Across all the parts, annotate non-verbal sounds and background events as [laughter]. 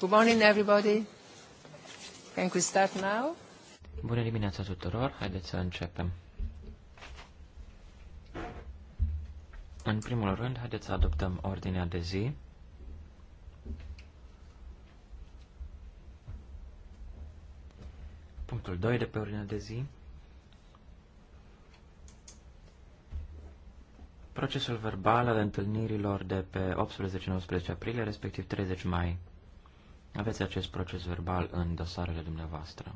Good morning, everybody. Can we start now? Bună dimineața tuturor, haideți să începem. În primul rând, haideți să adoptăm ordinea de zi. Punctul 2 de pe ordinea de zi. Procesul verbal al întâlnirilor de pe 18-19 aprilie, respectiv 30 mai aveți acest proces verbal în dosarele dumneavoastră.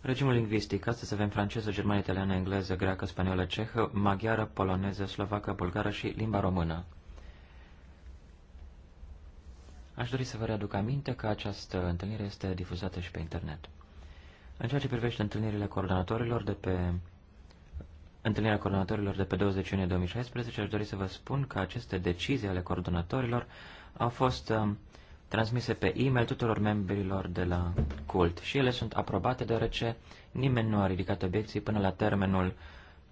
Regimul lingvistic. Astăzi avem franceză, germană, italiană, engleză, greacă, spaniolă, cehă, maghiară, poloneză, slovacă, bulgară și limba română. Aș dori să vă readuc aminte că această întâlnire este difuzată și pe internet. În ceea ce privește întâlnirile coordonatorilor de pe întâlnirea coordonatorilor de pe 20 iunie 2016, aș dori să vă spun că aceste decizii ale coordonatorilor au fost um, transmise pe e-mail tuturor membrilor de la cult și ele sunt aprobate deoarece nimeni nu a ridicat obiecții până la termenul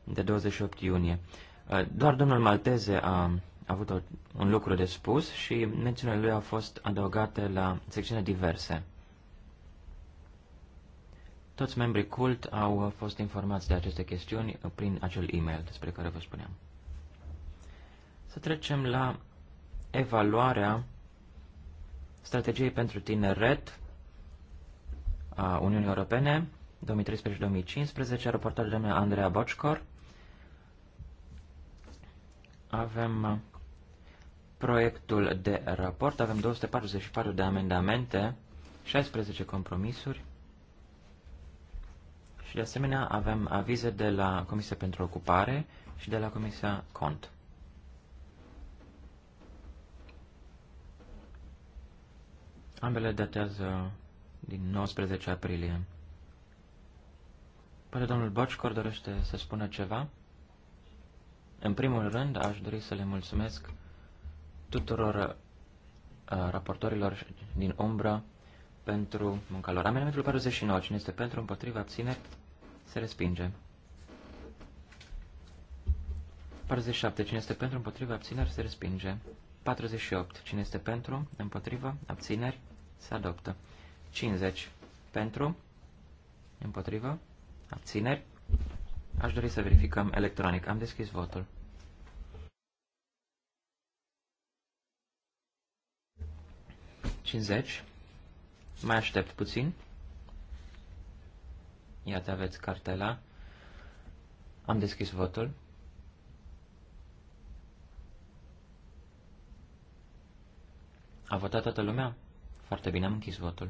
de 28 iunie. Uh, doar domnul Malteze a avut un lucru de spus și mențiunile lui au fost adăugate la secțiune diverse. Toți membrii cult au fost informați de aceste chestiuni prin acel e-mail despre care vă spuneam. Să trecem la evaluarea strategiei pentru tineret a Uniunii Europene 2013-2015, raportat de Andreea Bocșcor. Avem proiectul de raport, avem 244 de amendamente, 16 compromisuri de asemenea avem avize de la Comisia pentru Ocupare și de la Comisia Cont. Ambele datează din 19 aprilie. Poate domnul Bocicor dorește să spună ceva? În primul rând, aș dori să le mulțumesc tuturor uh, raportorilor din umbră pentru munca lor. Amendamentul 49. Cine este pentru, împotriva, abțineri, se respinge. 47. Cine este pentru, împotriva, abțineri, se respinge. 48. Cine este pentru, împotriva, abțineri, se adoptă. 50. Pentru, împotriva, abțineri. Aș dori să verificăm electronic. Am deschis votul. Cincizeci. Mai aștept puțin. Iată, aveți cartela. Am deschis votul. A votat toată lumea? Foarte bine, am închis votul.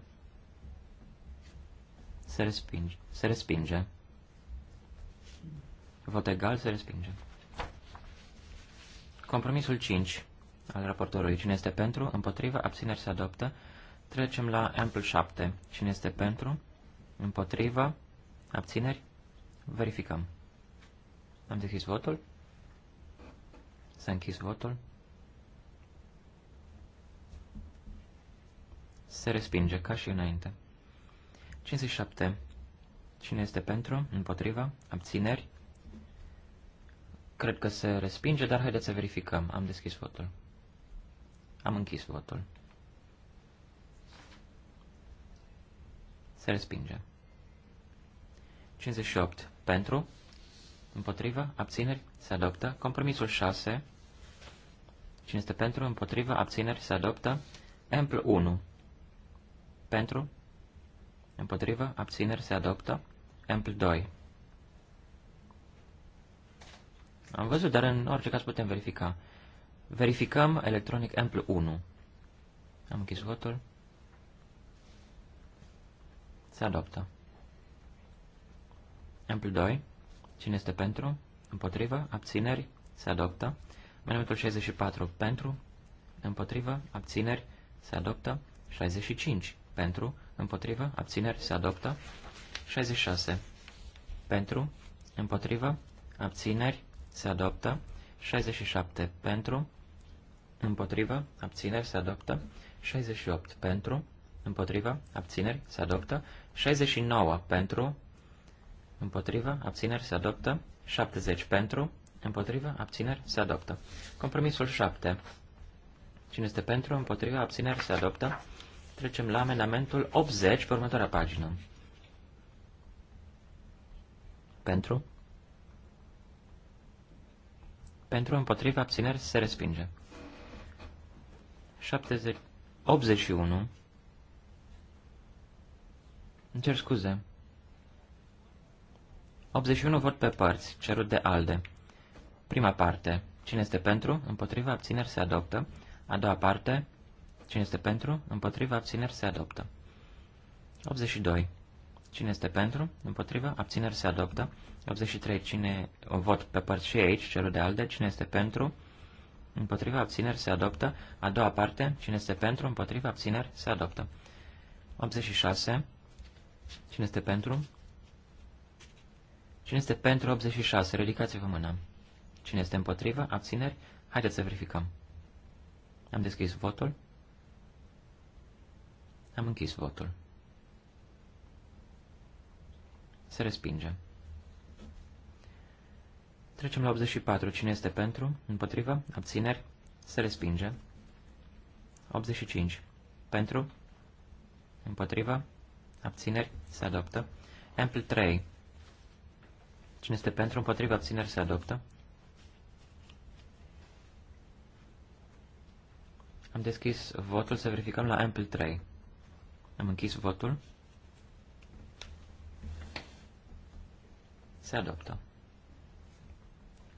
Se respinge. Se respinge. Vot egal, se respinge. Compromisul 5 al raportorului. Cine este pentru? Împotrivă? Abțineri se adoptă. Trecem la amplu 7. Cine este pentru? Împotrivă? Abțineri? Verificăm. Am deschis votul. S-a închis votul. Se respinge, ca și înainte. 57. Cine este pentru? Împotriva? Abțineri? Cred că se respinge, dar haideți să verificăm. Am deschis votul. Am închis votul. Se respinge. 58. Pentru, împotriva, abțineri, se adoptă. Compromisul 6. Cine este pentru, împotriva, abțineri, se adoptă. Ampl 1. Pentru, împotriva, abțineri, se adoptă. Ampl 2. Am văzut, dar în orice caz putem verifica. Verificăm electronic ampl 1. Am închis votul. Se adoptă. Exemplu 2. Cine este pentru? Împotrivă. Abțineri. Se adoptă. Amendamentul 64. Pentru. Împotrivă. Abțineri. Se adoptă. 65. Pentru. Împotrivă. Abțineri. Se adoptă. 66. Pentru. Împotrivă. Abțineri. Se adoptă. 67. Pentru. Împotrivă. Abțineri. Se adoptă. 68. Pentru. Împotrivă. Abțineri. Se adoptă. 69. Pentru împotrivă, abțineri, se adoptă. 70 pentru, împotrivă, abțineri, se adoptă. Compromisul 7. Cine este pentru, împotrivă, abțineri, se adoptă. Trecem la amendamentul 80 pe următoarea pagină. Pentru? Pentru, împotrivă, abțineri, se respinge. 70, 81. Îmi cer scuze. 81 vot pe părți, cerut de ALDE. Prima parte. Cine este pentru? Împotriva abțineri se adoptă. A doua parte. Cine este pentru? Împotriva abțineri se adoptă. 82. Cine este pentru? Împotriva abțineri se adoptă. 83. Cine o vot pe părți și aici, cerut de ALDE. Cine este pentru? Împotriva abțineri se adoptă. A doua parte. Cine este pentru? Împotriva abțineri se adoptă. 86. Cine este pentru? Cine este pentru 86? Ridicați-vă mâna. Cine este împotrivă? Abțineri? Haideți să verificăm. Am deschis votul. Am închis votul. Se respinge. Trecem la 84. Cine este pentru? Împotrivă? Abțineri? Se respinge. 85. Pentru? Împotrivă? Abțineri? Se adoptă. Ample 3. Cine este pentru, împotriva, abțineri, se adoptă. Am deschis votul să verificăm la ampl 3. Am închis votul. Se adoptă.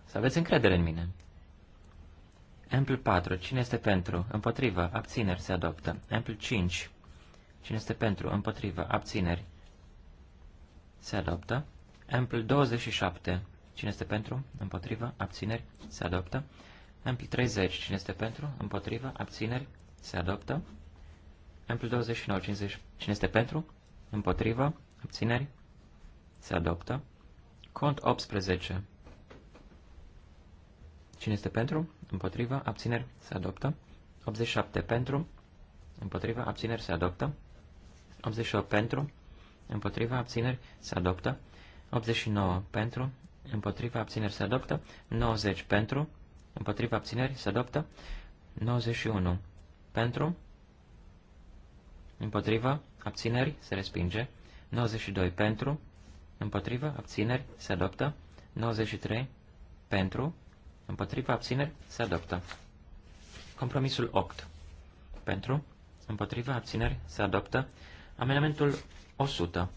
Să aveți încredere în mine. Ampl 4. Cine este pentru? Împotrivă. Abțineri. Se adoptă. Ampl 5. Cine este pentru? Împotrivă. Abțineri. Se adoptă. Ample 27. Cine este pentru? Împotrivă. Abțineri. Se adoptă. Ample 30. Cine este pentru? Împotrivă. Abțineri. Se adoptă. Ample 29. 50. Cine este pentru? Împotrivă. Abțineri. Se adoptă. Cont 18. Cine este pentru? Împotrivă. Abțineri. Se adoptă. 87 pentru. Împotrivă. Abțineri. Se adoptă. 88 pentru. Împotrivă. Abțineri. Se adoptă. 89 pentru, împotriva abțineri se adoptă, 90 pentru, împotriva abțineri se adoptă, 91 pentru, împotriva abțineri se respinge, 92 pentru, împotriva abțineri se adoptă, 93 pentru, împotriva abțineri se adoptă. Compromisul 8 pentru, împotriva abțineri se adoptă, amendamentul 100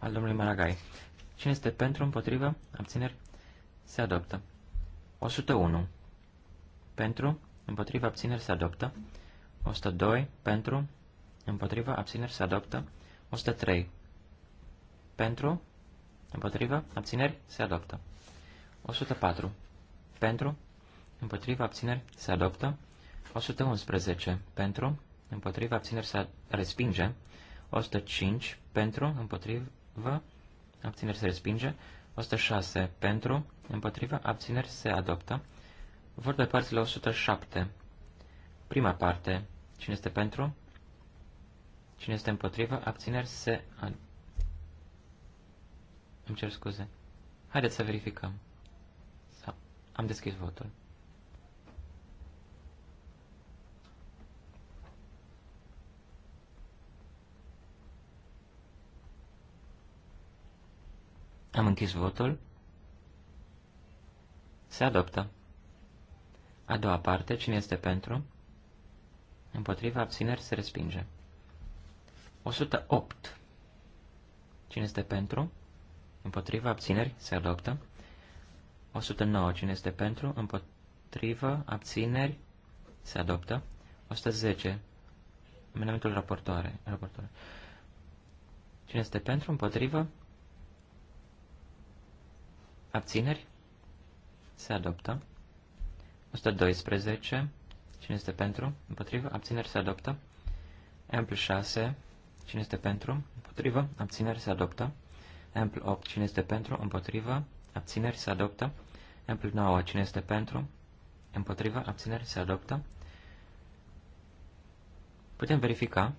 al domnului Maragai. Cine este pentru, împotrivă, abțineri, se adoptă. 101. Pentru, împotrivă, abțineri, se adoptă. 102. Pentru, împotrivă, abțineri, se adoptă. 103. Pentru, împotrivă, abțineri, se adoptă. 104. Pentru, împotrivă, abțineri, se adoptă. 111. Pentru, împotrivă, abțineri, se respinge. 105. Pentru, împotrivă, V. Abțineri se respinge. 106 pentru. Împotrivă. Abțineri se adoptă. Vor de părți la 107. Prima parte. Cine este pentru? Cine este împotrivă? Abțineri se... Îmi cer scuze. Haideți să verificăm. Am deschis votul. Am închis votul. Se adoptă. A doua parte, cine este pentru? Împotriva abțineri se respinge. 108. Cine este pentru? Împotriva abțineri se adoptă. 109. Cine este pentru? Împotriva abțineri se adoptă. 110. Amendamentul raportoare. raportoare. Cine este pentru? Împotriva Abțineri? Se adoptă. 112. Cine este pentru? Împotrivă. Abțineri se adoptă. Ampl 6. Cine este pentru? Împotrivă. Abțineri se adoptă. Ampl 8. Cine este pentru? Împotrivă. Abțineri se adoptă. Ampl 9. Cine este pentru? Împotrivă. Abțineri se adoptă. Putem verifica.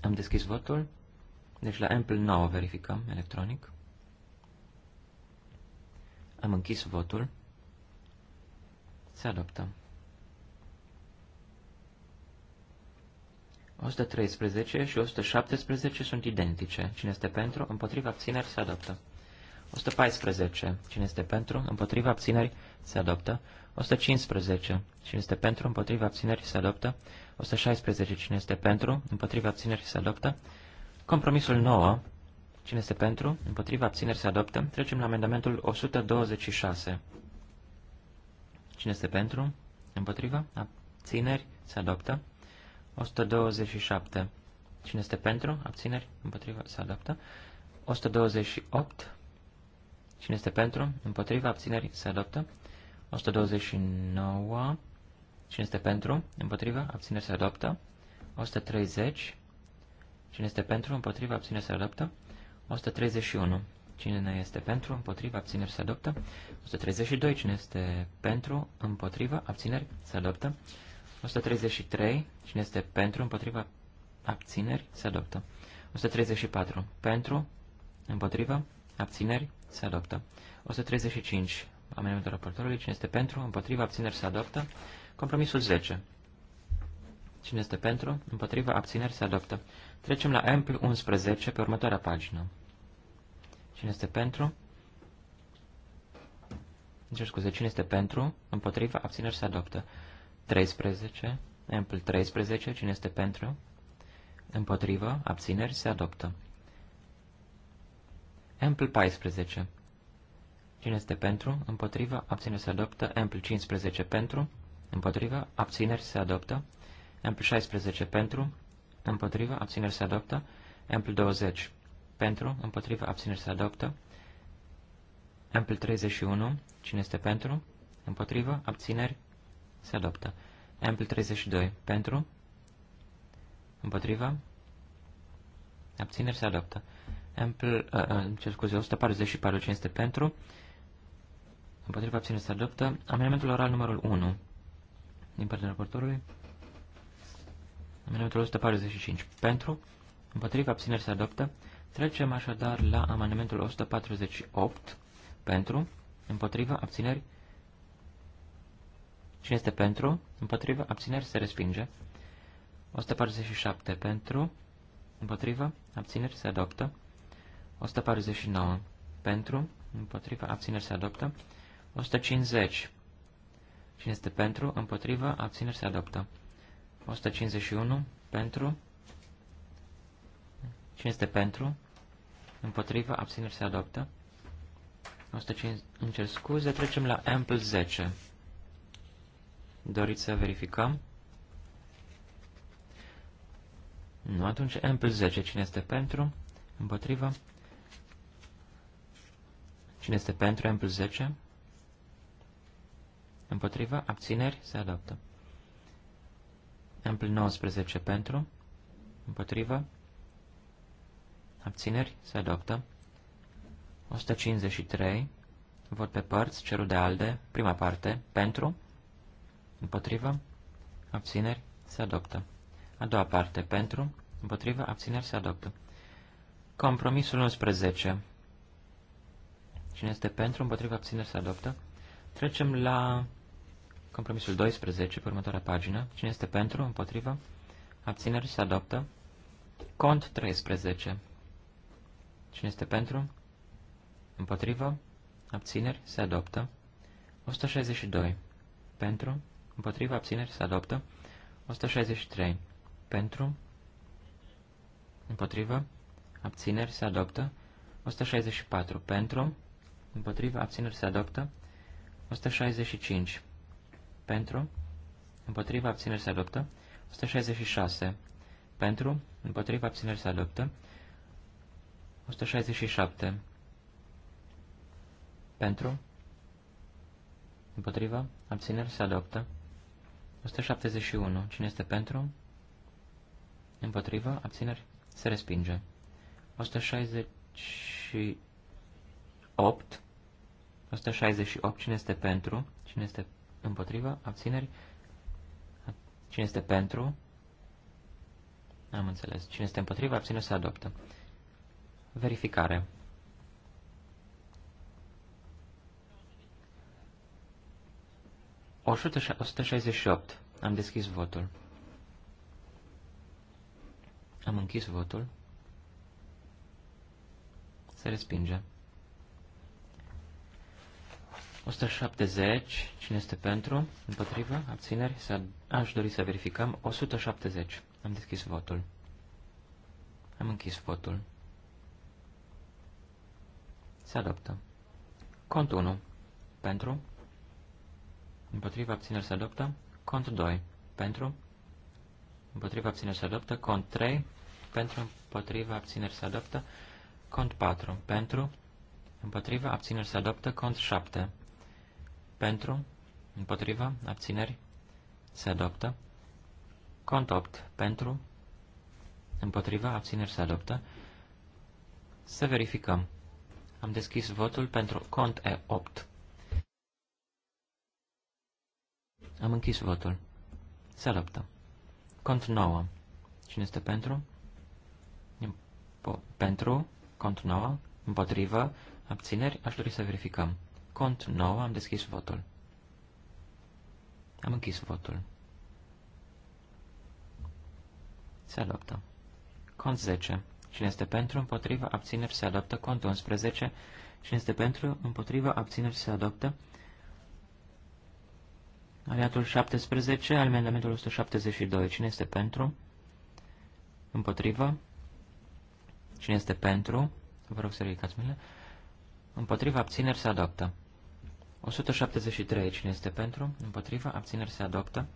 Am deschis votul. Deci la Ample 9 verificăm electronic. Am închis votul. Se adoptă. 113 și 117 sunt identice. Cine este pentru, împotriva abțineri, se adoptă. 114. Cine este pentru, împotriva abțineri, se adoptă. 115. Cine este pentru, împotriva abțineri, se adoptă. 116. Cine este pentru, împotriva abțineri, se adoptă. Compromisul 9. Cine este pentru? Împotriva abțineri se adoptă. Trecem la amendamentul 126. Cine este pentru? Împotriva? Abțineri se adoptă. 127. Cine este pentru? Abțineri? Împotriva? Se adoptă. 128. Cine este pentru? Împotriva? Abțineri? Se adoptă. 129. Cine este pentru? Împotriva? Abțineri? Se adoptă. 130. Cine este pentru? Împotriva? Abțineri? Se adoptă. 131. Cine ne este pentru, împotriva, abțineri, se adoptă. 132. Cine este pentru, împotriva, abțineri, se adoptă. 133. Cine este pentru, împotriva, abțineri, se adoptă. 134. Pentru, împotriva, abțineri, se adoptă. 135. Amendamentul raportorului. Cine este pentru, împotriva, abțineri, se adoptă. Compromisul 10. Cine este pentru, împotriva, abțineri, se adoptă. Trecem la ampl 11 pe următoarea pagină. Cine este pentru? Deci, scuze, cine este pentru? Împotriva, abțineri se adoptă. 13, ampl 13, cine este pentru? Împotriva, abțineri se adoptă. Ampl 14. Cine este pentru? Împotriva, abțineri se adoptă. Ampl 15 pentru. Împotriva, abțineri se adoptă. Ampl 16 pentru. Împotriva, abțineri se adoptă. Ampl 20 pentru, împotriva, abțineri se adoptă. Ampl 31, cine este pentru, împotriva, abțineri se adoptă. Ampl 32, pentru, împotriva, abțineri se adoptă. Ampl, uh, ce scuze, 144, cine este pentru, împotriva, abțineri se adoptă. Amendamentul oral numărul 1, din partea raportorului. Amendamentul 145, pentru, împotriva, abțineri se adoptă. Trecem așadar la amendamentul 148 pentru, împotriva, abțineri. Cine este pentru, împotriva, abțineri, se respinge. 147 pentru, împotriva, abțineri, se adoptă. 149 pentru, împotriva, abțineri, se adoptă. 150 Cine este pentru, împotriva, abțineri, se adoptă. 151 pentru, Cine este pentru? Împotrivă, abțineri se adoptă. 105, cer scuze, trecem la Ample 10. Doriți să verificăm? Nu, atunci Ample 10. Cine este pentru? Împotrivă? Cine este pentru Ample 10? Împotrivă, abțineri se adoptă. Ample 19 pentru. Împotrivă, Abțineri? Se adoptă. 153. Vot pe părți, cerul de alde, prima parte, pentru, împotrivă, abțineri, se adoptă. A doua parte, pentru, împotrivă, abțineri, se adoptă. Compromisul 11. Cine este pentru, împotrivă, abțineri, se adoptă. Trecem la compromisul 12, pe următoarea pagină. Cine este pentru, împotrivă, abțineri, se adoptă. Cont 13. Cine este pentru? Împotrivă? Abțineri? Se adoptă. 162. Pentru? Împotrivă? Abțineri? Se adoptă. 163. Pentru? Împotrivă? Abțineri? Se adoptă. 164. Pentru? Împotrivă? Abțineri? Se adoptă. 165. Pentru? Împotrivă? Abțineri? Se adoptă. 166. Pentru? Împotrivă? Abțineri? Se adoptă. 167. Pentru. Împotriva. Abțineri se adoptă. 171. Cine este pentru? Împotriva. Abțineri se respinge. 168. 168. Cine este pentru? Cine este împotriva? Abțineri. Cine este pentru? Am înțeles. Cine este împotriva, Abțineri? se adoptă. Verificare. O 168. Am deschis votul. Am închis votul. Se respinge. 170. Cine este pentru? Împotrivă? Abțineri? Aș dori să verificăm. 170. Am deschis votul. Am închis votul. Se adoptă. Cont 1. Pentru. Împotriva abțineri se adoptă. Cont 2. Pentru. Împotriva abțineri se adoptă. Cont 3. Pentru. Împotriva abțineri se adoptă. Cont 4. Pentru. Împotriva abțineri se adoptă. Cont 7. Pentru. Împotriva abțineri se adoptă. Cont 8. Pentru. Împotriva abțineri se adoptă. Să verificăm. Am deschis votul pentru cont E8. Am închis votul. Se luptă. Cont 9. Cine este pentru? Pentru. Cont 9. Împotrivă. Abțineri. Aș dori să verificăm. Cont 9. Am deschis votul. Am închis votul. Se adoptă. Cont 10. Cine este pentru, împotriva, abțineri, se adoptă. Cont 11. Cine este pentru, împotriva, abțineri, se adoptă. Aliatul 17, amendamentul 172. Cine este pentru? Împotriva? Cine este pentru? Vă rog să ridicați mâinile. Împotriva abțineri se adoptă. 173. Cine este pentru? Împotriva abțineri se adoptă.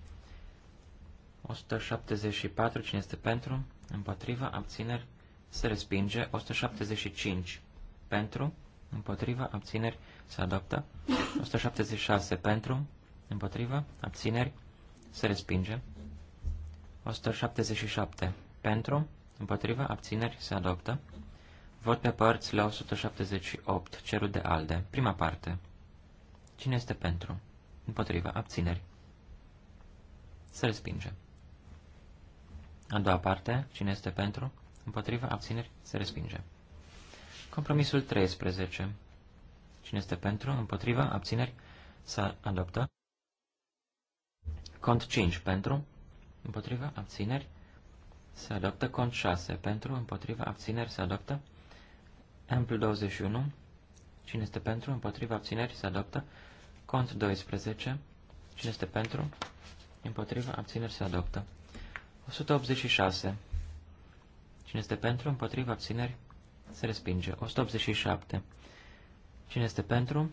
174. Cine este pentru? Împotriva abțineri se respinge 175 pentru, împotriva, abțineri, se adoptă 176 pentru, împotriva, abțineri, se respinge 177 pentru, împotriva, abțineri, se adoptă Vot pe părți la 178, cerul de alde, prima parte. Cine este pentru? Împotriva, abțineri. Se respinge. A doua parte, cine este pentru? Împotriva abțineri se respinge. Compromisul 13. Cine este pentru? Împotriva abțineri se adoptă. Cont 5 pentru. Împotriva abțineri se adoptă. Cont 6 pentru. Împotriva abțineri se adoptă. Ampl 21. Cine este pentru? Împotriva abțineri se adoptă. Cont 12. Cine este pentru? Împotriva abțineri se adoptă. 186. Cine este pentru, împotriva, abțineri, se respinge. 187. Cine este pentru,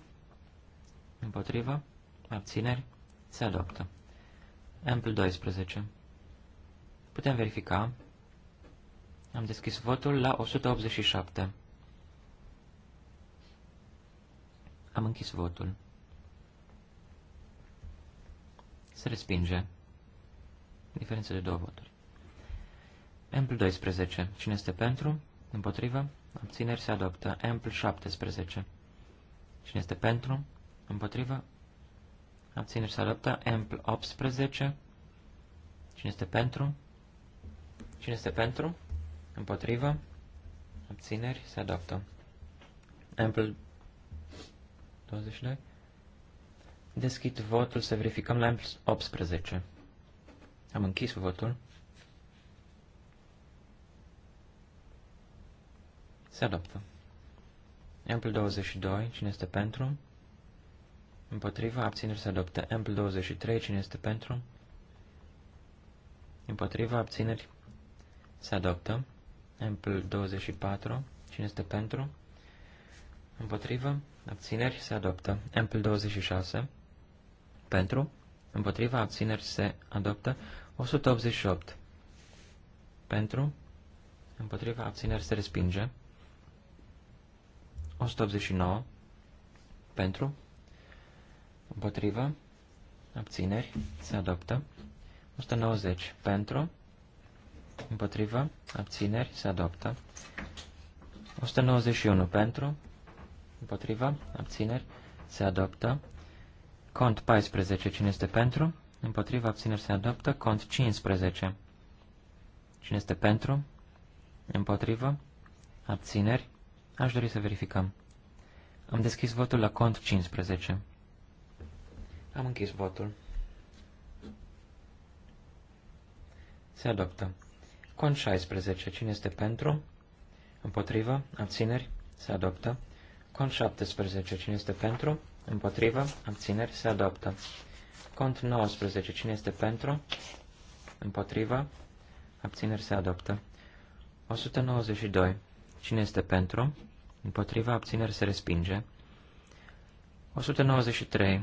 împotriva, abțineri, se adoptă. Ampl 12. Putem verifica. Am deschis votul la 187. Am închis votul. Se respinge. Diferență de două voturi. Ampl 12. Cine este pentru? Împotrivă? Abțineri se adoptă. Ampl 17. Cine este pentru? Împotrivă? Abțineri se adoptă. Ampl 18. Cine este pentru? Cine este pentru? Împotrivă? Abțineri se adoptă. Ampl 22. Deschid votul să verificăm la Ampl 18. Am închis votul. Se adoptă. Ample 22, cine este pentru? Împotriva, abțineri se adoptă. Ample 23, cine este pentru? Împotriva, abțineri se adoptă. Ample 24, cine este pentru? împotriva abțineri se adoptă. Ample 26, pentru? Împotriva, abțineri se adoptă. 188, pentru? Împotriva, abțineri se respinge. 189 pentru, împotrivă, abțineri, se adoptă. 190 pentru, împotrivă, abțineri, se adoptă. 191 pentru, împotrivă, abțineri, se adoptă. Cont 14, cine este pentru? Împotriva abțineri se adoptă. Cont 15. Cine este pentru? Împotrivă? Abțineri? Aș dori să verificăm. Am deschis votul la cont 15. Am închis votul. Se adoptă. Cont 16. Cine este pentru? Împotrivă. Abțineri. Se adoptă. Cont 17. Cine este pentru? Împotrivă. Abțineri. Se adoptă. Cont 19. Cine este pentru? Împotrivă. Abțineri. Se adoptă. 192. Cine este pentru? Împotriva abțineri se respinge. 193.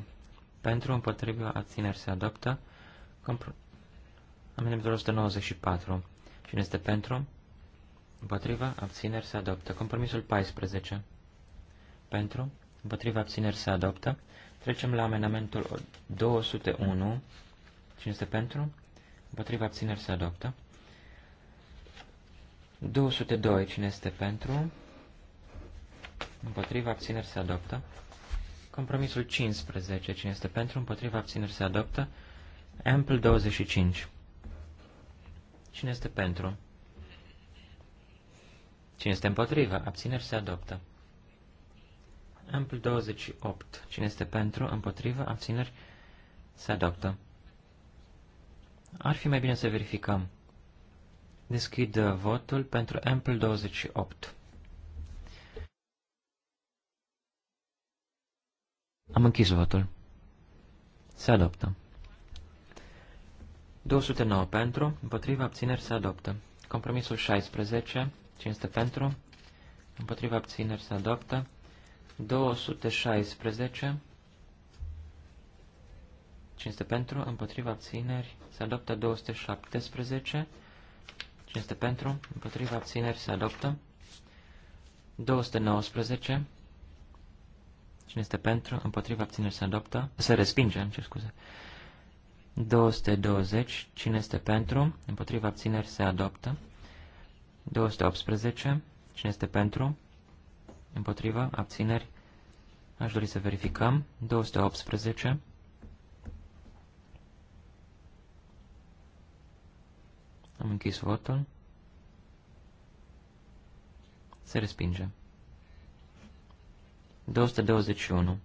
Pentru împotriva abțineri se adoptă. Compr Amendamentul 194. Cine este pentru? Împotriva abțineri se adoptă. Compromisul 14. Pentru împotriva abțineri se adoptă. Trecem la amendamentul 201. Cine este pentru? Împotriva abțineri se adoptă. 202. Cine este pentru? Împotriva abțineri se adoptă. Compromisul 15. Cine este pentru? Împotriva abțineri se adoptă. Ample 25. Cine este pentru? Cine este împotriva? Abțineri se adoptă. Ample 28. Cine este pentru? Împotriva? Abțineri se adoptă. Ar fi mai bine să verificăm. Deschid uh, votul pentru Ample 28. Am închis votul. Se adoptă. 209 pentru, împotriva abțineri se adoptă. Compromisul 16, 500 pentru, împotriva abțineri se adoptă. 216, 500 pentru, împotriva abțineri se adoptă 217, Cine este pentru? Împotriva abțineri se adoptă. 219. Cine este pentru? Împotriva abțineri se adoptă. Se respinge, îmi cer scuze. 220. Cine este pentru? Împotriva abțineri se adoptă. 218. Cine este pentru? Împotriva abțineri. Aș dori să verificăm. 218. Am închis votul. Se respinge. 221.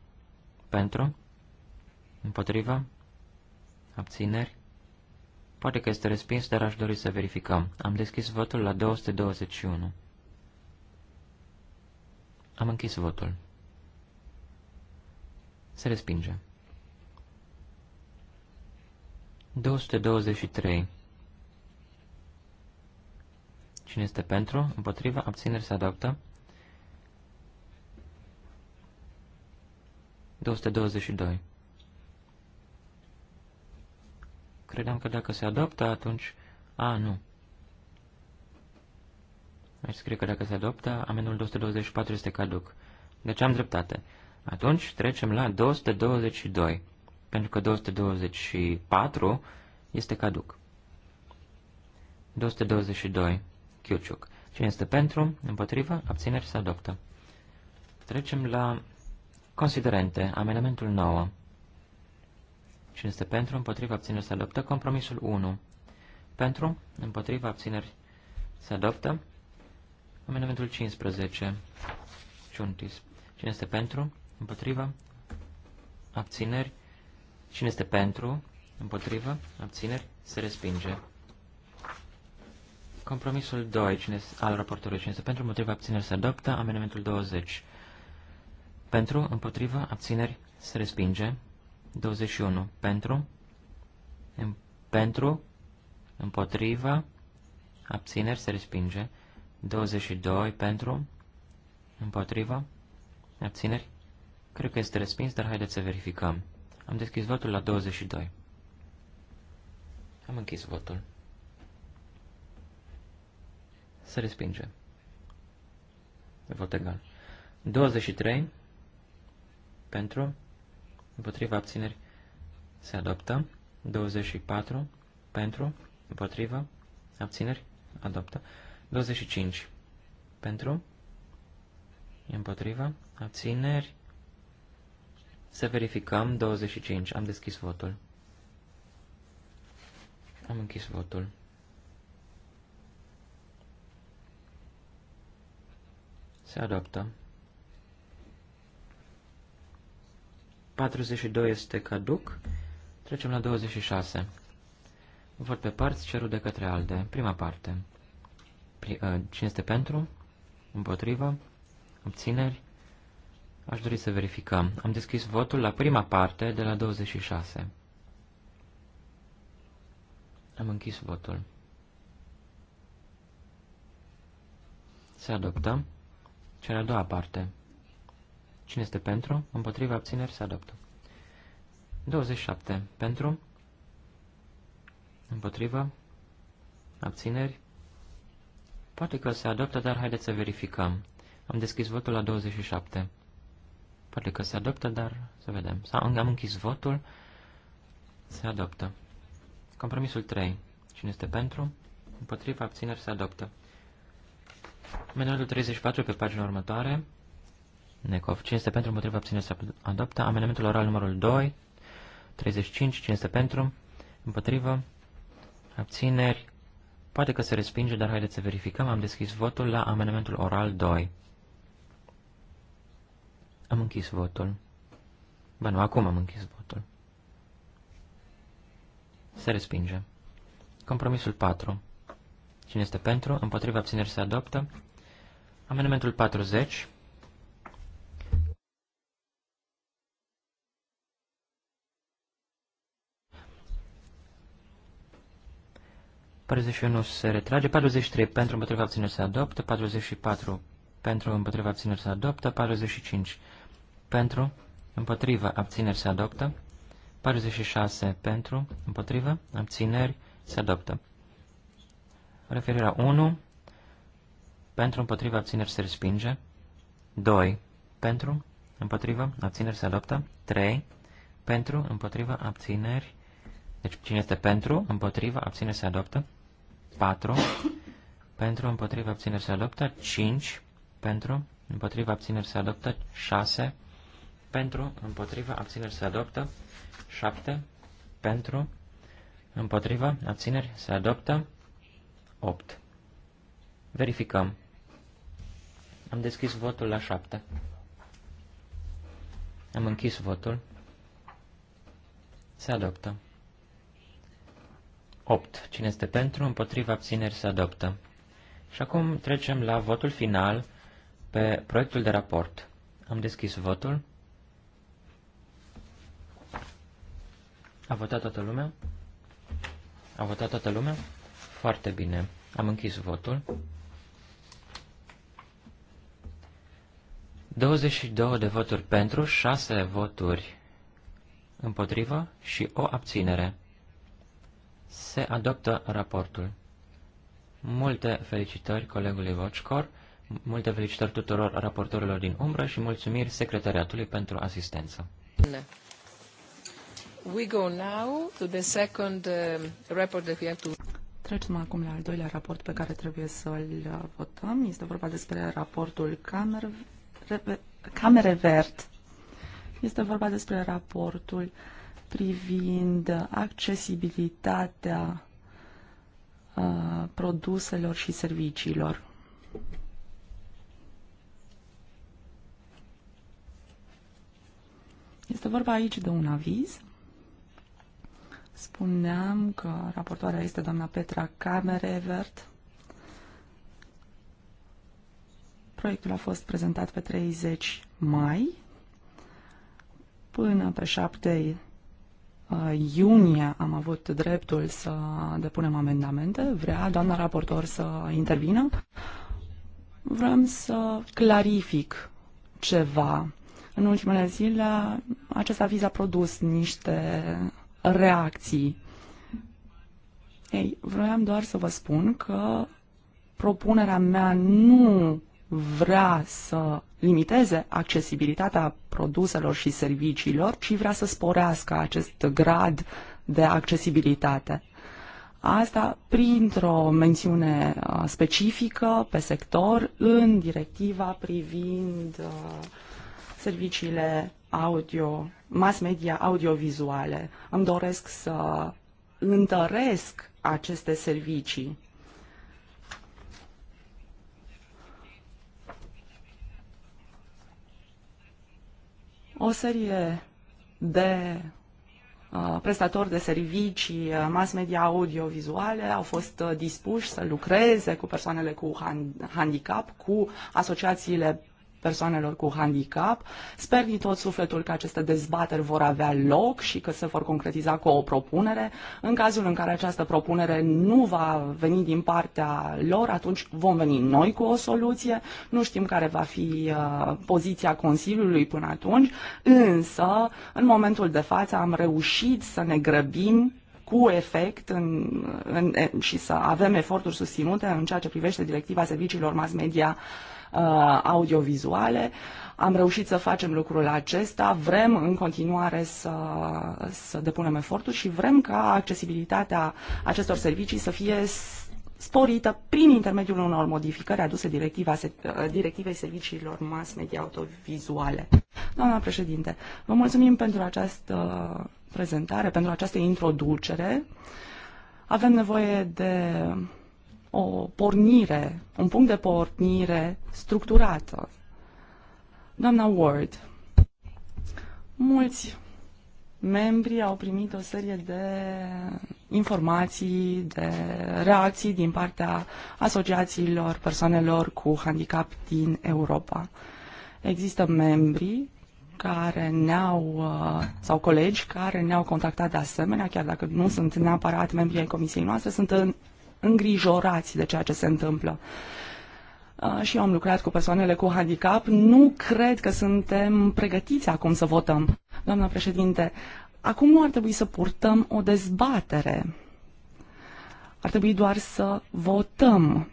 Pentru? Împotriva? Abțineri? Poate că este respins, dar aș dori să verificăm. Am deschis votul la 221. Am închis votul. Se respinge. 223. Cine este pentru? Împotriva? Abțineri se adoptă. 222. Credeam că dacă se adoptă, atunci... A, nu. Aici scrie că dacă se adoptă, amenul 224 este caduc. Deci am dreptate. Atunci trecem la 222, pentru că 224 este caduc. 222. Chiuciuc. Cine este pentru, împotrivă, abțineri, se adoptă. Trecem la considerente, amendamentul 9. Cine este pentru, împotrivă, abțineri, se adoptă. Compromisul 1. Pentru, împotrivă, abțineri, se adoptă. Amendamentul 15. Ciuntis. Cine este pentru, împotrivă, abțineri, Cine este pentru, împotrivă, abțineri, se respinge. Compromisul 2 cine, al raportului 5 pentru, împotriva abțineri se adoptă, amendamentul 20 pentru, împotriva abțineri se respinge, 21 pentru, în, pentru, împotriva, abțineri se respinge, 22 pentru, împotriva, abțineri, cred că este respins, dar haideți să verificăm. Am deschis votul la 22. Am închis votul. Se respinge. vot egal. 23 pentru, împotriva abțineri, se adoptă. 24 pentru, împotriva, abțineri, adoptă. 25 pentru, împotriva, abțineri, să verificăm 25. Am deschis votul. Am închis votul. Se adoptă. 42 este caduc. Trecem la 26. Vot pe parți cerul de către ALDE. Prima parte. Uh, cine este pentru? Împotrivă? Obțineri? Aș dori să verificăm. Am deschis votul la prima parte de la 26. Am închis votul. Se adoptă. Cea de-a doua parte. Cine este pentru? Împotriva abțineri se adoptă. 27. Pentru? Împotriva? Abțineri? Poate că se adoptă, dar haideți să verificăm. Am deschis votul la 27. Poate că se adoptă, dar să vedem. Sau am închis votul. Se adoptă. Compromisul 3. Cine este pentru? Împotriva abțineri se adoptă. Amendamentul 34 pe pagina următoare. Necov. Cine este pentru, împotriva, abține, să adoptă. Amendamentul oral numărul 2. 35. Cine este pentru, împotriva, abțineri. Poate că se respinge, dar haideți să verificăm. Am deschis votul la amendamentul oral 2. Am închis votul. Bă, nu, acum am închis votul. Se respinge. Compromisul 4. Cine este pentru? Împotriva abțineri se adoptă. Amendamentul 40. nu se retrage, 43 pentru împotriva abțineri se adoptă, 44 pentru împotriva abțineri se adoptă, 45 pentru împotriva abțineri se adoptă, 46 pentru împotriva abțineri se adoptă. Referirea 1, pentru împotriva abțineri se respinge. 2, pentru împotriva abțineri se adoptă. 3, pentru împotriva abțineri. Deci cine este pentru împotriva abțineri se adoptă. 4, pentru împotriva abțineri se adoptă. 5, pentru împotriva abțineri se adoptă. 6, pentru împotriva abțineri se adoptă. 7, pentru împotriva abțineri se adoptă. 8. Verificăm. Am deschis votul la 7. Am închis votul. Se adoptă. 8. Cine este pentru, împotriva abțineri se adoptă. Și acum trecem la votul final pe proiectul de raport. Am deschis votul. A votat toată lumea? A votat toată lumea? Foarte bine. Am închis votul. 22 de voturi pentru, 6 voturi împotrivă și o abținere. Se adoptă raportul. Multe felicitări colegului Vocșcor, multe felicitări tuturor raportorilor din umbră și mulțumiri secretariatului pentru asistență. We go now to the second uh, report that we have to... Trecem acum la al doilea raport pe care trebuie să-l uh, votăm. Este vorba despre raportul Camer... Camere Verde. Este vorba despre raportul privind accesibilitatea uh, produselor și serviciilor. Este vorba aici de un aviz Spuneam că raportoarea este doamna Petra Camerevert. Proiectul a fost prezentat pe 30 mai până pe 7 uh, iunie am avut dreptul să depunem amendamente. Vrea doamna raportor să intervină? Vrem să clarific ceva. În ultimele zile, acest aviz a produs niște reacții. Ei, vroiam doar să vă spun că propunerea mea nu vrea să limiteze accesibilitatea produselor și serviciilor, ci vrea să sporească acest grad de accesibilitate. Asta printr-o mențiune uh, specifică pe sector în directiva privind uh, serviciile audio, mass media audiovizuale. Îmi doresc să întăresc aceste servicii. O serie de uh, prestatori de servicii uh, mass media audiovizuale au fost uh, dispuși să lucreze cu persoanele cu handicap, cu asociațiile persoanelor cu handicap. Sper din tot sufletul că aceste dezbateri vor avea loc și că se vor concretiza cu o propunere. În cazul în care această propunere nu va veni din partea lor, atunci vom veni noi cu o soluție. Nu știm care va fi uh, poziția Consiliului până atunci, însă în momentul de față am reușit să ne grăbim cu efect în, în, și să avem eforturi susținute în ceea ce privește directiva serviciilor mass media Uh, audiovizuale. Am reușit să facem lucrul acesta, vrem în continuare să, să depunem eforturi și vrem ca accesibilitatea acestor servicii să fie sporită prin intermediul unor modificări aduse directiva, uh, directivei serviciilor mass media autovizuale. Doamna președinte, vă mulțumim pentru această prezentare, pentru această introducere. Avem nevoie de o pornire, un punct de pornire structurată. Doamna Ward, mulți membri au primit o serie de informații, de reacții din partea asociațiilor persoanelor cu handicap din Europa. Există membri care ne-au, uh, sau colegi care ne-au contactat de asemenea, chiar dacă nu sunt neapărat membri ai comisiei noastre, sunt în îngrijorați de ceea ce se întâmplă. Uh, și eu am lucrat cu persoanele cu handicap. Nu cred că suntem pregătiți acum să votăm. Doamna președinte, acum nu ar trebui să purtăm o dezbatere. Ar trebui doar să votăm.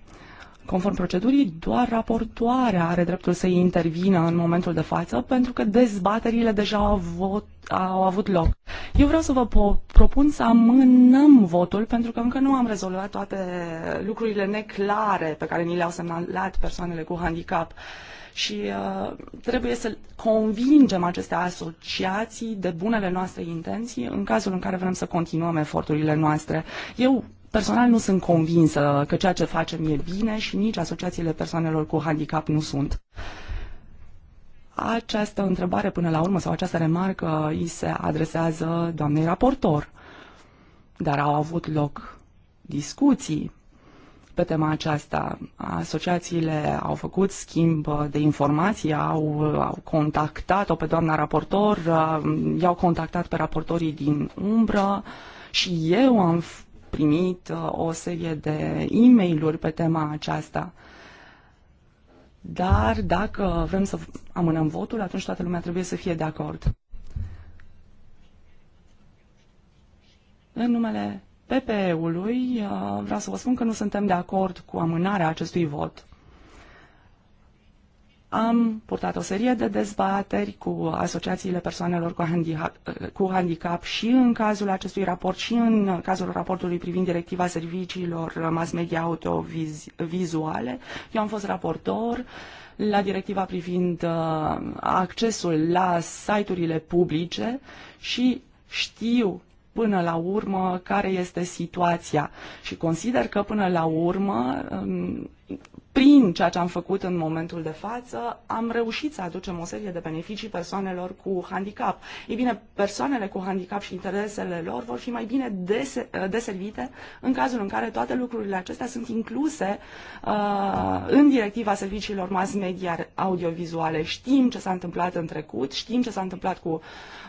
Conform procedurii, doar raportoarea are dreptul să intervină în momentul de față, pentru că dezbaterile deja au avut, au avut loc. Eu vreau să vă propun să amânăm votul, pentru că încă nu am rezolvat toate lucrurile neclare pe care ni le-au semnalat persoanele cu handicap și uh, trebuie să convingem aceste asociații de bunele noastre intenții în cazul în care vrem să continuăm eforturile noastre. Eu Personal nu sunt convinsă că ceea ce facem e bine și nici asociațiile persoanelor cu handicap nu sunt. Această întrebare până la urmă sau această remarcă îi se adresează doamnei raportor, dar au avut loc discuții pe tema aceasta. Asociațiile au făcut schimb de informații, au, au contactat-o pe doamna raportor, uh, i-au contactat pe raportorii din umbră și eu am primit uh, o serie de e mail pe tema aceasta. Dar dacă vrem să amânăm votul, atunci toată lumea trebuie să fie de acord. În numele PPE-ului uh, vreau să vă spun că nu suntem de acord cu amânarea acestui vot am purtat o serie de dezbateri cu asociațiile persoanelor cu, handihap, cu handicap și în cazul acestui raport și în cazul raportului privind directiva serviciilor mass media autovizuale. Eu am fost raportor la directiva privind uh, accesul la site-urile publice și știu până la urmă care este situația și consider că până la urmă um, prin ceea ce am făcut în momentul de față, am reușit să aducem o serie de beneficii persoanelor cu handicap. Ei bine, persoanele cu handicap și interesele lor vor fi mai bine deservite în cazul în care toate lucrurile acestea sunt incluse uh, în directiva serviciilor mass media audiovizuale. Știm ce s-a întâmplat în trecut, știm ce s-a întâmplat cu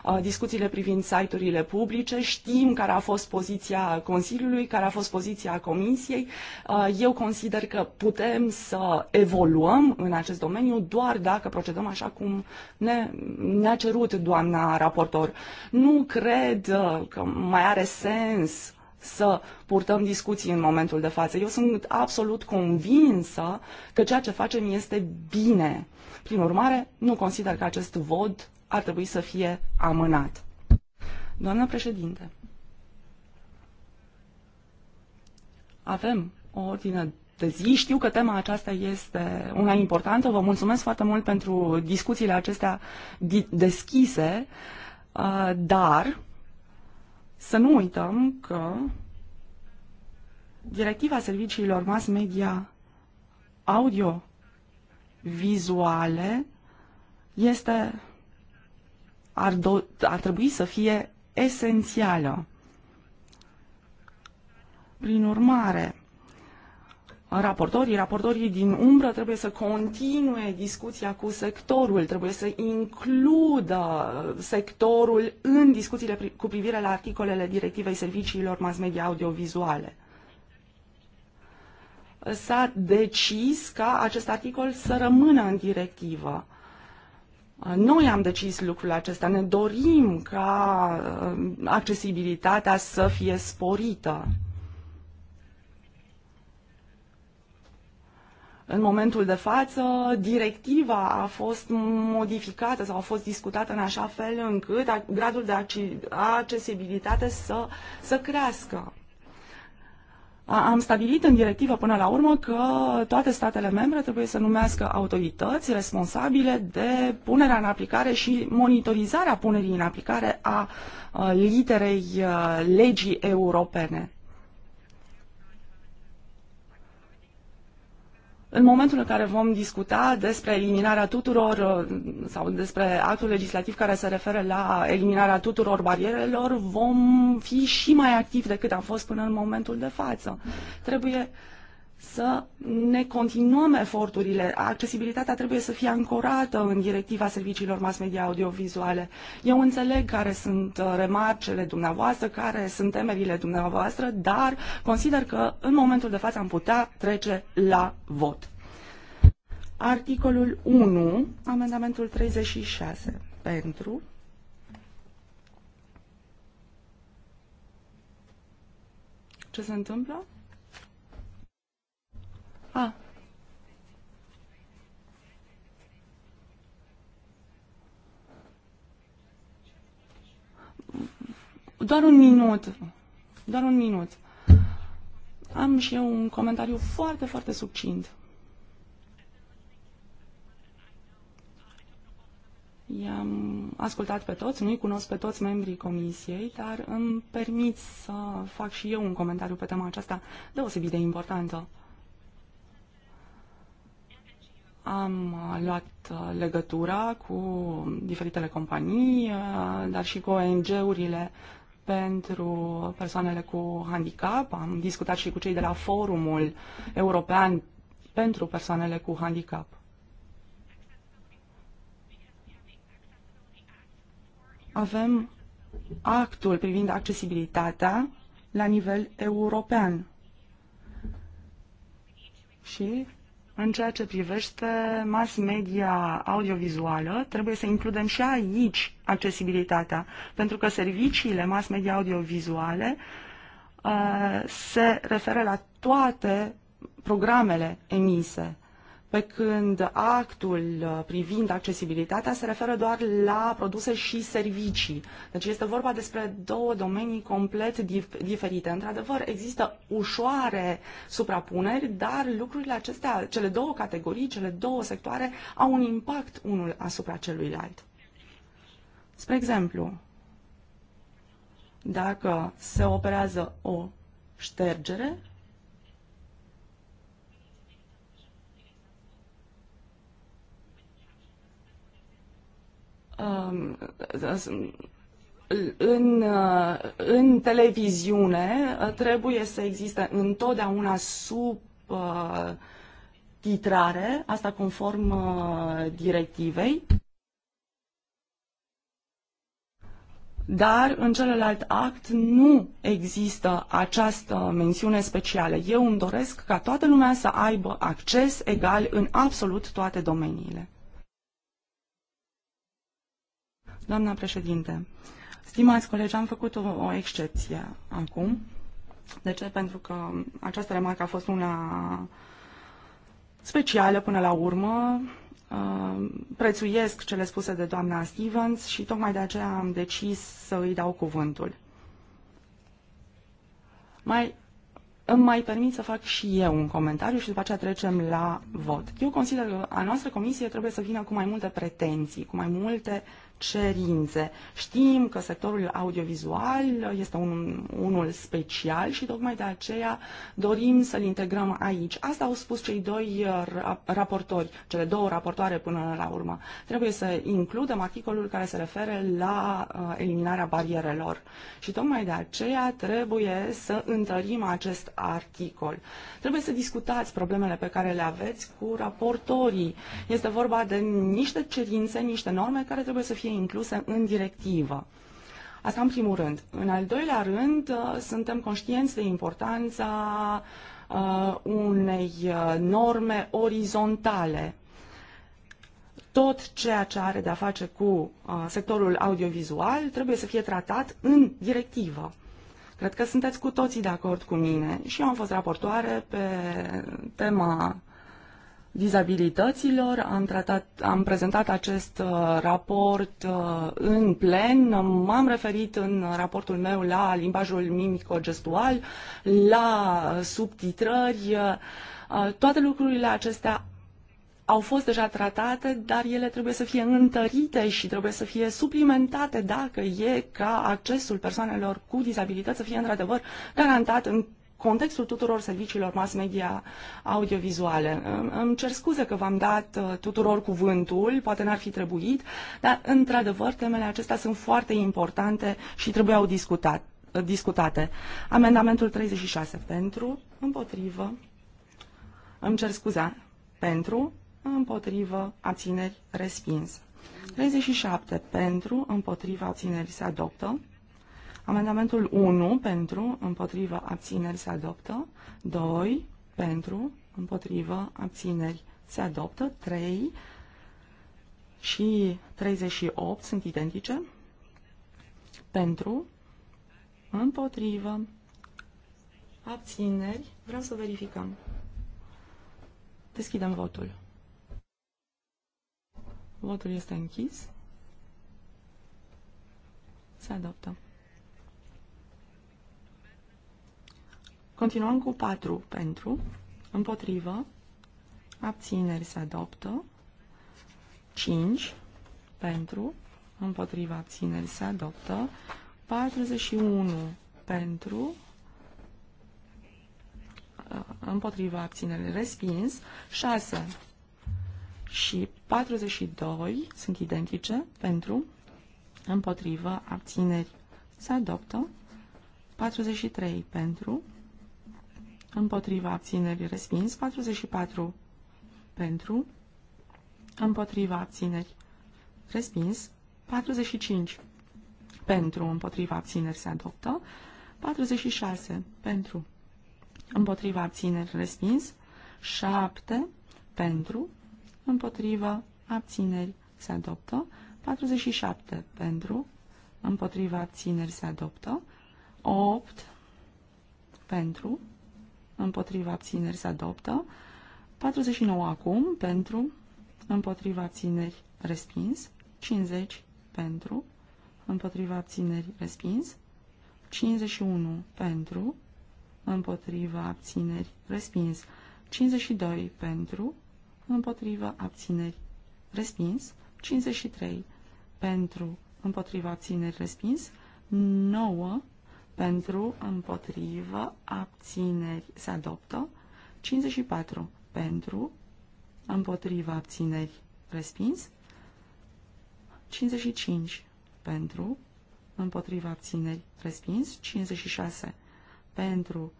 uh, discuțiile privind site-urile publice, știm care a fost poziția Consiliului, care a fost poziția Comisiei. Uh, eu consider că putem să evoluăm în acest domeniu doar dacă procedăm așa cum ne, ne-a cerut doamna raportor. Nu cred uh, că mai are sens să purtăm discuții în momentul de față. Eu sunt absolut convinsă că ceea ce facem este bine. Prin urmare, nu consider că acest vot ar trebui să fie amânat. Doamna președinte, avem o ordine de zi. Știu că tema aceasta este una importantă. Vă mulțumesc foarte mult pentru discuțiile acestea deschise, uh, dar să nu uităm că directiva serviciilor mass media audio vizuale este ar, do, ar trebui să fie esențială. Prin urmare, raportorii, raportorii din umbră trebuie să continue discuția cu sectorul, trebuie să includă sectorul în discuțiile cu privire la articolele directivei serviciilor mass media audiovizuale. S-a decis ca acest articol să rămână în directivă. Noi am decis lucrul acesta, ne dorim ca uh, accesibilitatea să fie sporită. În momentul de față, directiva a fost modificată sau a fost discutată în așa fel încât gradul de accesibilitate să, să crească. Am stabilit în directivă până la urmă că toate statele membre trebuie să numească autorități responsabile de punerea în aplicare și monitorizarea punerii în aplicare a literei legii europene. În momentul în care vom discuta despre eliminarea tuturor uh, sau despre actul legislativ care se referă la eliminarea tuturor barierelor, vom fi și mai activi decât am fost până în momentul de față. Trebuie să ne continuăm eforturile. Accesibilitatea trebuie să fie ancorată în directiva serviciilor mass media audiovizuale. Eu înțeleg care sunt uh, remarcele dumneavoastră, care sunt temerile dumneavoastră, dar consider că în momentul de față am putea trece la vot. Articolul 1, amendamentul 36 pentru ce se întâmplă? A. Ah. Doar un minut. Doar un minut. Am și eu un comentariu foarte, foarte succint. I-am ascultat pe toți, nu-i cunosc pe toți membrii comisiei, dar îmi permit să fac și eu un comentariu pe tema aceasta deosebit de importantă. Am uh, luat uh, legătura cu diferitele companii, uh, dar și cu ONG-urile pentru persoanele cu handicap. Am discutat și cu cei de la Forumul European pentru persoanele cu handicap. Avem actul privind accesibilitatea la nivel european. Și în ceea ce privește mass media audiovizuală, trebuie să includem și aici accesibilitatea, pentru că serviciile mass media audiovizuale uh, se referă la toate programele emise pe când actul uh, privind accesibilitatea se referă doar la produse și servicii. Deci este vorba despre două domenii complet dif- diferite. Într-adevăr, există ușoare suprapuneri, dar lucrurile acestea, cele două categorii, cele două sectoare, au un impact unul asupra celuilalt. Spre exemplu, dacă se operează o ștergere, Um, în, uh, în televiziune uh, trebuie să existe întotdeauna sub uh, titrare, asta conform directivei. Dar în celălalt act nu există această mențiune specială. Eu îmi doresc ca toată lumea să aibă acces egal în absolut toate domeniile. Doamna președinte, stimați colegi, am făcut o, o excepție acum. De ce? Pentru că această remarcă a fost una specială până la urmă. Uh, prețuiesc cele spuse de doamna Stevens și tocmai de aceea am decis să îi dau cuvântul. Mai îmi mai permit să fac și eu un comentariu și după aceea trecem la vot. Eu consider că a noastră comisie trebuie să vină cu mai multe pretenții, cu mai multe cerințe. Știm că sectorul audiovizual este un, unul special și tocmai de aceea dorim să-l integrăm aici. Asta au spus cei doi uh, raportori, cele două raportoare până la urmă. Trebuie să includem articolul care se refere la uh, eliminarea barierelor și tocmai de aceea trebuie să întărim acest articol. Trebuie să discutați problemele pe care le aveți cu raportorii. Este vorba de niște cerințe, niște norme care trebuie să fie fie inclusă în directivă. Asta în primul rând. În al doilea rând, uh, suntem conștienți de importanța uh, unei uh, norme orizontale. Tot ceea ce are de a face cu sectorul audiovizual trebuie să fie tratat în directivă. Cred că sunteți cu toții de acord cu mine și eu am fost raportoare pe tema dizabilităților. Am, tratat, am prezentat acest uh, raport uh, în plen. M-am referit în raportul meu la limbajul mimico-gestual, la subtitrări. Uh, toate lucrurile acestea au fost deja tratate, dar ele trebuie să fie întărite și trebuie să fie suplimentate dacă e ca accesul persoanelor cu dizabilități să fie într-adevăr garantat în contextul tuturor serviciilor mass media audiovizuale. Îmi cer scuze că v-am dat uh, tuturor cuvântul, poate n-ar fi trebuit, dar într-adevăr temele acestea sunt foarte importante și trebuiau discutat, uh, discutate. Amendamentul 36 pentru, împotrivă, îmi cer scuze, pentru, împotrivă, abțineri, respins. 37 pentru, împotrivă, abțineri, se adoptă. Amendamentul 1 pentru, împotriva, abțineri se adoptă. 2 pentru, împotriva, abțineri se adoptă. 3 și 38 sunt identice. Pentru, împotriva, abțineri. Vreau să verificăm. Deschidem votul. Votul este închis. Se adoptă. Continuăm cu 4 pentru, împotrivă, abțineri se adoptă, 5 pentru, împotrivă, abțineri se adoptă, 41 pentru, uh, împotrivă, abțineri respins, 6 și 42 sunt identice pentru, împotrivă, abțineri se adoptă, 43 pentru, împotriva abținerii respins, 44 pentru, împotriva abțineri respins, 45 pentru, împotriva abțineri se adoptă, 46 pentru, împotriva abțineri respins, 7 pentru, împotriva abțineri se adoptă, 47 pentru, împotriva abțineri se adoptă, 8 pentru, împotriva abțineri se adoptă. 49 acum, pentru, împotriva abțineri respins. 50 pentru, împotriva abțineri respins. 51 pentru, împotriva abțineri respins. 52 pentru, împotriva abțineri respins. 53 pentru, împotriva abțineri respins. 9 pentru, împotrivă, abțineri se adoptă, 54 pentru, împotrivă, abțineri respins, 55 pentru, împotriva abțineri respins, 56 pentru,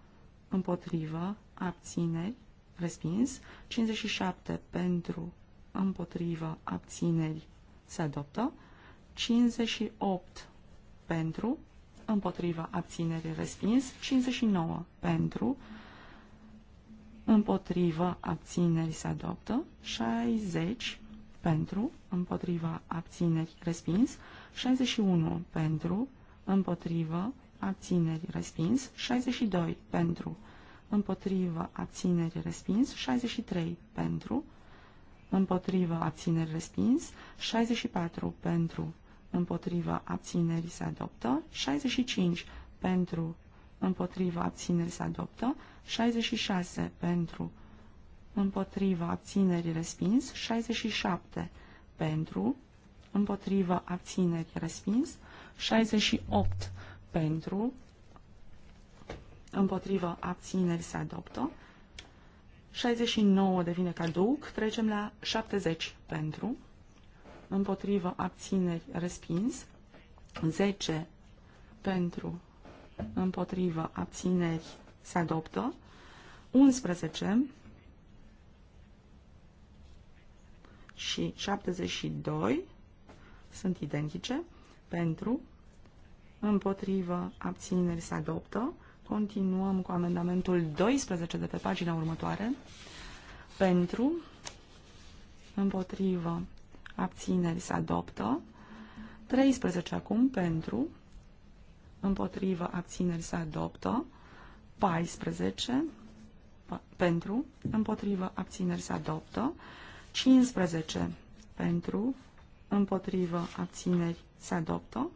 împotriva abțineri respins, 57 pentru, împotriva abțineri se adoptă, 58 pentru, împotriva abținerii respins, 59 pentru, împotriva abținerii se adoptă, 60 pentru, împotriva abținerii respins, 61 pentru, împotriva abținerii respins, 62 pentru, împotriva abținerii respins, 63 pentru, împotriva abținerii respins, 64 pentru, împotriva abținerii se adoptă, 65 pentru împotriva abținerii se adoptă, 66 pentru împotriva abținerii respins, 67 pentru împotriva abținerii respins, 68 pentru împotriva abținerii se adoptă, 69 devine caduc, trecem la 70 pentru împotrivă, abțineri, respins. 10 pentru, împotrivă, abțineri, se adoptă. 11 și 72 sunt identice pentru, împotrivă, abțineri, se adoptă. Continuăm cu amendamentul 12 de pe pagina următoare. Pentru, împotrivă, abțineri se adoptă. 13 acum pentru, împotrivă, abțineri se adoptă. 14 pentru, împotrivă, abțineri se adoptă. 15 pentru, împotrivă, abțineri se adoptă.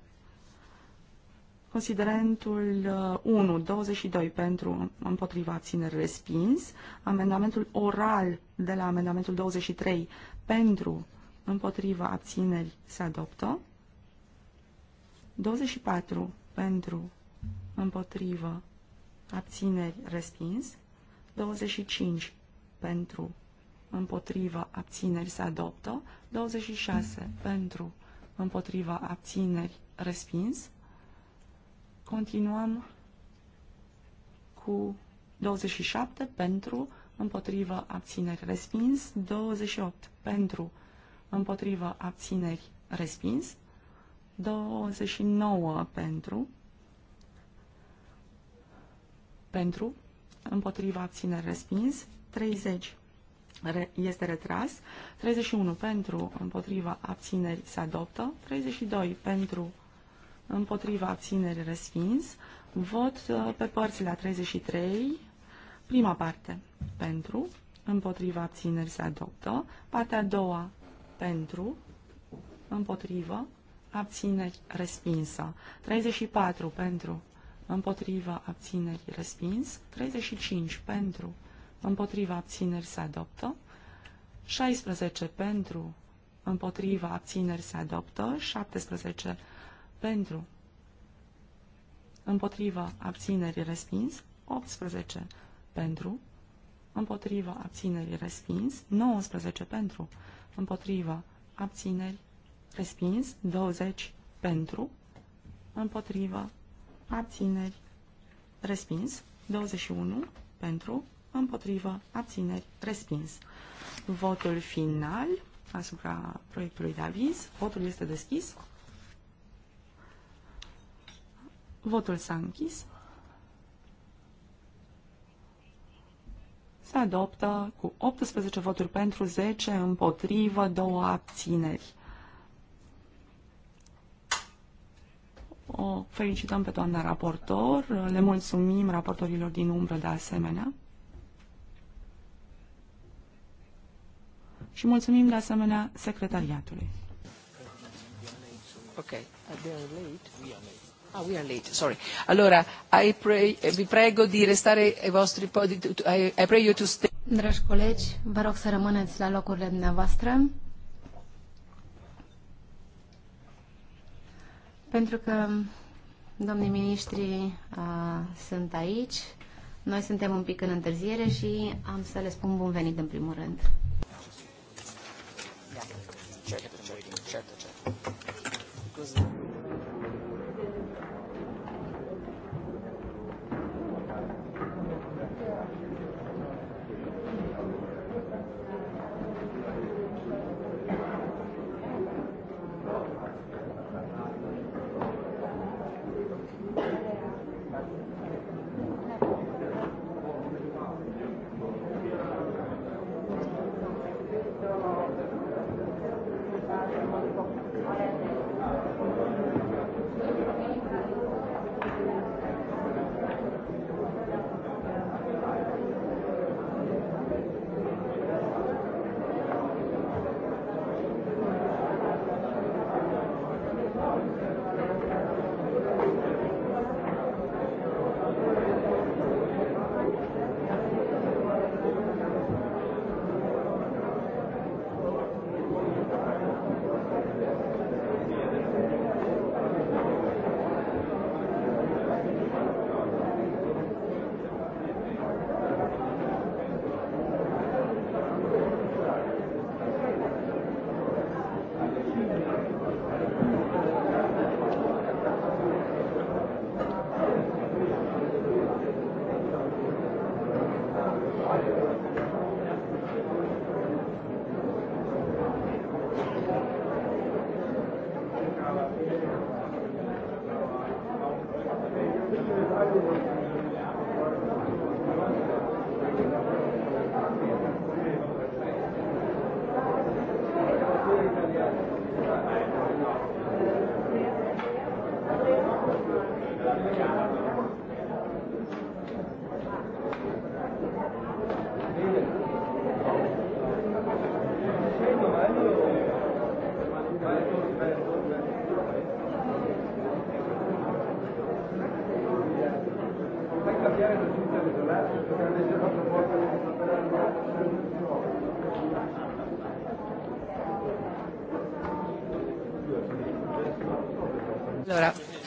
Considerentul 1, uh, 22 pentru împotriva abțineri respins. Amendamentul oral de la amendamentul 23 pentru împotriva abțineri se adoptă. 24 pentru împotrivă abțineri respins. 25 pentru împotriva abțineri se adoptă. 26 pentru împotriva abțineri respins. Continuăm cu 27 pentru împotrivă abțineri respins. 28 pentru împotrivă, abțineri, respins. 29 pentru, pentru, împotriva, abțineri, respins. 30 este retras, 31 pentru, împotriva, abțineri, se adoptă, 32 pentru, împotriva, abțineri, respins, vot uh, pe părțile la 33, prima parte, pentru, împotriva, abțineri, se adoptă, partea a doua, pentru, împotrivă, abțineri, respinsă. 34 pentru, împotrivă, abțineri, respins. 35 pentru, împotrivă, abțineri se adoptă, 16 pentru, împotrivă, abțineri se adoptă, 17 pentru, împotrivă, abțineri respins, 18 pentru, împotrivă, abțineri, respins, 19 pentru, împotrivă, abțineri respins, 20 pentru, împotrivă, abțineri respins, 21 pentru, împotrivă, abțineri respins. Votul final asupra proiectului de aviz, votul este deschis, votul s-a închis, se adoptă cu 18 voturi pentru, 10 împotrivă, două abțineri. O felicităm pe doamna raportor, le mulțumim raportorilor din umbră de asemenea. Și mulțumim de asemenea secretariatului. Okay. Uh, Ah, we are late, sorry. Allora, I pray, vi prego di restare ai vostri podi, I, I pray you to stay. Dragi colegi, vă rog să rămâneți la locurile dumneavoastră. Pentru că domnii miniștri uh, sunt aici, noi suntem un pic în întârziere și am să le spun bun venit în primul rând. Certo, certo, certo.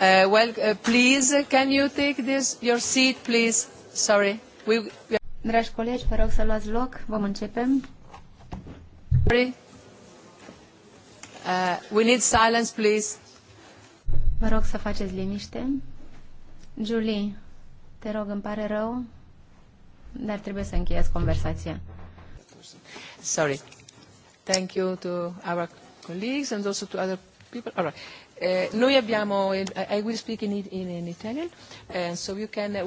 Uh, well, uh, please, uh, can you take this, your seat, please? Sorry. We... Dragi colegi, vă rog să luați loc. Vom începe. Sorry. Uh, we need silence, please. Vă rog să faceți liniște. Julie, te rog, îmi pare rău, dar trebuie să încheiați conversația. Sorry. Thank you to our colleagues and also to other people. All right. Eh, noi abbiamo, eh, I will speak in, in, in Italian, and eh, so you can...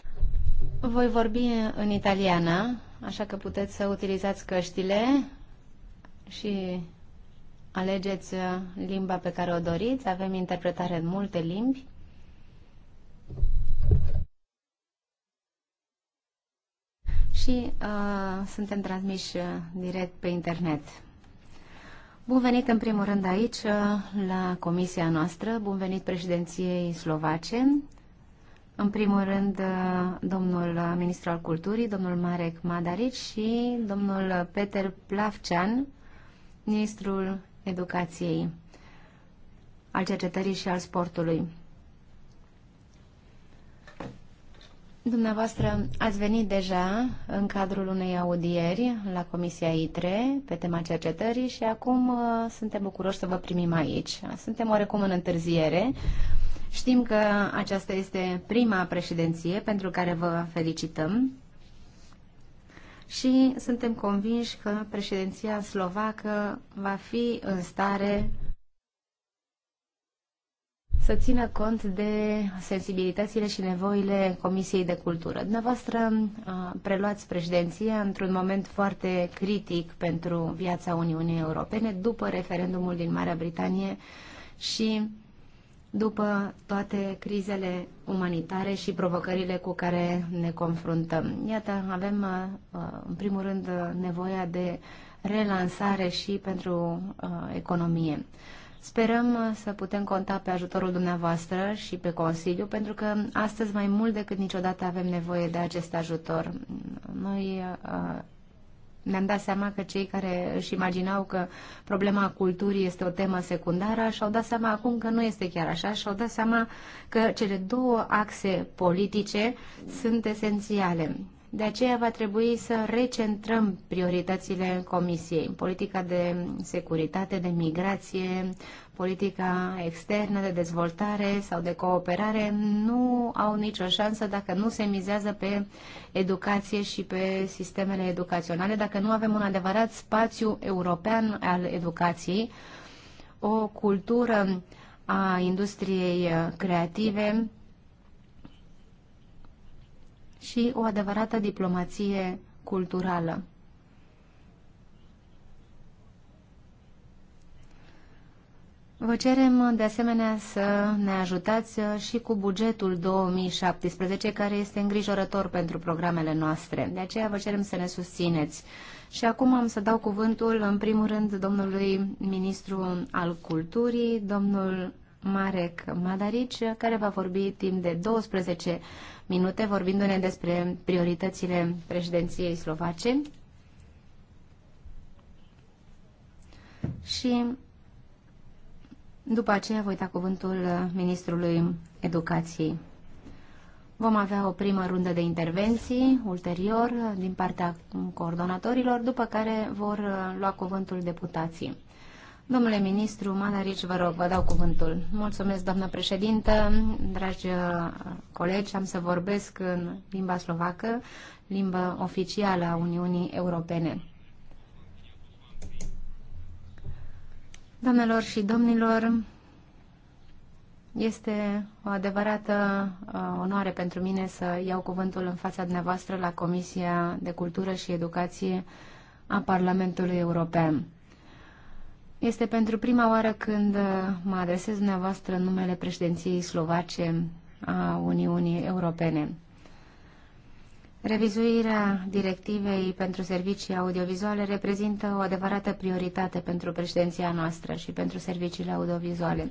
Voi vorbi în italiană, așa că puteți să utilizați căștile și alegeți limba pe care o doriți. Avem interpretare în multe limbi. Și uh, suntem transmiși direct pe internet. Bun venit în primul rând aici uh, la comisia noastră, bun venit președinției slovace, în primul rând uh, domnul ministru al culturii, domnul Marek Madaric și domnul Peter Plavcean, ministrul educației, al cercetării și al sportului. Dumneavoastră ați venit deja în cadrul unei audieri la Comisia ITRE pe tema cercetării și acum uh, suntem bucuroși să vă primim aici. Suntem oarecum în întârziere. Știm că aceasta este prima președinție pentru care vă felicităm și suntem convinși că președinția slovacă va fi în stare să țină cont de sensibilitățile și nevoile Comisiei de Cultură. Dumneavoastră preluați președinția într-un moment foarte critic pentru viața Uniunii Europene după referendumul din Marea Britanie și după toate crizele umanitare și provocările cu care ne confruntăm. Iată, avem în primul rând nevoia de relansare și pentru economie. Sperăm uh, să putem conta pe ajutorul dumneavoastră și pe Consiliu, pentru că astăzi mai mult decât niciodată avem nevoie de acest ajutor. Noi uh, ne-am dat seama că cei care își imaginau că problema culturii este o temă secundară și-au dat seama acum că nu este chiar așa și-au dat seama că cele două axe politice sunt esențiale. De aceea va trebui să recentrăm prioritățile Comisiei, politica de securitate, de migrație, politica externă de dezvoltare sau de cooperare nu au nicio șansă dacă nu se mizează pe educație și pe sistemele educaționale, dacă nu avem un adevărat spațiu european al educației, o cultură a industriei creative, și o adevărată diplomație culturală. Vă cerem de asemenea să ne ajutați și cu bugetul 2017, care este îngrijorător pentru programele noastre. De aceea vă cerem să ne susțineți. Și acum am să dau cuvântul, în primul rând, domnului ministru al culturii, domnul Marek Madaric, care va vorbi timp de 12 minute, vorbindu-ne despre prioritățile președinției slovace. Și după aceea voi da cuvântul ministrului educației. Vom avea o primă rundă de intervenții ulterior din partea coordonatorilor, după care vor lua cuvântul deputații. Domnule ministru Manarici, vă rog, vă dau cuvântul. Mulțumesc, doamnă președintă, dragi uh, colegi, am să vorbesc în limba slovacă, limba oficială a Uniunii Europene. Doamnelor și domnilor, este o adevărată uh, onoare pentru mine să iau cuvântul în fața dumneavoastră la Comisia de Cultură și Educație a Parlamentului European. Este pentru prima oară când uh, mă adresez dumneavoastră în numele președinției slovace a Uniunii Europene. Revizuirea directivei pentru servicii audiovizuale reprezintă o adevărată prioritate pentru președinția noastră și pentru serviciile audiovizuale.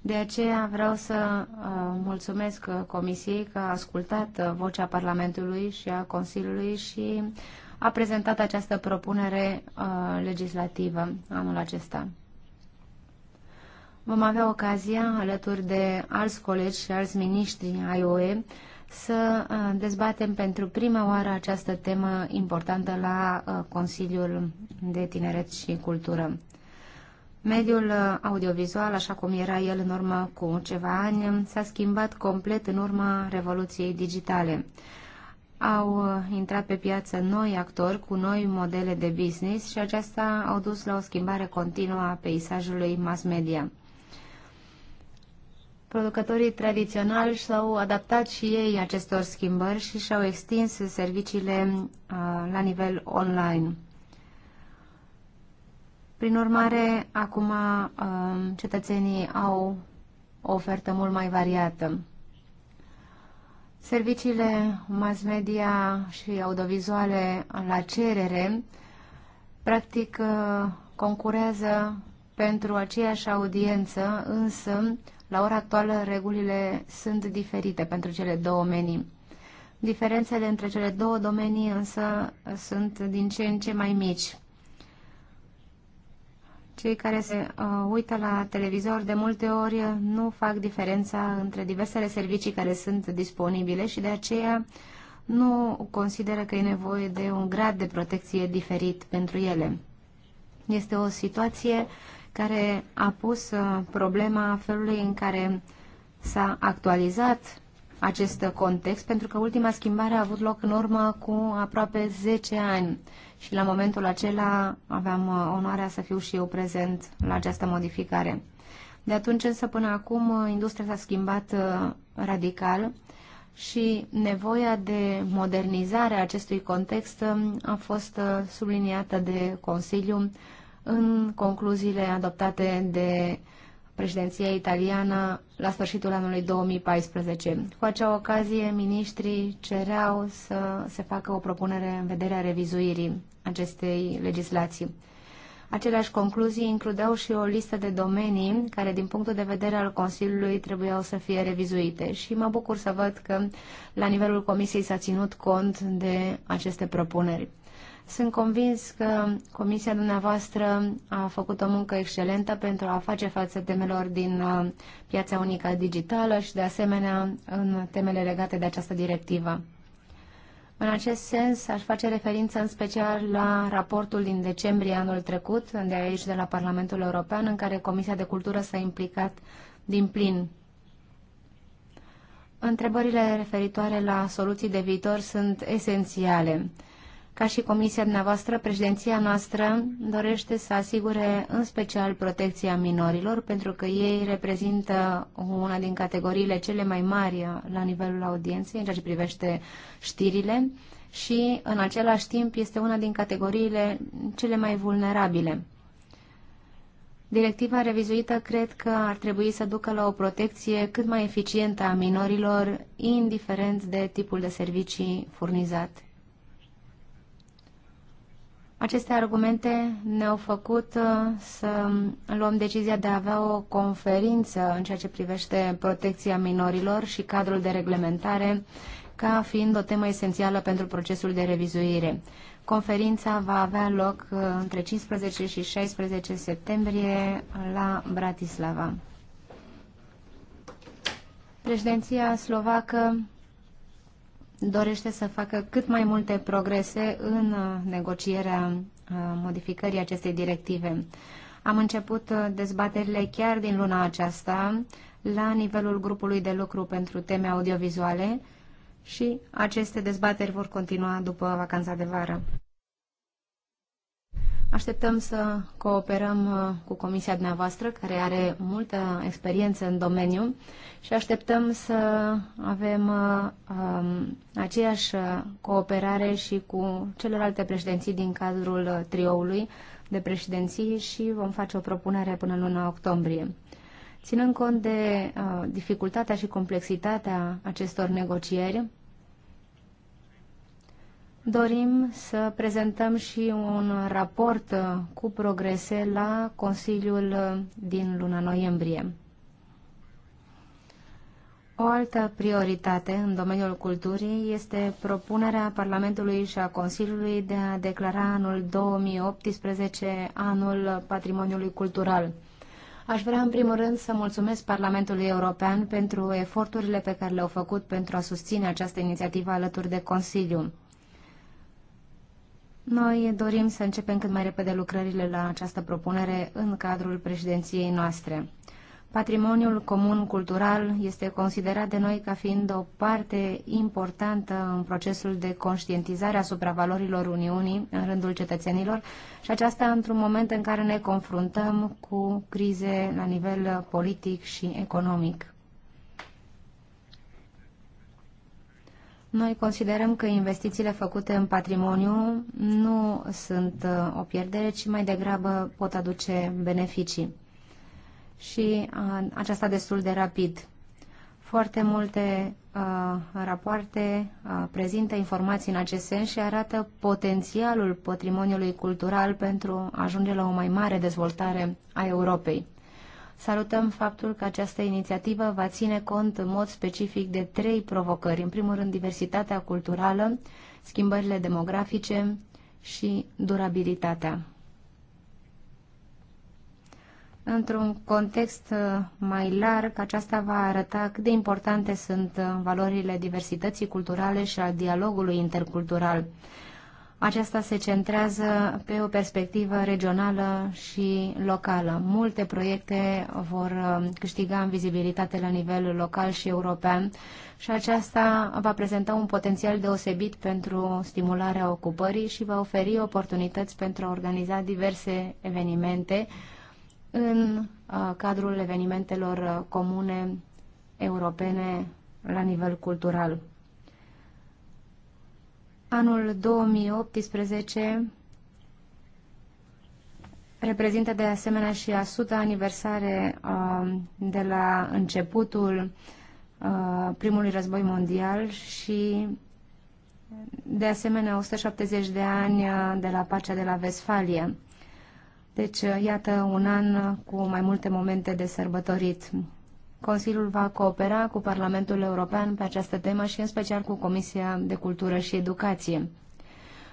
De aceea vreau să uh, mulțumesc uh, Comisiei că a ascultat vocea Parlamentului și a Consiliului și a prezentat această propunere uh, legislativă anul acesta. Vom avea ocazia, alături de alți colegi și alți miniștri ai OE, să uh, dezbatem pentru prima oară această temă importantă la uh, Consiliul de Tineret și Cultură. Mediul uh, audiovizual, așa cum era el în urmă cu ceva ani, s-a schimbat complet în urma revoluției digitale au uh, intrat pe piață noi actori cu noi modele de business și aceasta au dus la o schimbare continuă a peisajului mass media. Producătorii tradiționali și-au adaptat și ei acestor schimbări și și-au extins serviciile uh, la nivel online. Prin urmare, acum uh, cetățenii au o ofertă mult mai variată. Serviciile mass media și audiovizuale la cerere practic uh, concurează pentru aceeași audiență, însă la ora actuală regulile sunt diferite pentru cele două domenii. Diferențele între cele două domenii însă sunt din ce în ce mai mici. Cei care se uh, uită la televizor de multe ori nu fac diferența între diversele servicii care sunt disponibile și de aceea nu consideră că e nevoie de un grad de protecție diferit pentru ele. Este o situație care a pus uh, problema felului în care s-a actualizat acest context, pentru că ultima schimbare a avut loc în urmă cu aproape 10 ani și la momentul acela aveam uh, onoarea să fiu și eu prezent la această modificare. De atunci însă până acum uh, industria s-a schimbat uh, radical și nevoia de modernizare a acestui context um, a fost subliniată de Consiliu în concluziile adoptate de președinția italiană la sfârșitul anului 2014. Cu acea ocazie, ministrii cereau să se facă o propunere în vederea revizuirii acestei legislații. Aceleași concluzii includeau și o listă de domenii care, din punctul de vedere al Consiliului, trebuiau să fie revizuite și mă bucur să văd că la nivelul Comisiei s-a ținut cont de aceste propuneri. Sunt convins că comisia dumneavoastră a făcut o muncă excelentă pentru a face față temelor din uh, piața unică digitală și de asemenea în temele legate de această directivă. În acest sens, aș face referință în special la raportul din decembrie anul trecut, de aici de la Parlamentul European, în care Comisia de Cultură s-a implicat din plin. Întrebările referitoare la soluții de viitor sunt esențiale ca și comisia dumneavoastră, președinția noastră dorește să asigure în special protecția minorilor, pentru că ei reprezintă una din categoriile cele mai mari la nivelul audienței în ceea ce privește știrile și, în același timp, este una din categoriile cele mai vulnerabile. Directiva revizuită cred că ar trebui să ducă la o protecție cât mai eficientă a minorilor, indiferent de tipul de servicii furnizat aceste argumente ne-au făcut uh, să luăm decizia de a avea o conferință în ceea ce privește protecția minorilor și cadrul de reglementare ca fiind o temă esențială pentru procesul de revizuire. Conferința va avea loc uh, între 15 și 16 septembrie la Bratislava. Președinția slovacă dorește să facă cât mai multe progrese în uh, negocierea uh, modificării acestei directive. Am început uh, dezbaterile chiar din luna aceasta la nivelul grupului de lucru pentru teme audiovizuale și aceste dezbateri vor continua după vacanța de vară. Așteptăm să cooperăm uh, cu comisia dumneavoastră, care are multă experiență în domeniu și așteptăm să avem uh, um, aceeași uh, cooperare și cu celelalte președinții din cadrul trioului de președinții și vom face o propunere până în luna octombrie. Ținând cont de uh, dificultatea și complexitatea acestor negocieri, Dorim să prezentăm și un raport cu progrese la Consiliul din luna noiembrie. O altă prioritate în domeniul culturii este propunerea Parlamentului și a Consiliului de a declara anul 2018 anul patrimoniului cultural. Aș vrea în primul rând să mulțumesc Parlamentului European pentru eforturile pe care le-au făcut pentru a susține această inițiativă alături de Consiliu. Noi dorim să începem cât mai repede lucrările la această propunere în cadrul președinției noastre. Patrimoniul comun cultural este considerat de noi ca fiind o parte importantă în procesul de conștientizare asupra valorilor Uniunii în rândul cetățenilor și aceasta într-un moment în care ne confruntăm cu crize la nivel politic și economic. Noi considerăm că investițiile făcute în patrimoniu nu sunt uh, o pierdere, ci mai degrabă pot aduce beneficii. Și uh, aceasta destul de rapid. Foarte multe uh, rapoarte uh, prezintă informații în acest sens și arată potențialul patrimoniului cultural pentru a ajunge la o mai mare dezvoltare a Europei. Salutăm faptul că această inițiativă va ține cont în mod specific de trei provocări. În primul rând, diversitatea culturală, schimbările demografice și durabilitatea. Într-un context uh, mai larg, aceasta va arăta cât de importante sunt uh, valorile diversității culturale și al dialogului intercultural. Aceasta se centrează pe o perspectivă regională și locală. Multe proiecte vor um, câștiga în vizibilitate la nivel local și european și aceasta va prezenta un potențial deosebit pentru stimularea ocupării și va oferi oportunități pentru a organiza diverse evenimente în uh, cadrul evenimentelor uh, comune europene la nivel cultural. Anul 2018 reprezintă de asemenea și a sută aniversare um, de la începutul uh, primului război mondial și de asemenea 170 de ani uh, de la pacea de la Vesfalia. Deci, uh, iată un an cu mai multe momente de sărbătorit. Consiliul va coopera cu Parlamentul European pe această temă și în special cu Comisia de Cultură și Educație.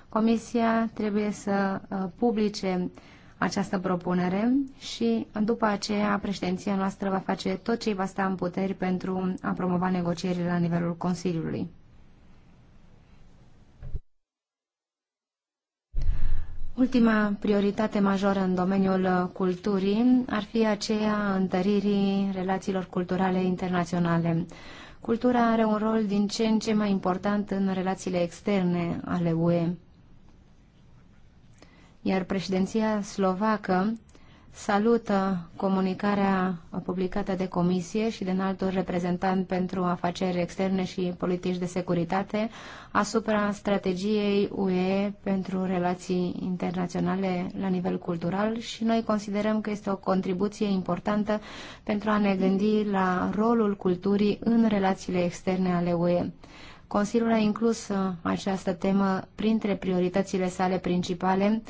Comisia trebuie să uh, publice această propunere și după aceea președinția noastră va face tot ce va sta în puteri pentru a promova negocierile la nivelul Consiliului. Ultima prioritate majoră în domeniul uh, culturii ar fi aceea întăririi relațiilor culturale internaționale. Cultura are un rol din ce în ce mai important în relațiile externe ale UE. Iar președinția slovacă salută comunicarea publicată de Comisie și de înaltul reprezentant pentru afaceri externe și politici de securitate asupra strategiei UE pentru relații internaționale la nivel cultural și noi considerăm că este o contribuție importantă pentru a ne gândi la rolul culturii în relațiile externe ale UE. Consiliul a inclus această temă printre prioritățile sale principale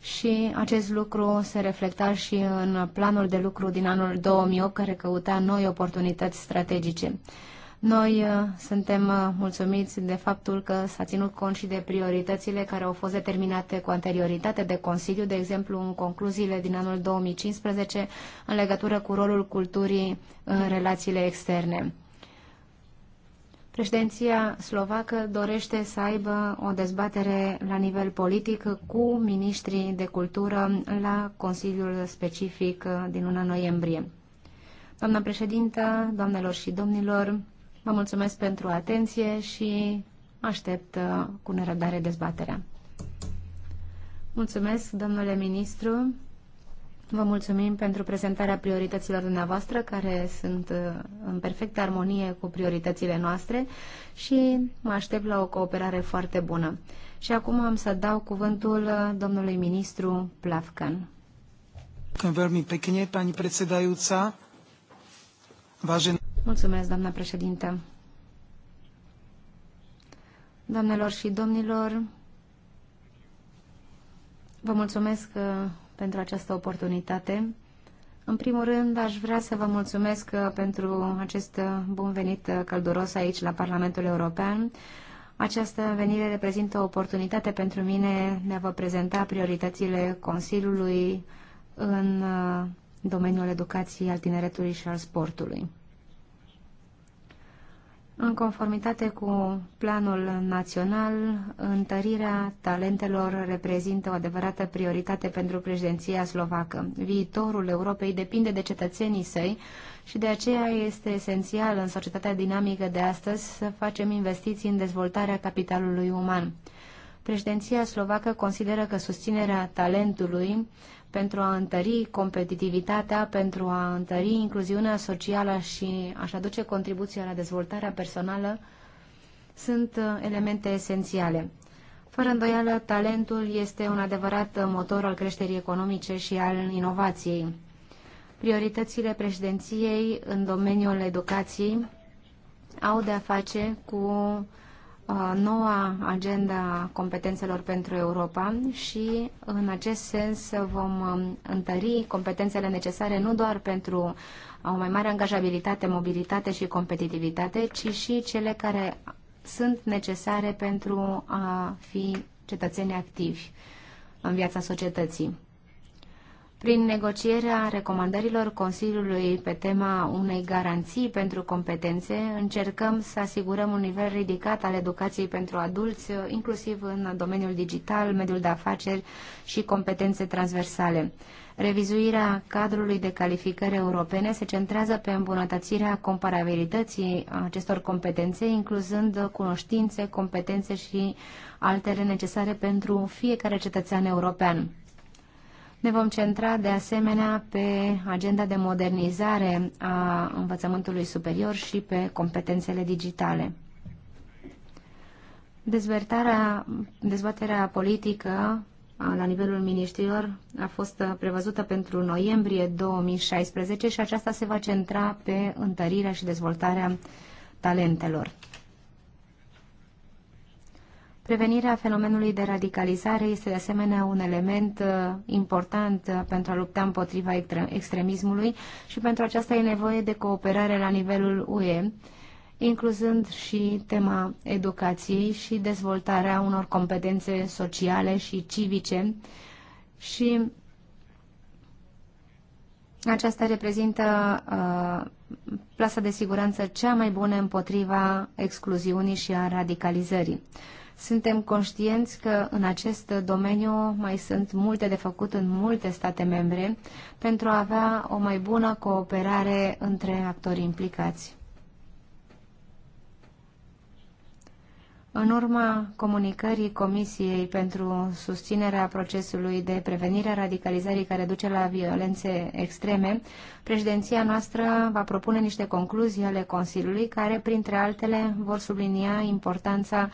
și acest lucru se reflecta și în planul de lucru din anul 2008 care căuta noi oportunități strategice. Noi uh, suntem uh, mulțumiți de faptul că s-a ținut cont și de prioritățile care au fost determinate cu anterioritate de Consiliu, de exemplu în concluziile din anul 2015 în legătură cu rolul culturii în relațiile externe. Președinția slovacă dorește să aibă o dezbatere la nivel politic cu ministrii de cultură la Consiliul Specific din luna noiembrie. Doamna președintă, doamnelor și domnilor, vă mulțumesc pentru atenție și aștept cu nerăbdare dezbaterea. Mulțumesc, domnule ministru. Vă mulțumim pentru prezentarea priorităților dumneavoastră, care sunt uh, în perfectă armonie cu prioritățile noastre și mă aștept la o cooperare foarte bună. Și acum am să dau cuvântul uh, domnului ministru Plavcan. Mulțumesc, doamna președintă. Doamnelor și domnilor, vă mulțumesc uh, pentru această oportunitate. În primul rând, aș vrea să vă mulțumesc uh, pentru acest uh, bun venit uh, călduros aici la Parlamentul European. Această venire reprezintă o oportunitate pentru mine de a vă prezenta prioritățile Consiliului în domeniul educației, al tineretului și al sportului în conformitate cu planul național, întărirea talentelor reprezintă o adevărată prioritate pentru președinția slovacă. Viitorul Europei depinde de cetățenii săi și de aceea este esențial în societatea dinamică de astăzi să facem investiții în dezvoltarea capitalului uman. Președinția slovacă consideră că susținerea talentului pentru a întări competitivitatea, pentru a întări incluziunea socială și a-și aduce contribuția la dezvoltarea personală, sunt uh, elemente esențiale. Fără îndoială, talentul este un adevărat uh, motor al creșterii economice și al inovației. Prioritățile președinției în domeniul educației au de a face cu noua agenda competențelor pentru Europa și în acest sens vom um, întări competențele necesare nu doar pentru o mai mare angajabilitate, mobilitate și competitivitate, ci și cele care sunt necesare pentru a fi cetățeni activi în viața societății prin negocierea recomandărilor Consiliului pe tema unei garanții pentru competențe, încercăm să asigurăm un nivel ridicat al educației pentru adulți, inclusiv în domeniul digital, mediul de afaceri și competențe transversale. Revizuirea cadrului de calificări europene se centrează pe îmbunătățirea comparabilității acestor competențe, incluzând cunoștințe, competențe și altele necesare pentru fiecare cetățean european. Ne vom centra de asemenea pe agenda de modernizare a învățământului superior și pe competențele digitale. Dezvertarea, dezbaterea politică la nivelul ministrilor a fost prevăzută pentru noiembrie 2016 și aceasta se va centra pe întărirea și dezvoltarea talentelor. Prevenirea fenomenului de radicalizare este de asemenea un element uh, important uh, pentru a lupta împotriva extremismului și pentru aceasta e nevoie de cooperare la nivelul UE, incluzând și tema educației și dezvoltarea unor competențe sociale și civice și aceasta reprezintă uh, plasa de siguranță cea mai bună împotriva excluziunii și a radicalizării. Suntem conștienți că în acest domeniu mai sunt multe de făcut în multe state membre pentru a avea o mai bună cooperare între actorii implicați. În urma comunicării Comisiei pentru susținerea procesului de prevenire a radicalizării care duce la violențe extreme, președinția noastră va propune niște concluzii ale Consiliului care, printre altele, vor sublinia importanța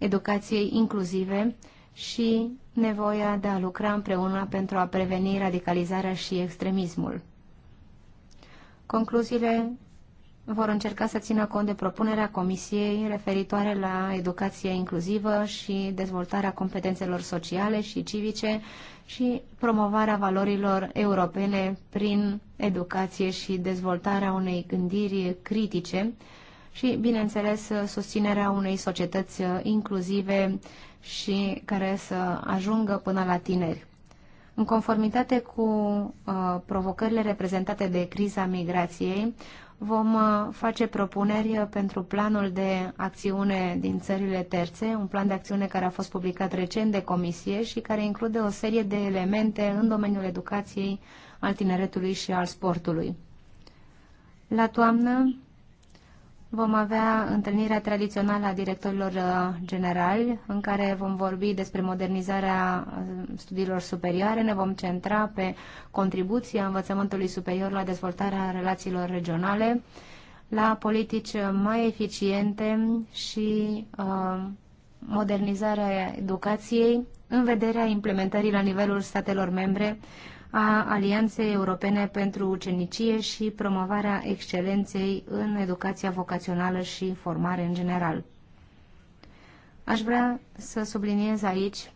educației inclusive și nevoia de a lucra împreună pentru a preveni radicalizarea și extremismul. Concluziile vor încerca să țină cont de propunerea Comisiei referitoare la educație inclusivă și dezvoltarea competențelor sociale și civice și promovarea valorilor europene prin educație și dezvoltarea unei gândiri critice, și, bineînțeles, susținerea unei societăți uh, inclusive și care să ajungă până la tineri. În conformitate cu uh, provocările reprezentate de criza migrației, vom uh, face propuneri uh, pentru planul de acțiune din țările terțe, un plan de acțiune care a fost publicat recent de comisie și care include o serie de elemente în domeniul educației, al tineretului și al sportului. La toamnă vom avea întâlnirea tradițională a directorilor uh, generali, în care vom vorbi despre modernizarea uh, studiilor superioare, ne vom centra pe contribuția învățământului superior la dezvoltarea relațiilor regionale, la politici mai eficiente și uh, modernizarea educației în vederea implementării la nivelul statelor membre a Alianței Europene pentru Ucenicie și promovarea excelenței în educația vocațională și formare în general. Aș vrea să subliniez aici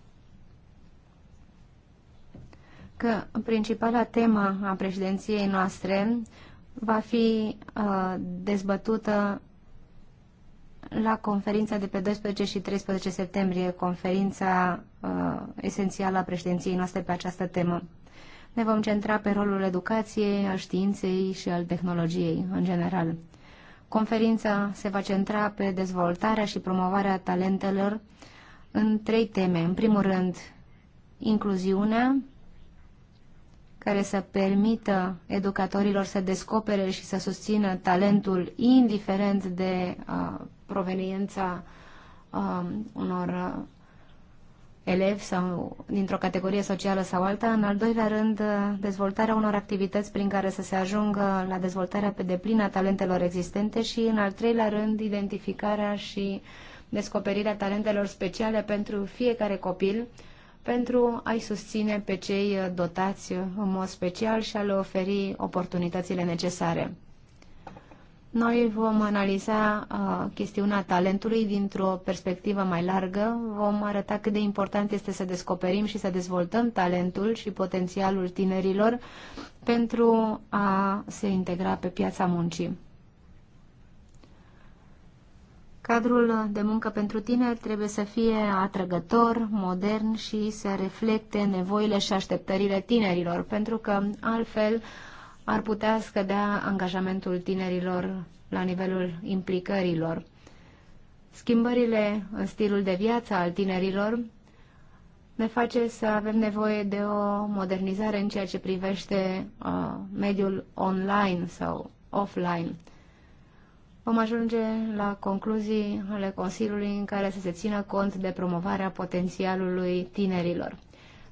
că principala temă a președinției noastre va fi uh, dezbătută la conferința de pe 12 și 13 septembrie, conferința uh, esențială a președinției noastre pe această temă ne vom centra pe rolul educației, al științei și al tehnologiei în general. Conferința se va centra pe dezvoltarea și promovarea talentelor în trei teme. În primul rând, incluziunea, care să permită educatorilor să descopere și să susțină talentul, indiferent de uh, proveniența um, uh, unor elevi sau dintr-o categorie socială sau alta, în al doilea rând dezvoltarea unor activități prin care să se ajungă la dezvoltarea pe deplin a talentelor existente și în al treilea rând identificarea și descoperirea talentelor speciale pentru fiecare copil pentru a-i susține pe cei dotați în mod special și a le oferi oportunitățile necesare. Noi vom analiza uh, chestiunea talentului dintr-o perspectivă mai largă, vom arăta cât de important este să descoperim și să dezvoltăm talentul și potențialul tinerilor pentru a se integra pe piața muncii. Cadrul de muncă pentru tineri trebuie să fie atrăgător, modern și să reflecte nevoile și așteptările tinerilor, pentru că altfel uh, ar putea scădea angajamentul tinerilor la nivelul implicărilor. Schimbările în stilul de viață al tinerilor ne face să avem nevoie de o modernizare în ceea ce privește uh, mediul online sau offline. Vom ajunge la concluzii ale Consiliului în care să se țină cont de promovarea potențialului tinerilor.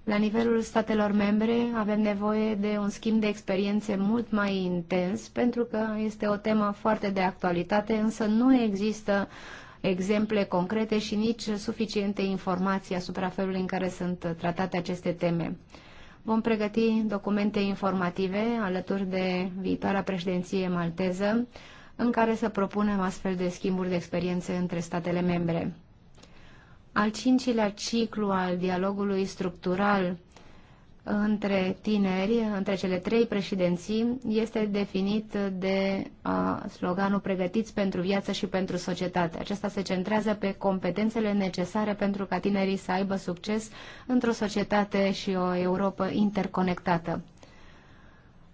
La nivelul statelor membre avem nevoie de un schimb de experiențe mult mai intens pentru că este o temă foarte de actualitate, însă nu există exemple concrete și nici suficiente informații asupra felului în care sunt tratate aceste teme. Vom pregăti documente informative alături de viitoarea președinție malteză în care să propunem astfel de schimburi de experiențe între statele membre. Al cincilea ciclu al dialogului structural între tineri, între cele trei președinții, este definit de uh, sloganul Pregătiți pentru viață și pentru societate. Acesta se centrează pe competențele necesare pentru ca tinerii să aibă succes într-o societate și o Europa interconectată.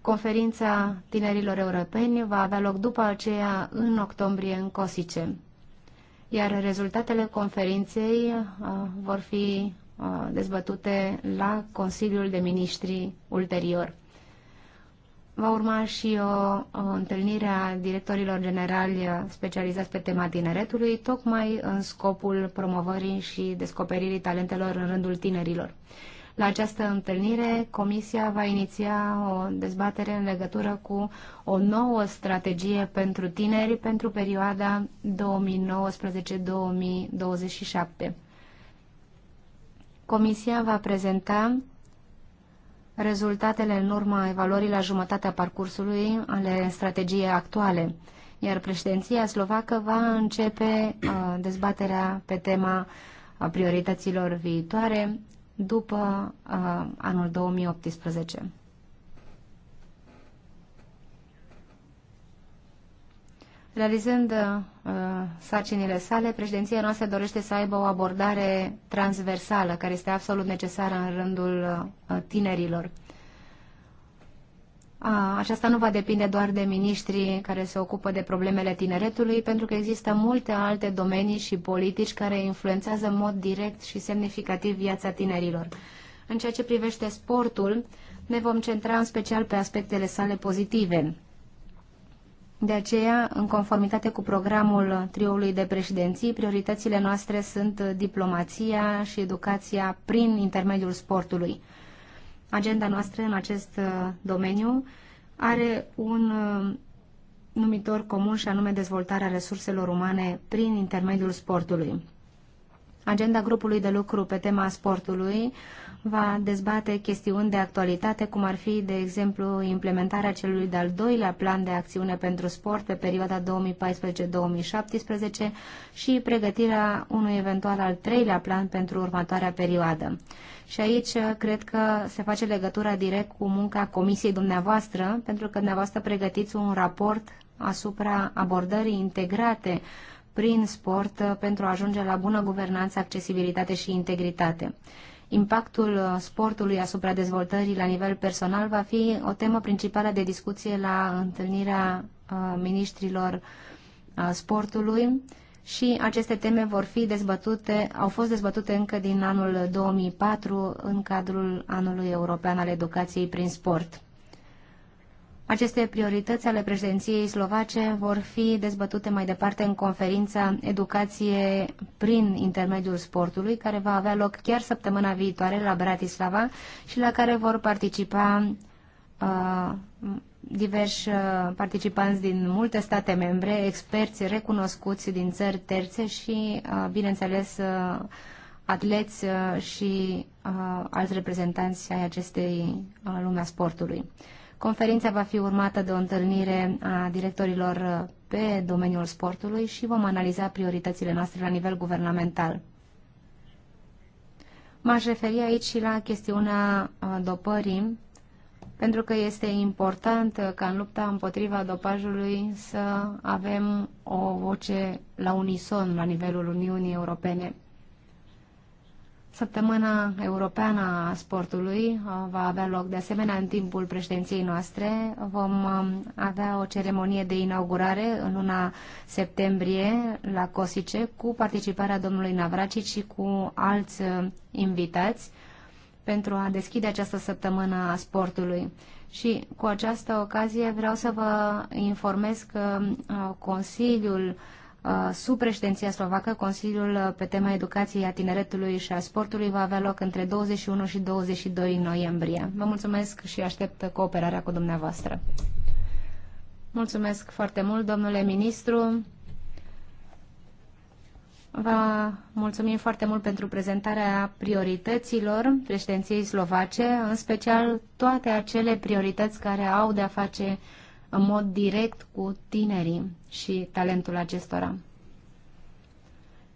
Conferința tinerilor europeni va avea loc după aceea în octombrie în Cosice iar rezultatele conferinței uh, vor fi uh, dezbătute la Consiliul de Ministri ulterior. Va urma și o, o întâlnire a directorilor generali uh, specializați pe tema tineretului, tocmai în scopul promovării și descoperirii talentelor în rândul tinerilor. La această întâlnire, Comisia va iniția o dezbatere în legătură cu o nouă strategie pentru tineri pentru perioada 2019-2027. Comisia va prezenta rezultatele în urma evaluării la jumătatea parcursului ale strategiei actuale, iar președinția slovacă va începe uh, dezbaterea pe tema a priorităților viitoare după uh, anul 2018. Realizând uh, sarcinile sale, președinția noastră dorește să aibă o abordare transversală, care este absolut necesară în rândul uh, tinerilor. Aceasta nu va depinde doar de miniștrii care se ocupă de problemele tineretului, pentru că există multe alte domenii și politici care influențează în mod direct și semnificativ viața tinerilor. În ceea ce privește sportul, ne vom centra în special pe aspectele sale pozitive. De aceea, în conformitate cu programul triului de președinții, prioritățile noastre sunt diplomația și educația prin intermediul sportului agenda noastră în acest uh, domeniu are un uh, numitor comun și anume dezvoltarea resurselor umane prin intermediul sportului. Agenda grupului de lucru pe tema sportului va dezbate chestiuni de actualitate, cum ar fi, de exemplu, implementarea celui de-al doilea plan de acțiune pentru sport pe perioada 2014-2017 și pregătirea unui eventual al treilea plan pentru următoarea perioadă. Și aici uh, cred că se face legătura direct cu munca comisiei dumneavoastră, pentru că dumneavoastră pregătiți un raport asupra abordării integrate prin sport uh, pentru a ajunge la bună guvernanță, accesibilitate și integritate. Impactul uh, sportului asupra dezvoltării la nivel personal va fi o temă principală de discuție la întâlnirea uh, ministrilor uh, sportului și aceste teme vor fi dezbătute, au fost dezbătute încă din anul 2004 în cadrul anului european al educației prin sport. Aceste priorități ale președinției slovace vor fi dezbătute mai departe în conferința Educație prin intermediul sportului, care va avea loc chiar săptămâna viitoare la Bratislava și la care vor participa uh, diversi uh, participanți din multe state membre, experți recunoscuți din țări terțe și, uh, bineînțeles, uh, atleți și alți reprezentanți ai acestei lumea sportului. Conferința va fi urmată de o întâlnire a directorilor uh, pe domeniul sportului și vom analiza prioritățile noastre la nivel guvernamental. M-aș referi aici și la chestiunea uh, dopării, pentru că este important uh, ca în lupta împotriva dopajului să avem o voce la unison la nivelul Uniunii Europene. Săptămâna Europeană a Sportului uh, va avea loc de asemenea în timpul președinției noastre. Vom um, avea o ceremonie de inaugurare în luna septembrie la Cosice cu participarea domnului Navracic și cu alți uh, invitați pentru a deschide această săptămână a sportului. Și cu această ocazie vreau să vă informez că uh, Consiliul Uh, sub președinția slovacă, Consiliul uh, pe tema educației a tineretului și a sportului va avea loc între 21 și 22 noiembrie. Vă mulțumesc și aștept cooperarea cu dumneavoastră. Mulțumesc foarte mult, domnule ministru. Vă mulțumim foarte mult pentru prezentarea priorităților președinției slovace, în special toate acele priorități care au de a face în mod direct cu tinerii și talentul acestora.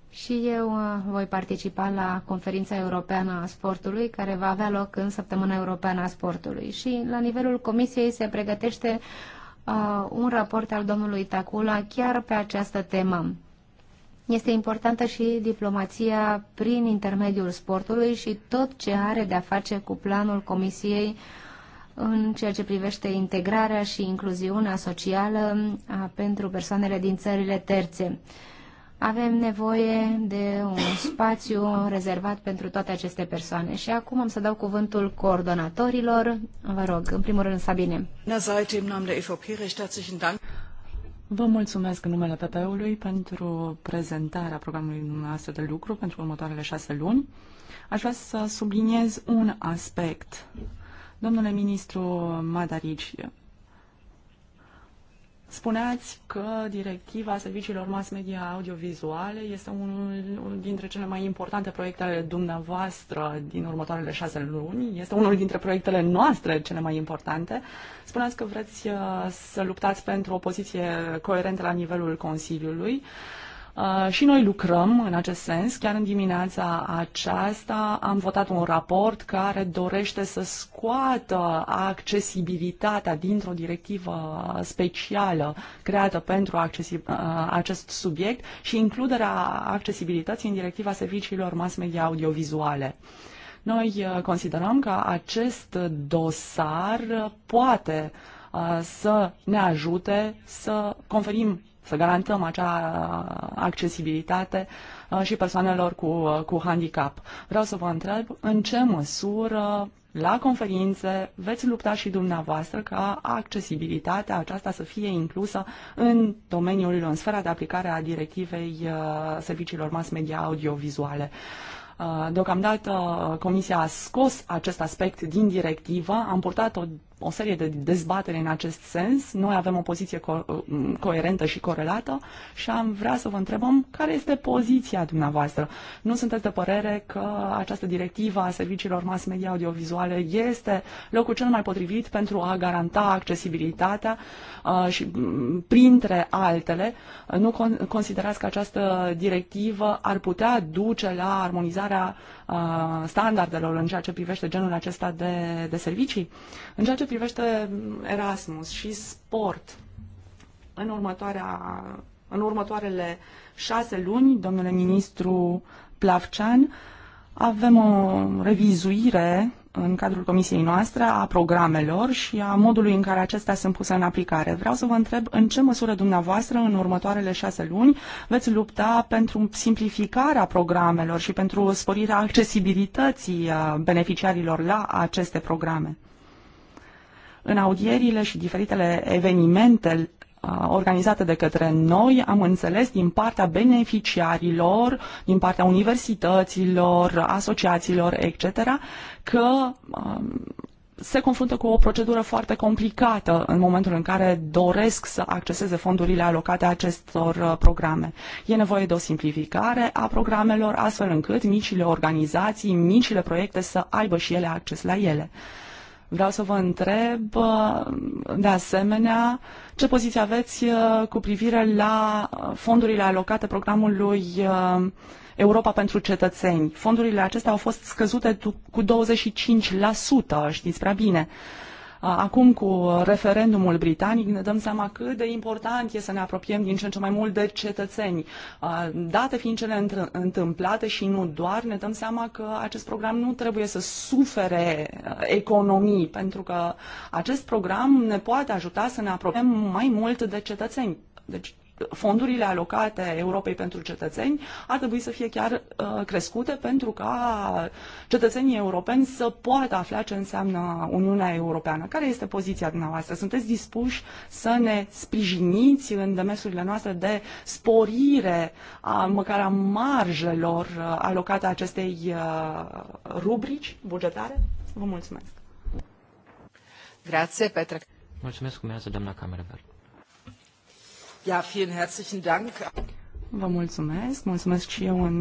Și eu uh, voi participa la conferința europeană a sportului, care va avea loc în săptămâna europeană a sportului. Și la nivelul comisiei se pregătește uh, un raport al domnului Tacula chiar pe această temă. Este importantă și diplomația prin intermediul sportului și tot ce are de-a face cu planul comisiei uh, în ceea ce privește integrarea și incluziunea socială pentru persoanele din țările terțe. Avem nevoie de un spațiu rezervat pentru toate aceste persoane. Și acum am să dau cuvântul coordonatorilor. Vă rog, în primul rând, Sabine. Vă mulțumesc în numele PP-ului pentru prezentarea programului dumneavoastră de lucru pentru următoarele șase luni. Aș vrea să subliniez un aspect Domnule ministru Madarici, spuneați că directiva serviciilor mass media audiovizuale este unul dintre cele mai importante proiecte ale dumneavoastră din următoarele șase luni. Este unul dintre proiectele noastre cele mai importante. Spuneați că vreți uh, să luptați pentru o poziție coerentă la nivelul Consiliului. Uh, Uh, și noi lucrăm în acest sens. Chiar în dimineața aceasta am votat un raport care dorește să scoată accesibilitatea dintr-o directivă specială creată pentru uh, acest subiect și includerea accesibilității în directiva serviciilor mass media audiovizuale. Noi uh, considerăm că acest dosar poate să ne ajute să conferim să garantăm acea accesibilitate uh, și persoanelor cu, uh, cu handicap. Vreau să vă întreb în ce măsură la conferințe veți lupta și dumneavoastră ca accesibilitatea aceasta să fie inclusă în domeniul, în sfera de aplicare a directivei uh, serviciilor mass media audiovizuale. Deocamdată Comisia a scos acest aspect din directivă, am purtat o o serie de dezbatere în acest sens. Noi avem o poziție co- mm, coerentă și corelată și am vrea să vă întrebăm care este poziția dumneavoastră. Nu sunteți de părere că această directivă a serviciilor mass media audiovizuale este locul cel mai potrivit pentru a garanta accesibilitatea uh, și mm, printre altele, nu con- considerați că această directivă ar putea duce la armonizarea uh, Uh, standardelor în ceea ce privește genul acesta de, de servicii. În ceea ce privește Erasmus și sport, în, următoarea, în următoarele șase luni, domnule ministru Plavcean, avem o revizuire în cadrul comisiei noastre a programelor și a modului în care acestea sunt puse în aplicare. Vreau să vă întreb în ce măsură dumneavoastră în următoarele șase luni veți lupta pentru simplificarea programelor și pentru sporirea accesibilității uh, beneficiarilor la aceste programe. În audierile și diferitele evenimente organizate de către noi, am înțeles, din partea beneficiarilor, din partea universităților, asociațiilor, etc., că se confruntă cu o procedură foarte complicată în momentul în care doresc să acceseze fondurile alocate acestor programe. E nevoie de o simplificare a programelor, astfel încât micile organizații, micile proiecte să aibă și ele acces la ele. Vreau să vă întreb, de asemenea, ce poziție aveți uh, cu privire la uh, fondurile alocate programului uh, Europa pentru cetățeni? Fondurile acestea au fost scăzute cu 25%, știți prea bine. Acum, cu referendumul britanic, ne dăm seama cât de important e să ne apropiem din ce în ce mai mult de cetățeni. Date fiind cele întâmplate și nu doar, ne dăm seama că acest program nu trebuie să sufere economii, pentru că acest program ne poate ajuta să ne apropiem mai mult de cetățeni. Deci fondurile alocate Europei pentru cetățeni ar trebui să fie chiar uh, crescute pentru ca cetățenii europeni să poată afla ce înseamnă Uniunea Europeană. Care este poziția dumneavoastră? Sunteți dispuși să ne sprijiniți în demersurile noastre de sporire a măcar a marjelor uh, alocate acestei uh, rubrici bugetare? Vă mulțumesc! Grazie, Petre! Mulțumesc, urmează doamna Camerver. Ja, vielen herzlichen Dank. Vă mulțumesc, mulțumesc și eu în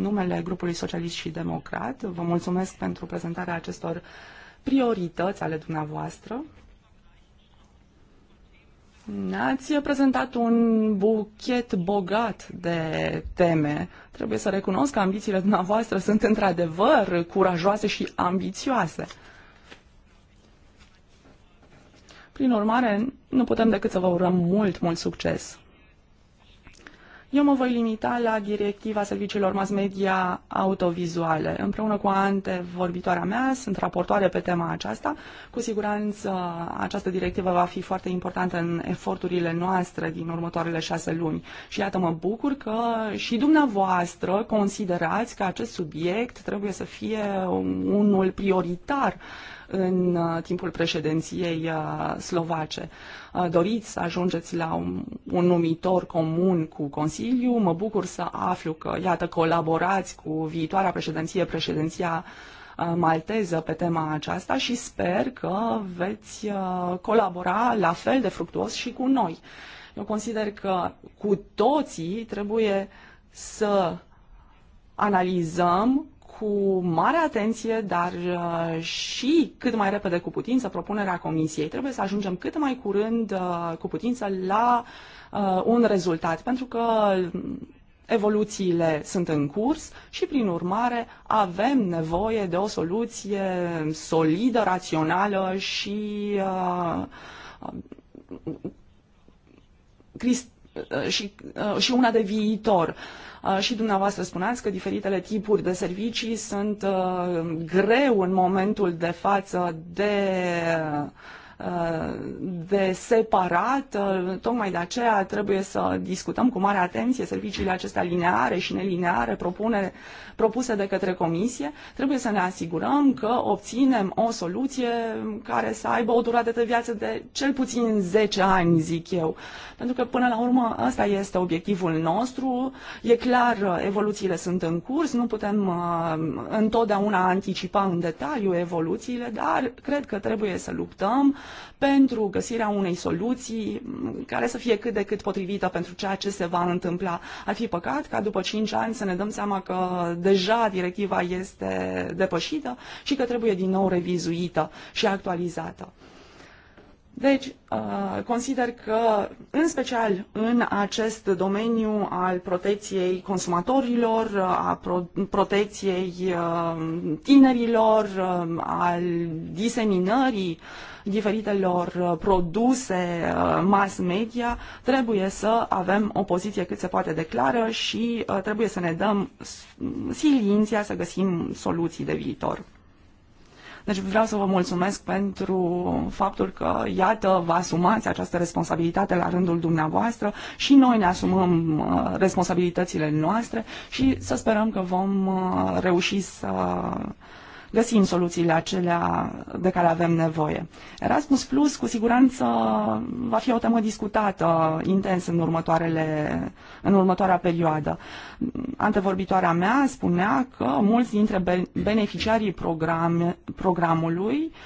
numele grupului socialist și democrat. Vă mulțumesc pentru prezentarea acestor priorități ale dumneavoastră. Ați prezentat un buchet bogat de teme. Trebuie să recunosc că ambițiile dumneavoastră sunt într-adevăr curajoase și ambițioase. Prin urmare, nu putem decât să vă urăm mult, mult succes. Eu mă voi limita la directiva serviciilor mass media autovizuale. Împreună cu Ante, vorbitoarea mea, sunt raportoare pe tema aceasta. Cu siguranță această directivă va fi foarte importantă în eforturile noastre din următoarele șase luni. Și iată, mă bucur că și dumneavoastră considerați că acest subiect trebuie să fie unul prioritar uh, în uh, timpul președinției uh, slovace. Uh, doriți să ajungeți la un, un numitor comun cu Consiliu. Mă bucur să aflu că, iată, colaborați cu viitoarea președinție, președinția malteză pe tema aceasta și sper că veți colabora la fel de fructuos și cu noi. Eu consider că cu toții trebuie să analizăm cu mare atenție, dar uh, și cât mai repede cu putință propunerea comisiei. Trebuie să ajungem cât mai curând uh, cu putință la uh, un rezultat, pentru că evoluțiile sunt în curs și, prin urmare, avem nevoie de o soluție solidă, rațională și uh, și, și una de viitor. Uh, Uh, și dumneavoastră spuneați că diferitele tipuri de servicii sunt uh, greu în momentul de față de Uh, de separat, uh, tocmai de aceea trebuie să discutăm cu mare atenție serviciile acestea lineare și nelineare propune, propuse de către Comisie. Trebuie să ne asigurăm că obținem o soluție care să aibă o durată de viață de cel puțin 10 ani, zic eu. Pentru că, până la urmă, ăsta este obiectivul nostru. E clar, evoluțiile sunt în curs, nu putem uh, întotdeauna anticipa în detaliu evoluțiile, dar cred că trebuie să luptăm pentru găsirea unei soluții care să fie cât de cât potrivită pentru ceea ce se va întâmpla. Ar fi păcat ca după 5 ani să ne dăm seama că deja directiva este depășită și că trebuie din nou revizuită și actualizată. Deci, consider că, în special în acest domeniu al protecției consumatorilor, a protecției tinerilor, al diseminării diferitelor produse mass media, trebuie să avem o poziție cât se poate clară și trebuie să ne dăm silința să găsim soluții de viitor. Deci vreau să vă mulțumesc pentru faptul că, iată, vă asumați această responsabilitate la rândul dumneavoastră și noi ne asumăm uh, responsabilitățile noastre și să sperăm că vom uh, reuși să găsim soluțiile acelea de care avem nevoie. Erasmus Plus, cu siguranță, va fi o temă discutată intens în, următoarele, în următoarea perioadă. Antevorbitoarea mea spunea că mulți dintre beneficiarii program, programului uh,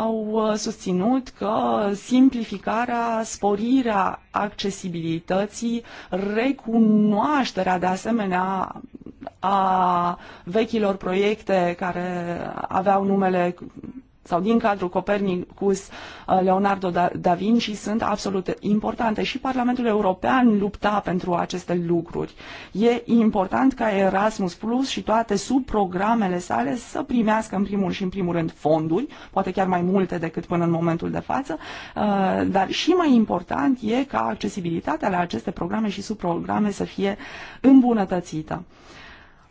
au uh, susținut că simplificarea, sporirea accesibilității, recunoașterea de asemenea a vechilor proiecte care aveau numele sau din cadrul Copernicus uh, Leonardo da, da Vinci sunt absolut importante și Parlamentul European lupta pentru aceste lucruri. E important ca Erasmus Plus și toate subprogramele sale să primească în primul și în primul rând fonduri, poate chiar mai multe decât până în momentul de față, uh, dar și mai important e ca accesibilitatea la aceste programe și subprograme să fie îmbunătățită.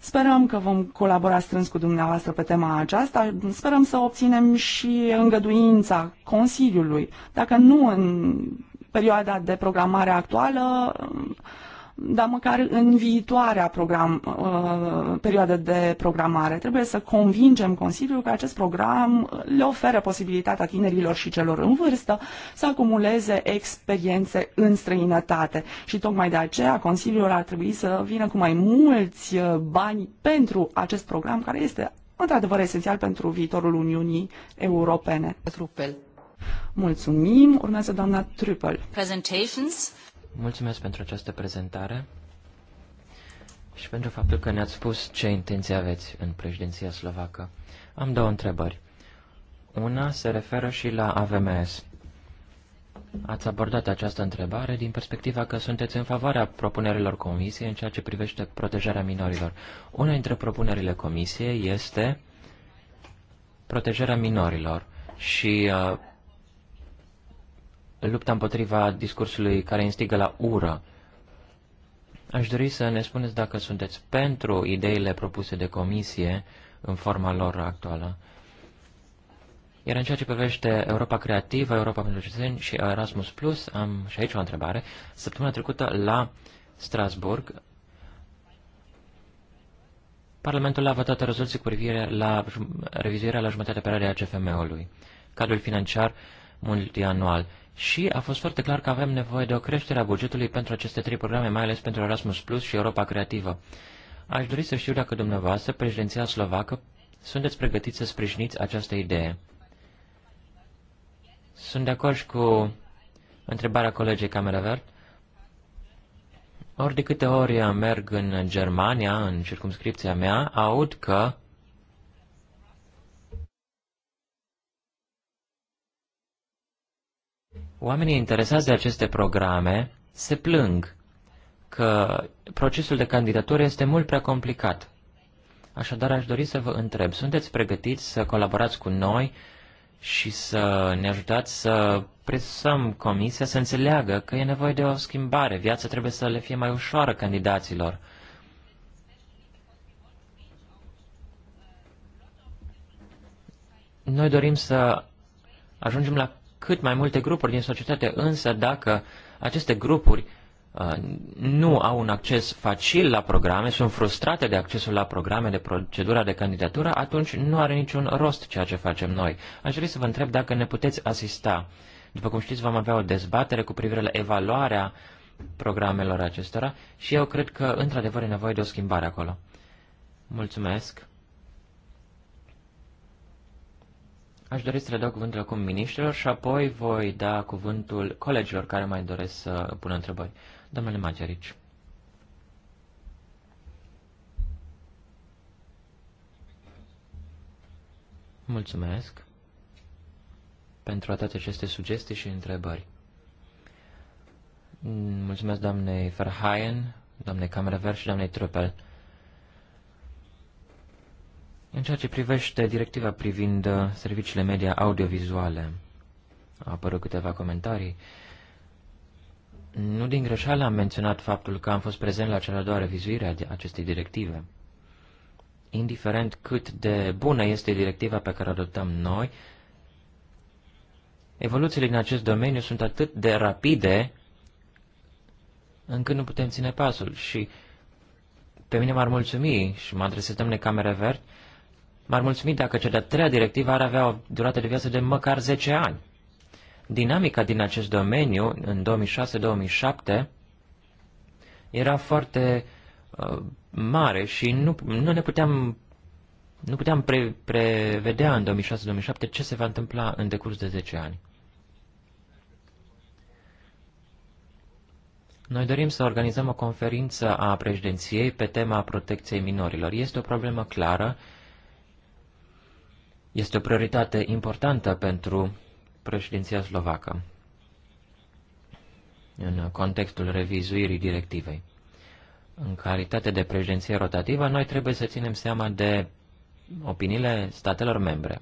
Sperăm că vom colabora strâns cu dumneavoastră pe tema aceasta. Sperăm să obținem și îngăduința Consiliului. Dacă nu în perioada de programare actuală, dar măcar în viitoarea program, uh, perioadă de programare. Trebuie să convingem Consiliul că acest program le oferă posibilitatea tinerilor și celor în vârstă să acumuleze experiențe în străinătate. Și tocmai de aceea Consiliul ar trebui să vină cu mai mulți uh, bani pentru acest program care este într-adevăr esențial pentru viitorul Uniunii Europene. Trupel. Mulțumim. Urmează doamna Trupel. Presentations. Mulțumesc pentru această prezentare și pentru faptul că ne-ați spus ce intenții aveți în președinția slovacă. Am două întrebări. Una se referă și la AVMS. Ați abordat această întrebare din perspectiva că sunteți în favoarea propunerilor comisiei în ceea ce privește protejarea minorilor. Una dintre propunerile comisiei este protejarea minorilor și uh, lupta împotriva discursului care instigă la ură. Aș dori să ne spuneți dacă sunteți pentru ideile propuse de comisie în forma lor actuală. Iar în ceea ce privește Europa Creativă, Europa pentru Cetățeni și Erasmus Plus, am și aici o întrebare. Săptămâna trecută la Strasburg, Parlamentul a votat rezoluții cu privire la revizuirea la jumătatea perioadei a CFM-ului, cadrul financiar multianual și a fost foarte clar că avem nevoie de o creștere a bugetului pentru aceste trei programe, mai ales pentru Erasmus Plus și Europa Creativă. Aș dori să știu dacă dumneavoastră, președinția slovacă, sunteți pregătiți să sprijiniți această idee. Sunt de acord și cu întrebarea colegei Verde. Ori de câte ori merg în Germania, în circumscripția mea, aud că Oamenii interesați de aceste programe se plâng că procesul de candidatură este mult prea complicat. Așadar, aș dori să vă întreb, sunteți pregătiți să colaborați cu noi și să ne ajutați să presăm comisia să înțeleagă că e nevoie de o schimbare, viața trebuie să le fie mai ușoară candidaților. Noi dorim să ajungem la cât mai multe grupuri din societate, însă dacă aceste grupuri uh, nu au un acces facil la programe, sunt frustrate de accesul la programe, de procedura de candidatură, atunci nu are niciun rost ceea ce facem noi. Aș vrea să vă întreb dacă ne puteți asista. După cum știți, vom avea o dezbatere cu privire la evaluarea programelor acestora și eu cred că, într-adevăr, e nevoie de o schimbare acolo. Mulțumesc. Aș dori să le dau cuvântul acum ministrilor, și apoi voi da cuvântul colegilor care mai doresc să pună întrebări. Domnule Magerici. Mulțumesc pentru toate aceste sugestii și întrebări. Mulțumesc doamnei Verhaien, doamnei Camerver și doamnei Truppel. În ceea ce privește directiva privind uh, serviciile media audiovizuale, au apărut câteva comentarii. Nu din greșeală am menționat faptul că am fost prezent la cea de-a doua revizuire a acestei directive. Indiferent cât de bună este directiva pe care o adoptăm noi, evoluțiile din acest domeniu sunt atât de rapide încât nu putem ține pasul și pe mine m-ar mulțumi și mă adresez domnule Camere Verde M-ar mulțumi dacă cea de-a treia directivă ar avea o durată de viață de măcar 10 ani. Dinamica din acest domeniu în 2006-2007 era foarte uh, mare și nu, nu ne puteam nu puteam pre, prevedea în 2006-2007 ce se va întâmpla în decurs de 10 ani. Noi dorim să organizăm o conferință a președinției pe tema protecției minorilor. Este o problemă clară este o prioritate importantă pentru președinția slovacă în contextul revizuirii directivei. În calitate de președinție rotativă, noi trebuie să ținem seama de opiniile statelor membre.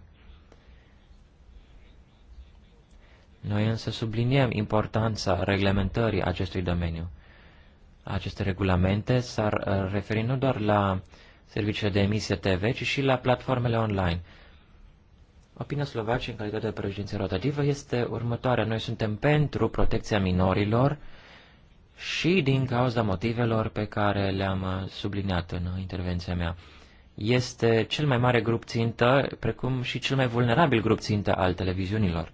Noi însă subliniem importanța reglementării acestui domeniu. Aceste regulamente s-ar uh, referi nu doar la serviciile de emisie TV, ci și la platformele online. Opinia Slovaciei în calitate de președinție rotativă este următoarea. Noi suntem pentru protecția minorilor și din cauza motivelor pe care le-am subliniat în intervenția mea. Este cel mai mare grup țintă, precum și cel mai vulnerabil grup țintă al televiziunilor.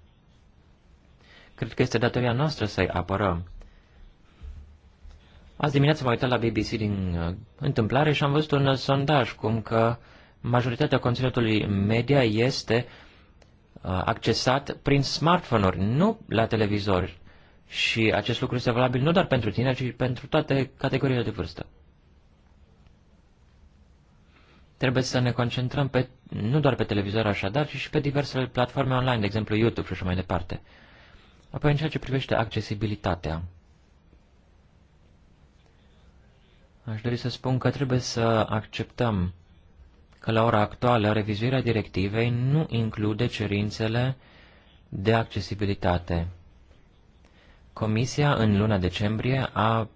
Cred că este datoria noastră să-i apărăm. Azi dimineață m-am uitat la BBC din uh, întâmplare și am văzut un sondaj cum că majoritatea conținutului media este Uh, accesat prin smartphone-uri, nu la televizor. Și acest lucru este valabil nu doar pentru tine, ci și pentru toate categoriile de vârstă. Trebuie să ne concentrăm pe, nu doar pe televizor așadar, ci și pe diversele platforme online, de exemplu YouTube și așa mai departe. Apoi în ceea ce privește accesibilitatea, aș dori să spun că trebuie să acceptăm că la ora actuală revizuirea directivei nu include cerințele de accesibilitate. Comisia în luna decembrie a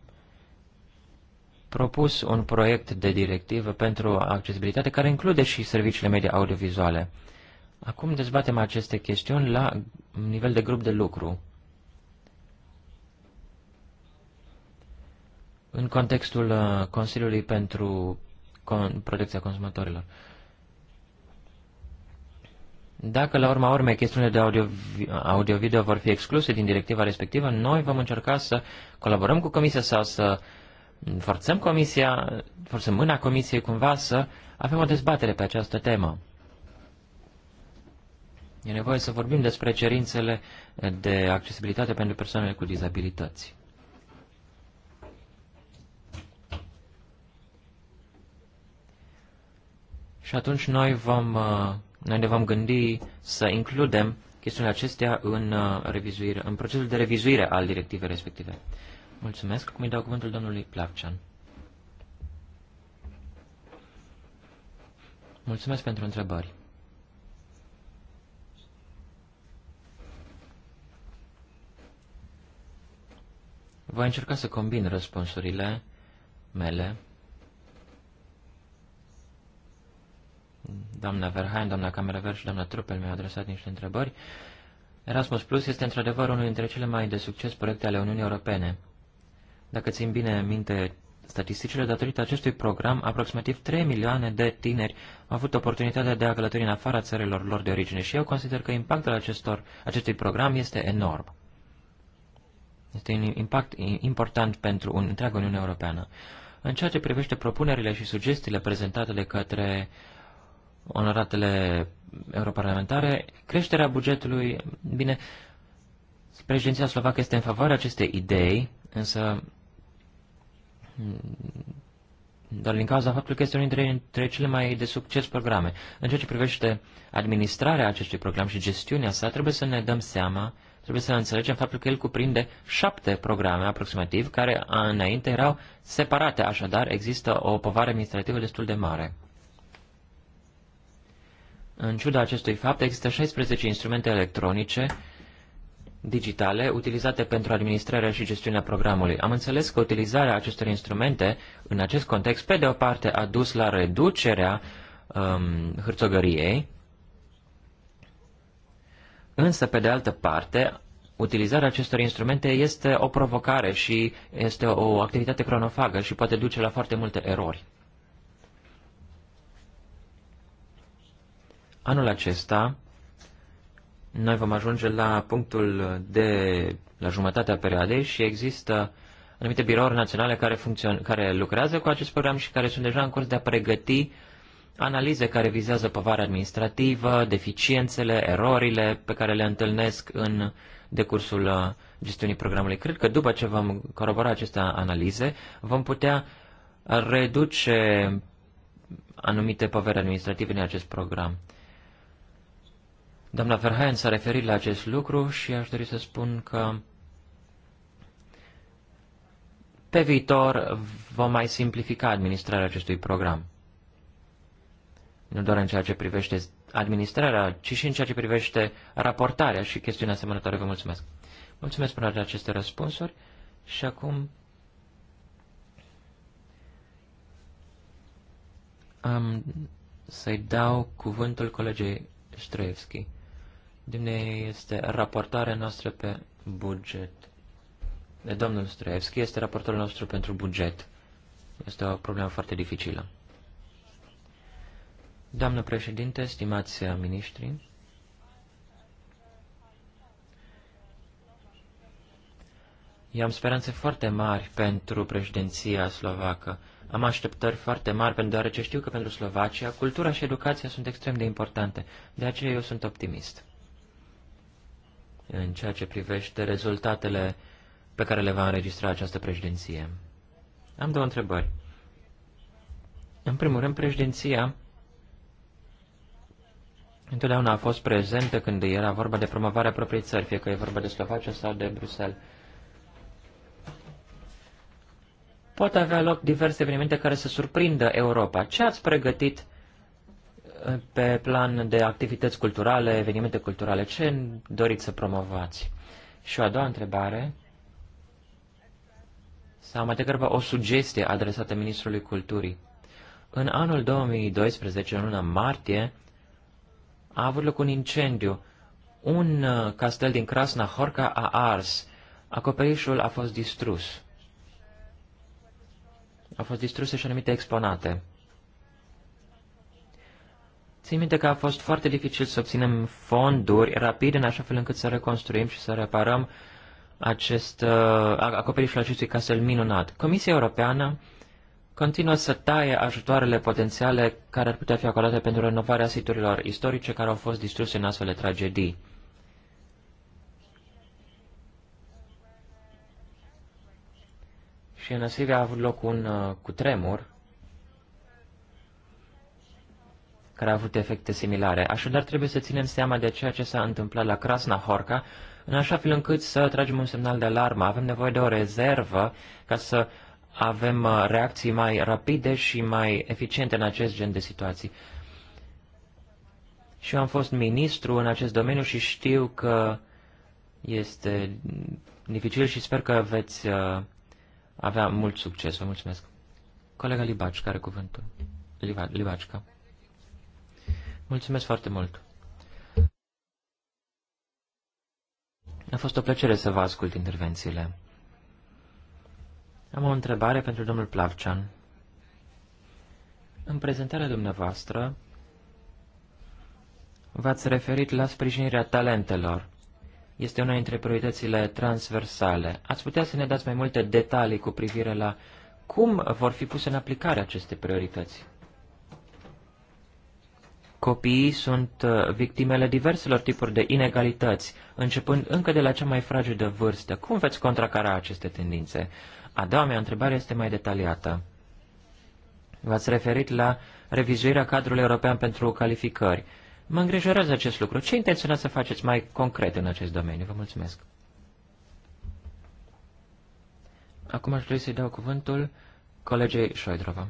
propus un proiect de directivă pentru accesibilitate care include și serviciile media audiovizuale. Acum dezbatem aceste chestiuni la nivel de grup de lucru. În contextul uh, Consiliului pentru con, protecția consumatorilor. Dacă la urma urmei chestiunile de audio-video audio vor fi excluse din directiva respectivă, noi vom încerca să colaborăm cu Comisia sau să forțăm Comisia, forțăm mâna Comisiei cumva să avem o dezbatere pe această temă. E nevoie să vorbim despre cerințele de accesibilitate pentru persoanele cu dizabilități. Și atunci noi, vom, uh, noi ne vom gândi să includem chestiunile acestea în, uh, revizuire, în procesul de revizuire al directivei respective. Mulțumesc. Cum îi dau cuvântul domnului Plavcean. Mulțumesc pentru întrebări. Voi încerca să combin răspunsurile mele doamna Verheim, doamna Camerver și doamna Trupel mi-au adresat niște întrebări. Erasmus Plus este într-adevăr unul dintre cele mai de succes proiecte ale Uniunii Europene. Dacă țin bine minte statisticile, datorită acestui program, aproximativ 3 milioane de tineri au avut oportunitatea de a călători în afara țărilor lor de origine și eu consider că impactul acestor, acestui program este enorm. Este un impact important pentru un întreaga Uniune Europeană. În ceea ce privește propunerile și sugestiile prezentate de către onoratele europarlamentare, creșterea bugetului, bine, președinția slovacă este în favoarea acestei idei, însă mm, doar din cauza faptului că este unul dintre, dintre cele mai de succes programe. În ceea ce privește administrarea acestui program și gestiunea sa, trebuie să ne dăm seama, trebuie să înțelegem faptul că el cuprinde șapte programe aproximativ, care înainte erau separate, așadar există o povară administrativă destul de mare. În ciuda acestui fapt, există 16 instrumente electronice digitale utilizate pentru administrarea și gestiunea programului. Am înțeles că utilizarea acestor instrumente în acest context, pe de o parte, a dus la reducerea um, hârțogăriei, însă, pe de altă parte, utilizarea acestor instrumente este o provocare și este o activitate cronofagă și poate duce la foarte multe erori. Anul acesta noi vom ajunge la punctul de la jumătatea perioadei și există anumite birouri naționale care, funcțion- care lucrează cu acest program și care sunt deja în curs de a pregăti analize care vizează povara administrativă, deficiențele, erorile pe care le întâlnesc în decursul uh, gestiunii programului. Cred că după ce vom corobora aceste analize, vom putea reduce anumite povere administrative în acest program. Doamna Verheyen s-a referit la acest lucru și aș dori să spun că pe viitor vom mai simplifica administrarea acestui program. Nu doar în ceea ce privește administrarea, ci și în ceea ce privește raportarea și chestiunea asemănătoare. Vă mulțumesc. Mulțumesc pentru aceste răspunsuri și acum am să-i dau cuvântul colegei Ștroevski. Dumnezeu este raportarea noastră pe buget. De domnul Stroevski este raportorul nostru pentru buget. Este o problemă foarte dificilă. Doamnă președinte, stimați miniștri, eu am speranțe foarte mari pentru președinția slovacă. Am așteptări foarte mari, pentru deoarece știu că pentru Slovacia cultura și educația sunt extrem de importante. De aceea eu sunt optimist în ceea ce privește rezultatele pe care le va înregistra această președinție. Am două întrebări. În primul rând, președinția întotdeauna a fost prezentă când era vorba de promovarea propriei țări, fie că e vorba de Slovacia sau de Bruxelles. Pot avea loc diverse evenimente care să surprindă Europa. Ce ați pregătit uh, pe plan de activități culturale, evenimente culturale, ce doriți să promovați? Și o a doua întrebare, sau mai degrabă o sugestie adresată Ministrului Culturii. În anul 2012, în luna martie, a avut loc un incendiu. Un uh, castel din Krasna Horca a ars. Acoperișul a fost distrus. Au fost distruse și anumite exponate. Țin minte că a fost foarte dificil să obținem fonduri rapid în așa fel încât să reconstruim și să reparăm acest uh, acoperișul acestui castel minunat. Comisia Europeană continuă să taie ajutoarele potențiale care ar putea fi acordate pentru renovarea siturilor istorice care au fost distruse în astfel de tragedii. Și în Asiria a avut loc un uh, cutremur care a avut efecte similare. Așadar, trebuie să ținem seama de ceea ce s-a întâmplat la Krasna-Horca, în așa fel încât să tragem un semnal de alarmă. Avem nevoie de o rezervă ca să avem uh, reacții mai rapide și mai eficiente în acest gen de situații. Și eu am fost ministru în acest domeniu și știu că este dificil și sper că veți uh, avea mult succes. Vă mulțumesc. Colega Libaci, care cuvântul? Liba, Libacica. Mulțumesc foarte mult! A fost o plăcere să vă ascult intervențiile. Am o întrebare pentru domnul Plavcean. În prezentarea dumneavoastră, v-ați referit la sprijinirea talentelor. Este una dintre prioritățile transversale. Ați putea să ne dați mai multe detalii cu privire la cum vor fi puse în aplicare aceste priorități? Copiii sunt uh, victimele diverselor tipuri de inegalități, începând încă de la cea mai fragedă vârstă. Cum veți contracara aceste tendințe? A doua mea întrebare este mai detaliată. V-ați referit la revizuirea cadrului european pentru calificări. Mă îngrijorează acest lucru. Ce intenționați să faceți mai concret în acest domeniu? Vă mulțumesc. Acum aș dori să-i dau cuvântul colegei Șoidrova.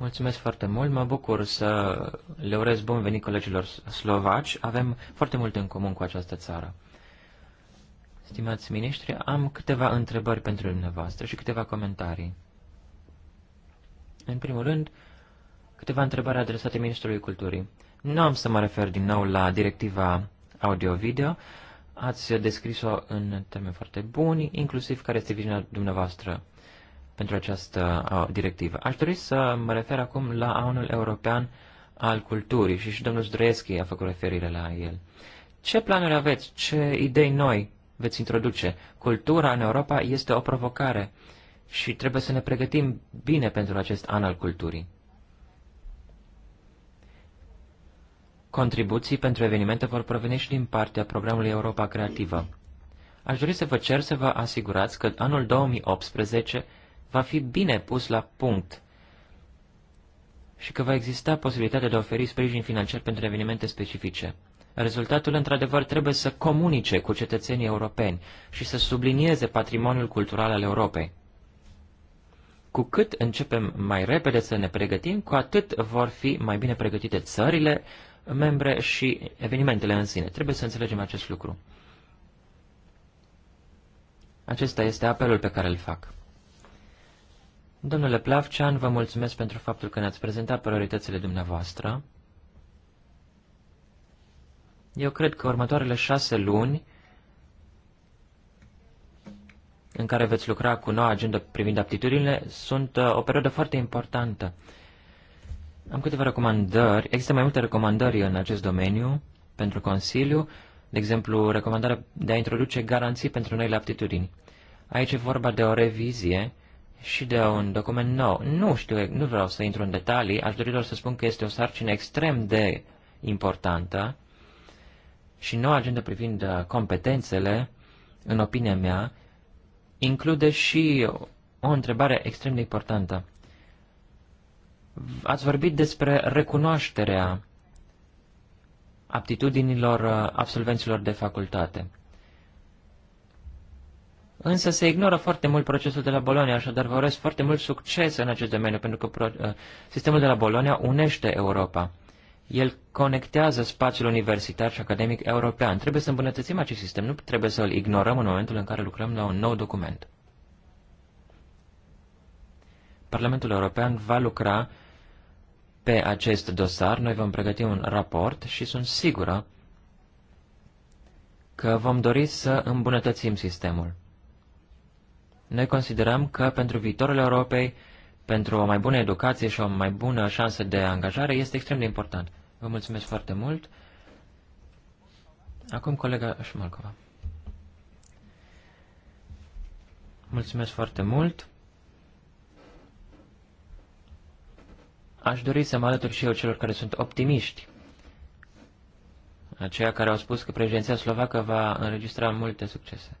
Mulțumesc foarte mult, mă bucur să le urez bun venit colegilor slovaci. Avem foarte mult în comun cu această țară. Stimați miniștri, am câteva întrebări pentru dumneavoastră și câteva comentarii. În primul rând, câteva întrebări adresate Ministrului Culturii. Nu am să mă refer din nou la directiva audio-video. Ați descris-o în termeni foarte buni, inclusiv care este viziunea dumneavoastră pentru această directivă. Aș dori să mă refer acum la anul european al culturii și și domnul Zdroieschi a făcut referire la el. Ce planuri aveți? Ce idei noi veți introduce? Cultura în Europa este o provocare și trebuie să ne pregătim bine pentru acest an al culturii. Contribuții pentru evenimente vor proveni și din partea programului Europa Creativă. Aș dori să vă cer să vă asigurați că anul 2018 va fi bine pus la punct și că va exista posibilitatea de a oferi sprijin financiar pentru evenimente specifice. Rezultatul, într-adevăr, trebuie să comunice cu cetățenii europeni și să sublinieze patrimoniul cultural al Europei. Cu cât începem mai repede să ne pregătim, cu atât vor fi mai bine pregătite țările membre și evenimentele în sine. Trebuie să înțelegem acest lucru. Acesta este apelul pe care îl fac. Domnule Plavcean, vă mulțumesc pentru faptul că ne-ați prezentat prioritățile dumneavoastră. Eu cred că următoarele șase luni în care veți lucra cu noua agenda privind aptitudinile sunt uh, o perioadă foarte importantă. Am câteva recomandări. Există mai multe recomandări în acest domeniu pentru Consiliu, de exemplu, recomandarea de a introduce garanții pentru noile aptitudini. Aici e vorba de o revizie și de un document nou. Nu știu, nu vreau să intru în detalii, aș dori doar să spun că este o sarcină extrem de importantă și noua agenda privind uh, competențele, în opinia mea, include și o întrebare extrem de importantă. Ați vorbit despre recunoașterea aptitudinilor uh, absolvenților de facultate. Însă se ignoră foarte mult procesul de la Bolonia, așadar vă urez foarte mult succes în acest domeniu, pentru că uh, sistemul de la Bolonia unește Europa. El conectează spațiul universitar și academic european. Trebuie să îmbunătățim acest sistem, nu trebuie să îl ignorăm în momentul în care lucrăm la un nou document. Parlamentul European va lucra pe acest dosar, noi vom pregăti un raport și sunt sigură că vom dori să îmbunătățim sistemul. Noi considerăm că pentru viitorul Europei, pentru o mai bună educație și o mai bună șansă de angajare, este extrem de important. Vă mulțumesc foarte mult. Acum colega Șmalcova. Mulțumesc foarte mult. Aș dori să mă alătur și eu celor care sunt optimiști. Aceia care au spus că președinția slovacă va înregistra multe succese.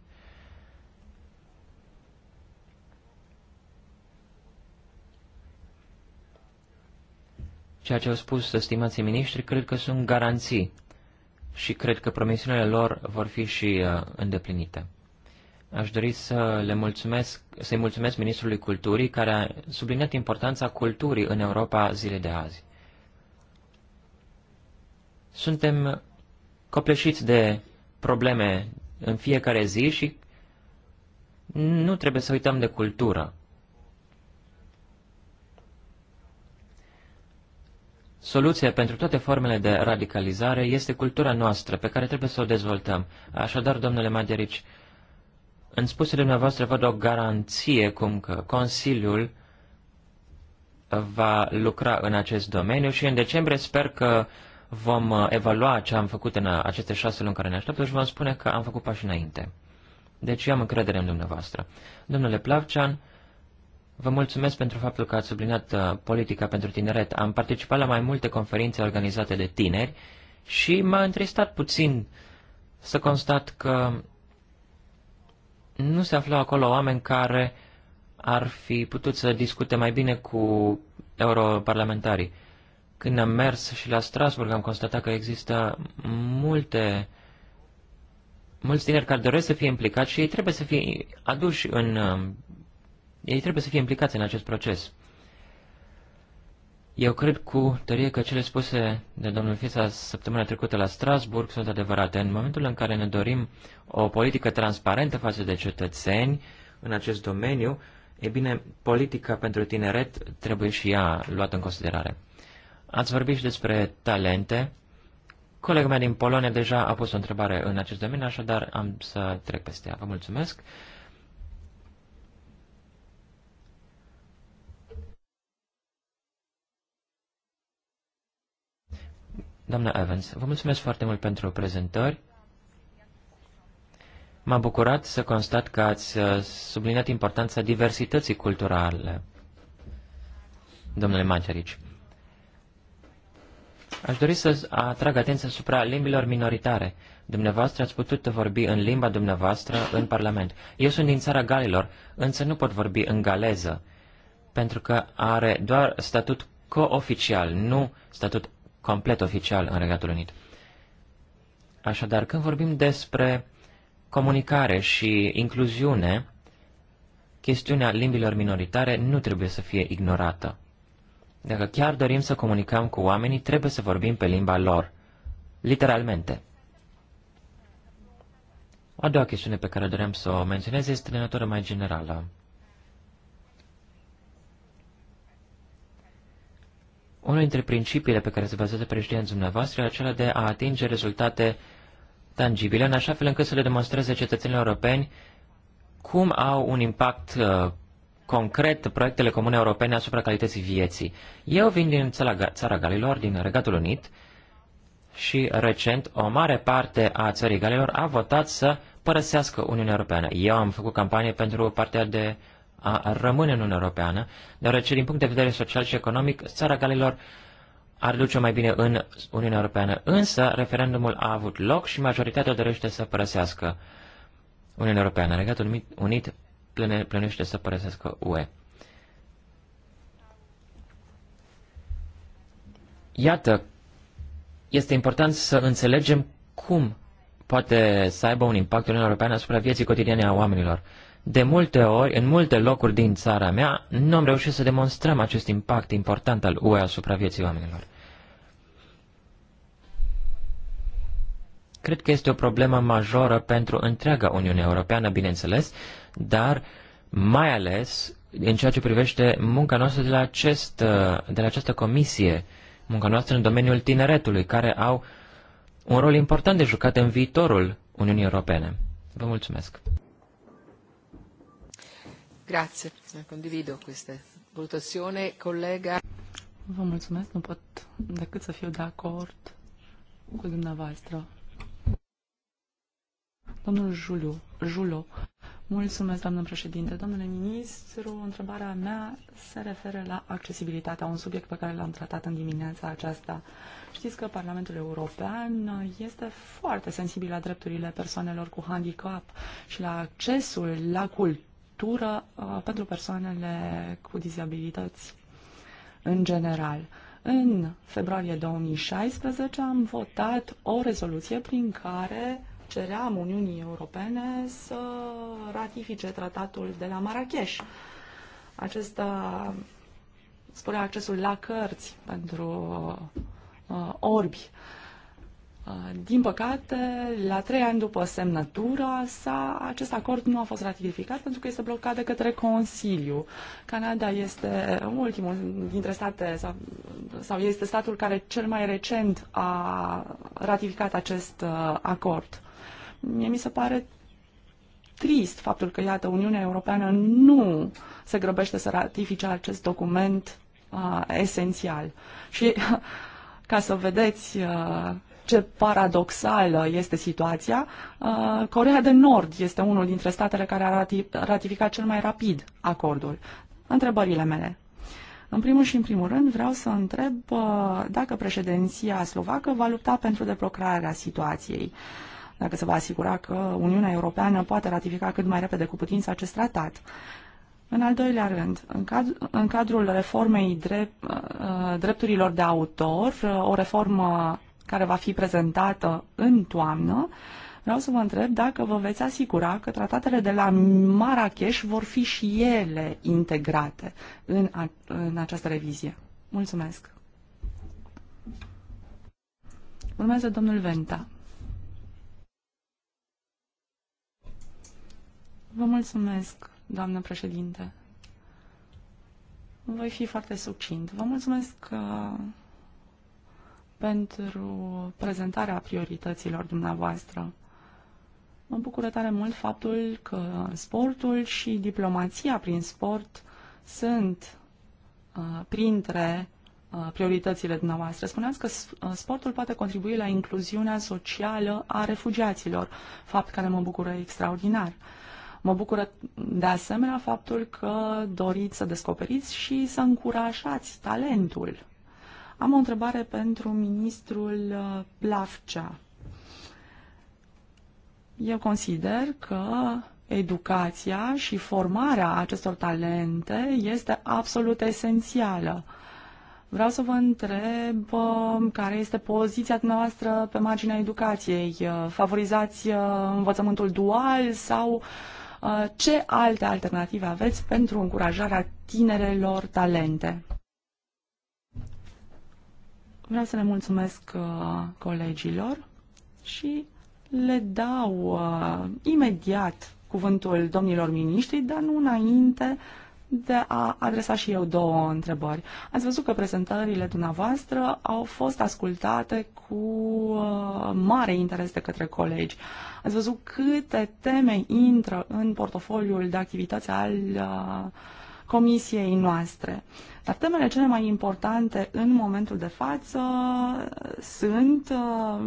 Ceea ce au spus stimații miniștri cred că sunt garanții și cred că promisiunile lor vor fi și uh, îndeplinite. Aș dori să le mulțumesc, să-i mulțumesc Ministrului Culturii, care a subliniat importanța culturii în Europa zilei de azi. Suntem copleșiți de probleme în fiecare zi și nu trebuie să uităm de cultură. Soluția pentru toate formele de radicalizare este cultura noastră, pe care trebuie să o dezvoltăm. Așadar, domnule Maderici, în spusele dumneavoastră văd o garanție cum că Consiliul va lucra în acest domeniu și în decembrie sper că vom uh, evalua ce am făcut în uh, aceste șase luni care ne așteaptă și vom spune că am făcut pași înainte. Deci eu am încredere în dumneavoastră. Domnule Plavcean, Vă mulțumesc pentru faptul că ați subliniat uh, politica pentru tineret. Am participat la mai multe conferințe organizate de tineri și m-a întristat puțin să constat că nu se aflau acolo oameni care ar fi putut să discute mai bine cu europarlamentarii. Când am mers și la Strasburg am constatat că există multe mulți tineri care doresc să fie implicați și ei trebuie să fie aduși în uh, ei trebuie să fie implicați în acest proces. Eu cred cu tărie că cele spuse de domnul Fisa săptămâna trecută la Strasburg sunt adevărate. În momentul în care ne dorim o politică transparentă față de cetățeni în acest domeniu, e bine, politica pentru tineret trebuie și ea luată în considerare. Ați vorbit și despre talente. Colega mea din Polonia deja a pus o întrebare în acest domeniu, așadar am să trec peste ea. Vă mulțumesc. Doamna Evans, vă mulțumesc foarte mult pentru prezentări. M-a bucurat să constat că ați uh, subliniat importanța diversității culturale, domnule Macerici. Aș dori să atrag atenția asupra limbilor minoritare. Dumneavoastră ați putut vorbi în limba dumneavoastră în Parlament. Eu sunt din țara Galilor, însă nu pot vorbi în galeză, pentru că are doar statut cooficial, nu statut complet oficial în Regatul Unit. Așadar, când vorbim despre comunicare și incluziune, chestiunea limbilor minoritare nu trebuie să fie ignorată. Dacă chiar dorim să comunicăm cu oamenii, trebuie să vorbim pe limba lor, literalmente. A doua chestiune pe care doream să o menționez este de natură mai generală. Unul dintre principiile pe care se bazează președinția dumneavoastră e acela de a atinge rezultate tangibile, în așa fel încât să le demonstreze cetățenilor europeni cum au un impact uh, concret proiectele comune europene asupra calității vieții. Eu vin din țara, țara Galilor, din Regatul Unit, și recent o mare parte a țării Galilor a votat să părăsească Uniunea Europeană. Eu am făcut campanie pentru partea de a rămâne în Uniunea Europeană, deoarece din punct de vedere social și economic, țara Galilor ar duce mai bine în Uniunea Europeană. Însă, referendumul a avut loc și majoritatea dorește să părăsească Uniunea Europeană. Regatul Unit plănește să părăsească UE. Iată, este important să înțelegem cum poate să aibă un impact Uniunea Europeană asupra vieții cotidiene a oamenilor. De multe ori, în multe locuri din țara mea, nu am reușit să demonstrăm acest impact important al UE asupra vieții oamenilor. Cred că este o problemă majoră pentru întreaga Uniune Europeană, bineînțeles, dar mai ales în ceea ce privește munca noastră de la, acest, de la această comisie, munca noastră în domeniul tineretului, care au un rol important de jucat în viitorul Uniunii Europene. Vă mulțumesc! Grazie, eh, condivido collega. Vă mulțumesc, nu pot decât să fiu de acord cu dumneavoastră. Domnul Juliu, Julo, mulțumesc, doamnă președinte. Domnule ministru, întrebarea mea se referă la accesibilitatea, un subiect pe care l-am tratat în dimineața aceasta. Știți că Parlamentul European este foarte sensibil la drepturile persoanelor cu handicap și la accesul la cultură infrastructură uh, pentru persoanele cu dizabilități în general. În februarie 2016 am votat o rezoluție prin care ceream Uniunii Europene să ratifice tratatul de la Marrakesh. Acesta spune accesul la cărți pentru uh, orbi. Uh, Uh, din păcate, la trei ani după semnătura sa, acest acord nu a fost ratificat pentru că este blocat de către Consiliu. Canada este ultimul dintre state sau este statul care cel mai recent a ratificat acest uh, acord. Mie mi se pare trist faptul că, iată, Uniunea Europeană nu se grăbește să ratifice acest document uh, esențial. Și [laughs] ca să vedeți uh, ce paradoxală este situația, uh, Corea de Nord este unul dintre statele care a ratificat cel mai rapid acordul. Întrebările mele. În primul și în primul rând vreau să întreb uh, dacă președinția slovacă va lupta pentru deblocarea situației, dacă se va asigura că Uniunea Europeană poate ratifica cât mai repede cu putință acest tratat. În al doilea rând, în, cad- în cadrul reformei drept, uh, drepturilor de autor, o reformă care va fi prezentată în toamnă, vreau să vă întreb dacă vă veți asigura că tratatele de la Marrakesh vor fi și ele integrate în, a, în această revizie. Mulțumesc! Urmează domnul Venta. Vă mulțumesc, doamnă președinte. Voi fi foarte succint. Vă mulțumesc uh, pentru prezentarea priorităților dumneavoastră. Mă bucură tare mult faptul că sportul și diplomația prin sport sunt uh, printre uh, prioritățile dumneavoastră. Spuneați că uh, sportul poate contribui la incluziunea socială a refugiaților, fapt care mă bucură extraordinar. Mă bucură de asemenea faptul că doriți să descoperiți și să încurajați talentul am o întrebare pentru ministrul uh, Plavcea. Eu consider că educația și formarea acestor talente este absolut esențială. Vreau să vă întreb uh, care este poziția dumneavoastră pe marginea educației. Uh, favorizați învățământul dual sau ce alte alternative aveți pentru încurajarea tinerelor talente? Vreau să le mulțumesc uh, colegilor și le dau uh, imediat cuvântul domnilor miniștri, dar nu înainte de a adresa și eu două întrebări. Ați văzut că prezentările dumneavoastră au fost ascultate cu uh, mare interes de către colegi. Ați văzut câte teme intră în portofoliul de activități al uh, comisiei noastre. Dar temele cele mai importante în momentul de față uh, sunt uh,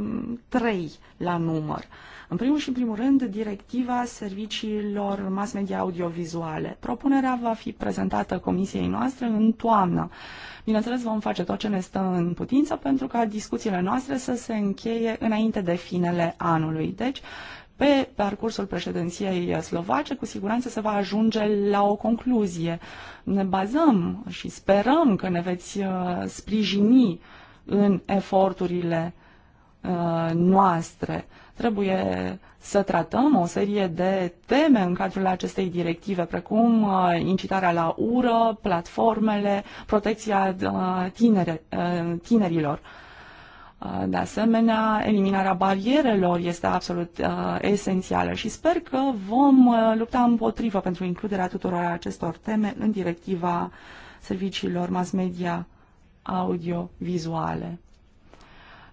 trei la număr. În primul și în primul rând, directiva serviciilor mass media audiovizuale. Propunerea va fi prezentată comisiei noastre în toamnă. Bineînțeles, vom face tot ce ne stă în putință pentru ca discuțiile noastre să se încheie înainte de finele anului. Deci, pe parcursul președinției slovace, cu siguranță se va ajunge la o concluzie. Ne bazăm și sperăm că ne veți uh, sprijini în eforturile uh, noastre. Trebuie să tratăm o serie de teme în cadrul acestei directive, precum uh, incitarea la ură, platformele, protecția tinere, tinerilor. Uh, de asemenea, eliminarea barierelor este absolut uh, esențială și sper că vom uh, lupta împotrivă pentru includerea tuturor acestor teme în directiva serviciilor mass media audio-vizuale.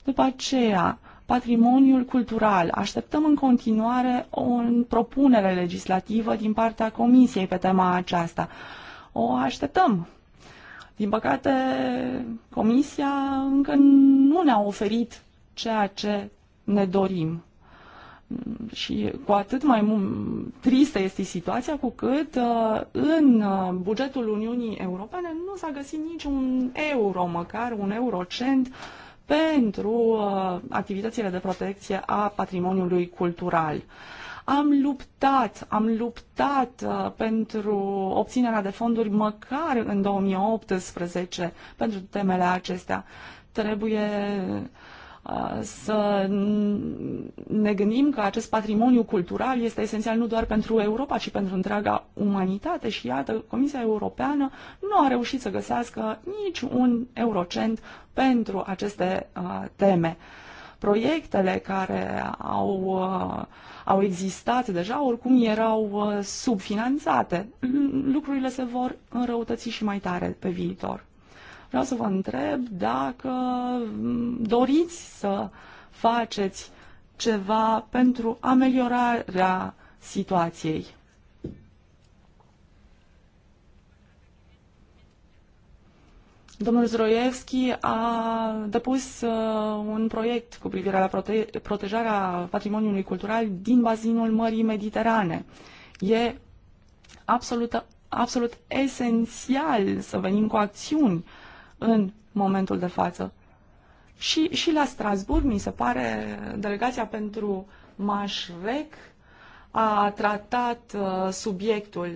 După aceea, patrimoniul cultural. Așteptăm în continuare o propunere legislativă din partea Comisiei pe tema aceasta. O așteptăm din păcate, Comisia încă nu ne-a oferit ceea ce ne dorim. Și cu atât mai tristă este situația cu cât uh, în uh, bugetul Uniunii Europene nu s-a găsit niciun euro, măcar un eurocent pentru uh, activitățile de protecție a patrimoniului cultural. Am luptat, am luptat uh, pentru obținerea de fonduri măcar în 2018 pentru temele acestea. Trebuie uh, să ne gândim că acest patrimoniu cultural este esențial nu doar pentru Europa, ci pentru întreaga umanitate și iată, Comisia Europeană nu a reușit să găsească nici un eurocent pentru aceste uh, teme. Proiectele care au uh, au existat deja, oricum erau uh, subfinanțate. [clears throat] Lucrurile se vor înrăutăți și mai tare pe viitor. Vreau să vă întreb dacă mm, doriți să faceți ceva pentru ameliorarea situației Domnul Zroievski a depus uh, un proiect cu privire la prote protejarea patrimoniului cultural din bazinul Mării Mediterane. E absolut, absolut esențial să venim cu acțiuni în momentul de față. Și, și la Strasburg, mi se pare, delegația pentru Mașrec a tratat uh, subiectul.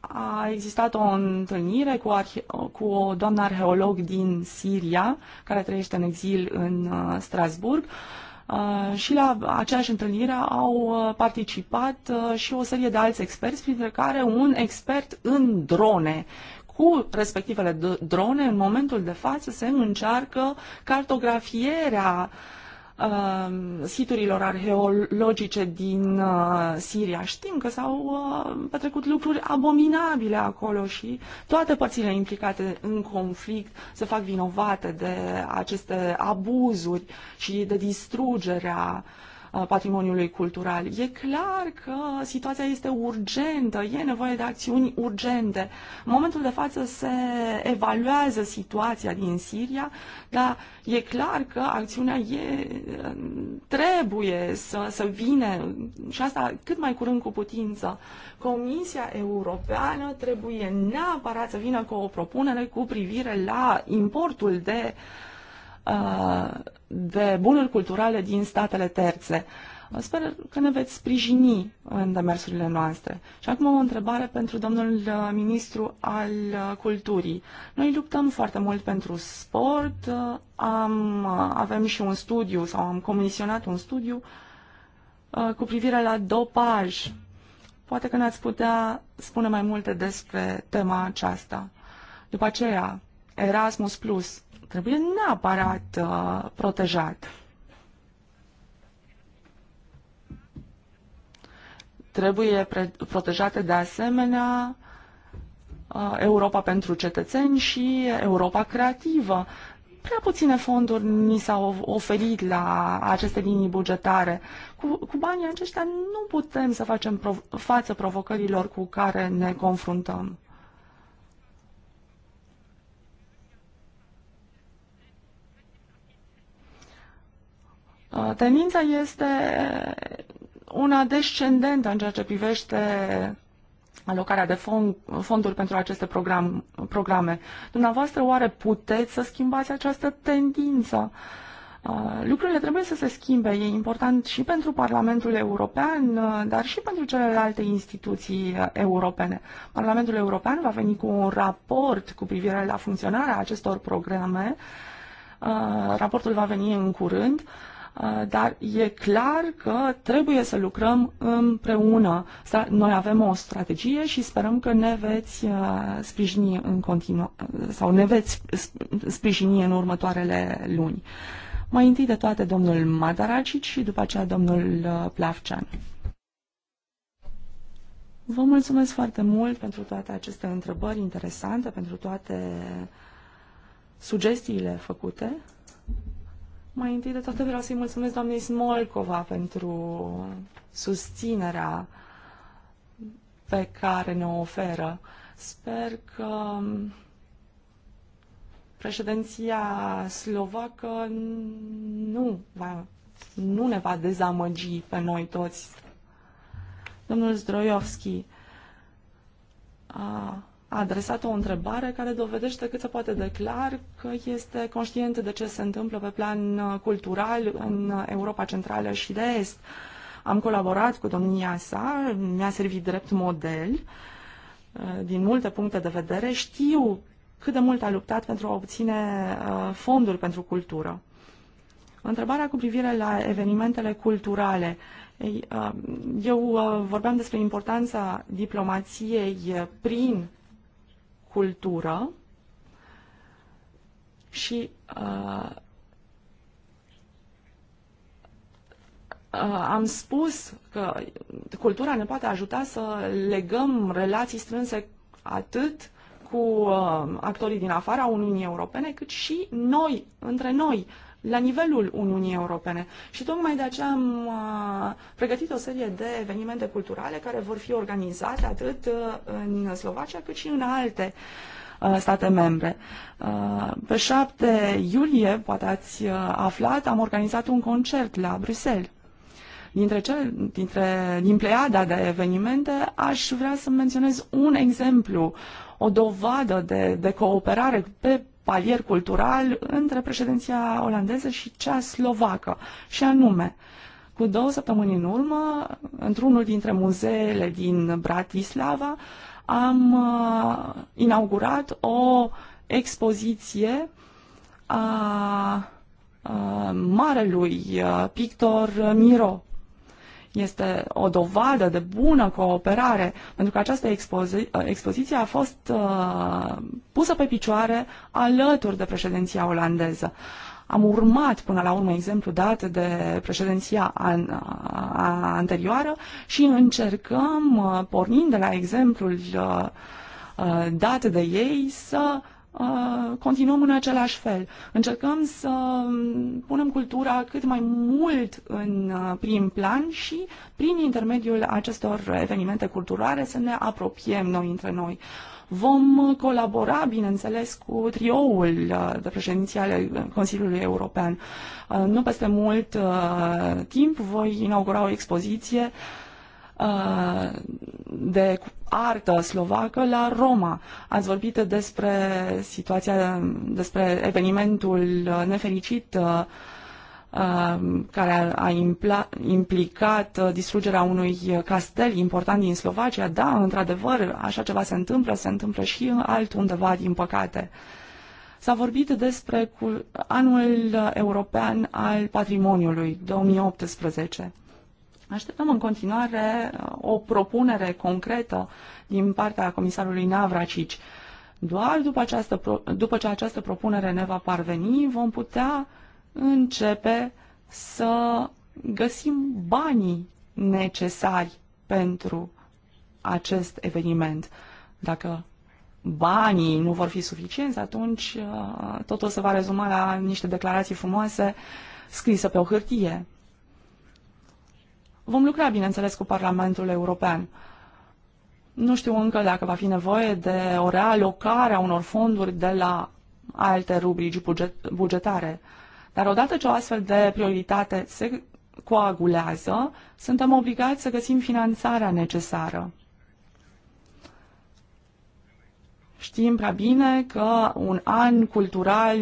A existat o întâlnire cu, arhe- cu o doamnă arheolog din Siria, care trăiește în exil în uh, Strasburg. Uh, și la aceeași întâlnire au participat și o serie de alți experți, printre care un expert în drone, cu respectivele drone, în momentul de față, se încearcă cartografierea uh, Um, siturilor arheologice din uh, Siria. Știm că s-au uh, petrecut lucruri abominabile acolo și toate părțile implicate în conflict se fac vinovate de aceste abuzuri și de distrugerea uh, patrimoniului cultural. E clar că situația este urgentă, e nevoie de acțiuni urgente. În momentul de față se evaluează situația din Siria, dar e clar că acțiunea e, trebuie să, să vină și asta cât mai curând cu putință. Comisia Europeană trebuie neapărat să vină cu o propunere cu privire la importul de uh, Uh, de bunuri culturale din statele terțe. Uh, sper că ne veți sprijini în demersurile noastre. Și acum o întrebare pentru domnul uh, ministru al culturii. Noi luptăm foarte mult pentru sport, am, avem și un studiu sau am comisionat un studiu cu privire la dopaj. Poate că ne-ați putea spune mai multe despre tema aceasta. După aceea, Erasmus Plus trebuie neapărat uh, protejat. Trebuie protejate de asemenea uh, Europa pentru cetățeni și Europa creativă. Prea puține fonduri ni s-au oferit la aceste linii bugetare. Cu, cu banii aceștia nu putem să facem prov- față provocărilor cu care ne confruntăm. Uh, tendința este una descendentă în ceea ce privește alocarea de fond, fonduri pentru aceste program, programe. Dumneavoastră, oare puteți să schimbați această tendință? Uh, lucrurile trebuie să se schimbe. E important și pentru Parlamentul European, uh, dar și pentru celelalte instituții europene. Parlamentul European va veni cu un raport cu privire la funcționarea acestor programe. Raportul va veni în curând. Uh, dar e clar că trebuie să lucrăm împreună. Noi avem o strategie și sperăm că ne veți uh, sprijini în continuu sau ne veți sprijini în următoarele luni. Mai întâi de toate domnul Madaracic și după aceea domnul uh, Plavcean. Vă mulțumesc foarte mult pentru toate aceste întrebări interesante, pentru toate sugestiile făcute. Mai întâi de toate vreau să-i mulțumesc doamnei Smolcova pentru susținerea pe care ne o oferă. Sper că președinția slovacă nu, va, nu ne va dezamăgi pe noi toți. Domnul Zdroiovski a adresat o întrebare care dovedește cât se poate de clar că este conștient de ce se întâmplă pe plan uh, cultural în Europa Centrală și de Est. Am colaborat cu domnia sa, mi-a servit drept model uh, din multe puncte de vedere. Știu cât de mult a luptat pentru a obține uh, fonduri pentru cultură. Întrebarea cu privire la evenimentele culturale. Eu vorbeam despre importanța diplomației prin cultură și uh, uh, am spus că cultura ne poate ajuta să legăm relații strânse atât cu uh, actorii din afara Uniunii Europene, cât și noi, între noi, uh, la nivelul Uniunii Europene. Și tocmai de aceea am uh, pregătit o serie de evenimente culturale care vor fi organizate atât uh, în Slovacia cât și în alte uh, state membre. Pe 7 iulie, poate ați aflat, am organizat un concert la Bruxelles. Dintre, cele, dintre din pleiada de evenimente, aș vrea să menționez un exemplu, o dovadă de, de cooperare pe palier cultural între președinția olandeză și cea slovacă, și anume, cu două săptămâni în urmă, într-unul dintre muzeele din Bratislava, am uh, inaugurat o expoziție a uh, marelui uh, pictor Miro. Este o dovadă de bună cooperare, pentru că această expozi- uh, expoziție a fost uh, pusă pe picioare alături de președinția olandeză. Am urmat până la urmă exemplu dat de președinția an, a, anterioară și încercăm, uh, pornind de la exemplul uh, uh dat de ei, să Uh, continuăm în același fel. Încercăm să punem cultura cât mai mult în uh, prim plan și prin intermediul acestor evenimente culturale să ne apropiem noi între noi. Vom colabora, bineînțeles, cu trioul uh, de președinție ale Consiliului European. Nu peste mult timp voi inaugura o expoziție Uh, de artă slovacă la Roma. Ați vorbit despre situația, despre evenimentul nefericit uh, uh, care a implicat distrugerea unui castel important din Slovacia. Da, într-adevăr, așa ceva se întâmplă, se întâmplă și altundeva, din păcate. S-a vorbit despre anul european al patrimoniului 2018. Așteptăm în continuare uh, o propunere concretă din partea comisarului Navracici. Doar după, această, după ce această propunere ne va parveni, vom putea începe să găsim banii necesari pentru acest eveniment. Dacă banii nu vor fi suficienți, atunci uh, totul se va rezuma la niște declarații frumoase scrise pe o hârtie. Vom lucra, bineînțeles, cu Parlamentul European. Nu știu încă dacă va fi nevoie de o realocare a unor fonduri de la alte rubrici buget, bugetare. Dar odată ce o astfel de prioritate se coagulează, suntem obligați să găsim finanțarea necesară. Știm prea bine că un an cultural,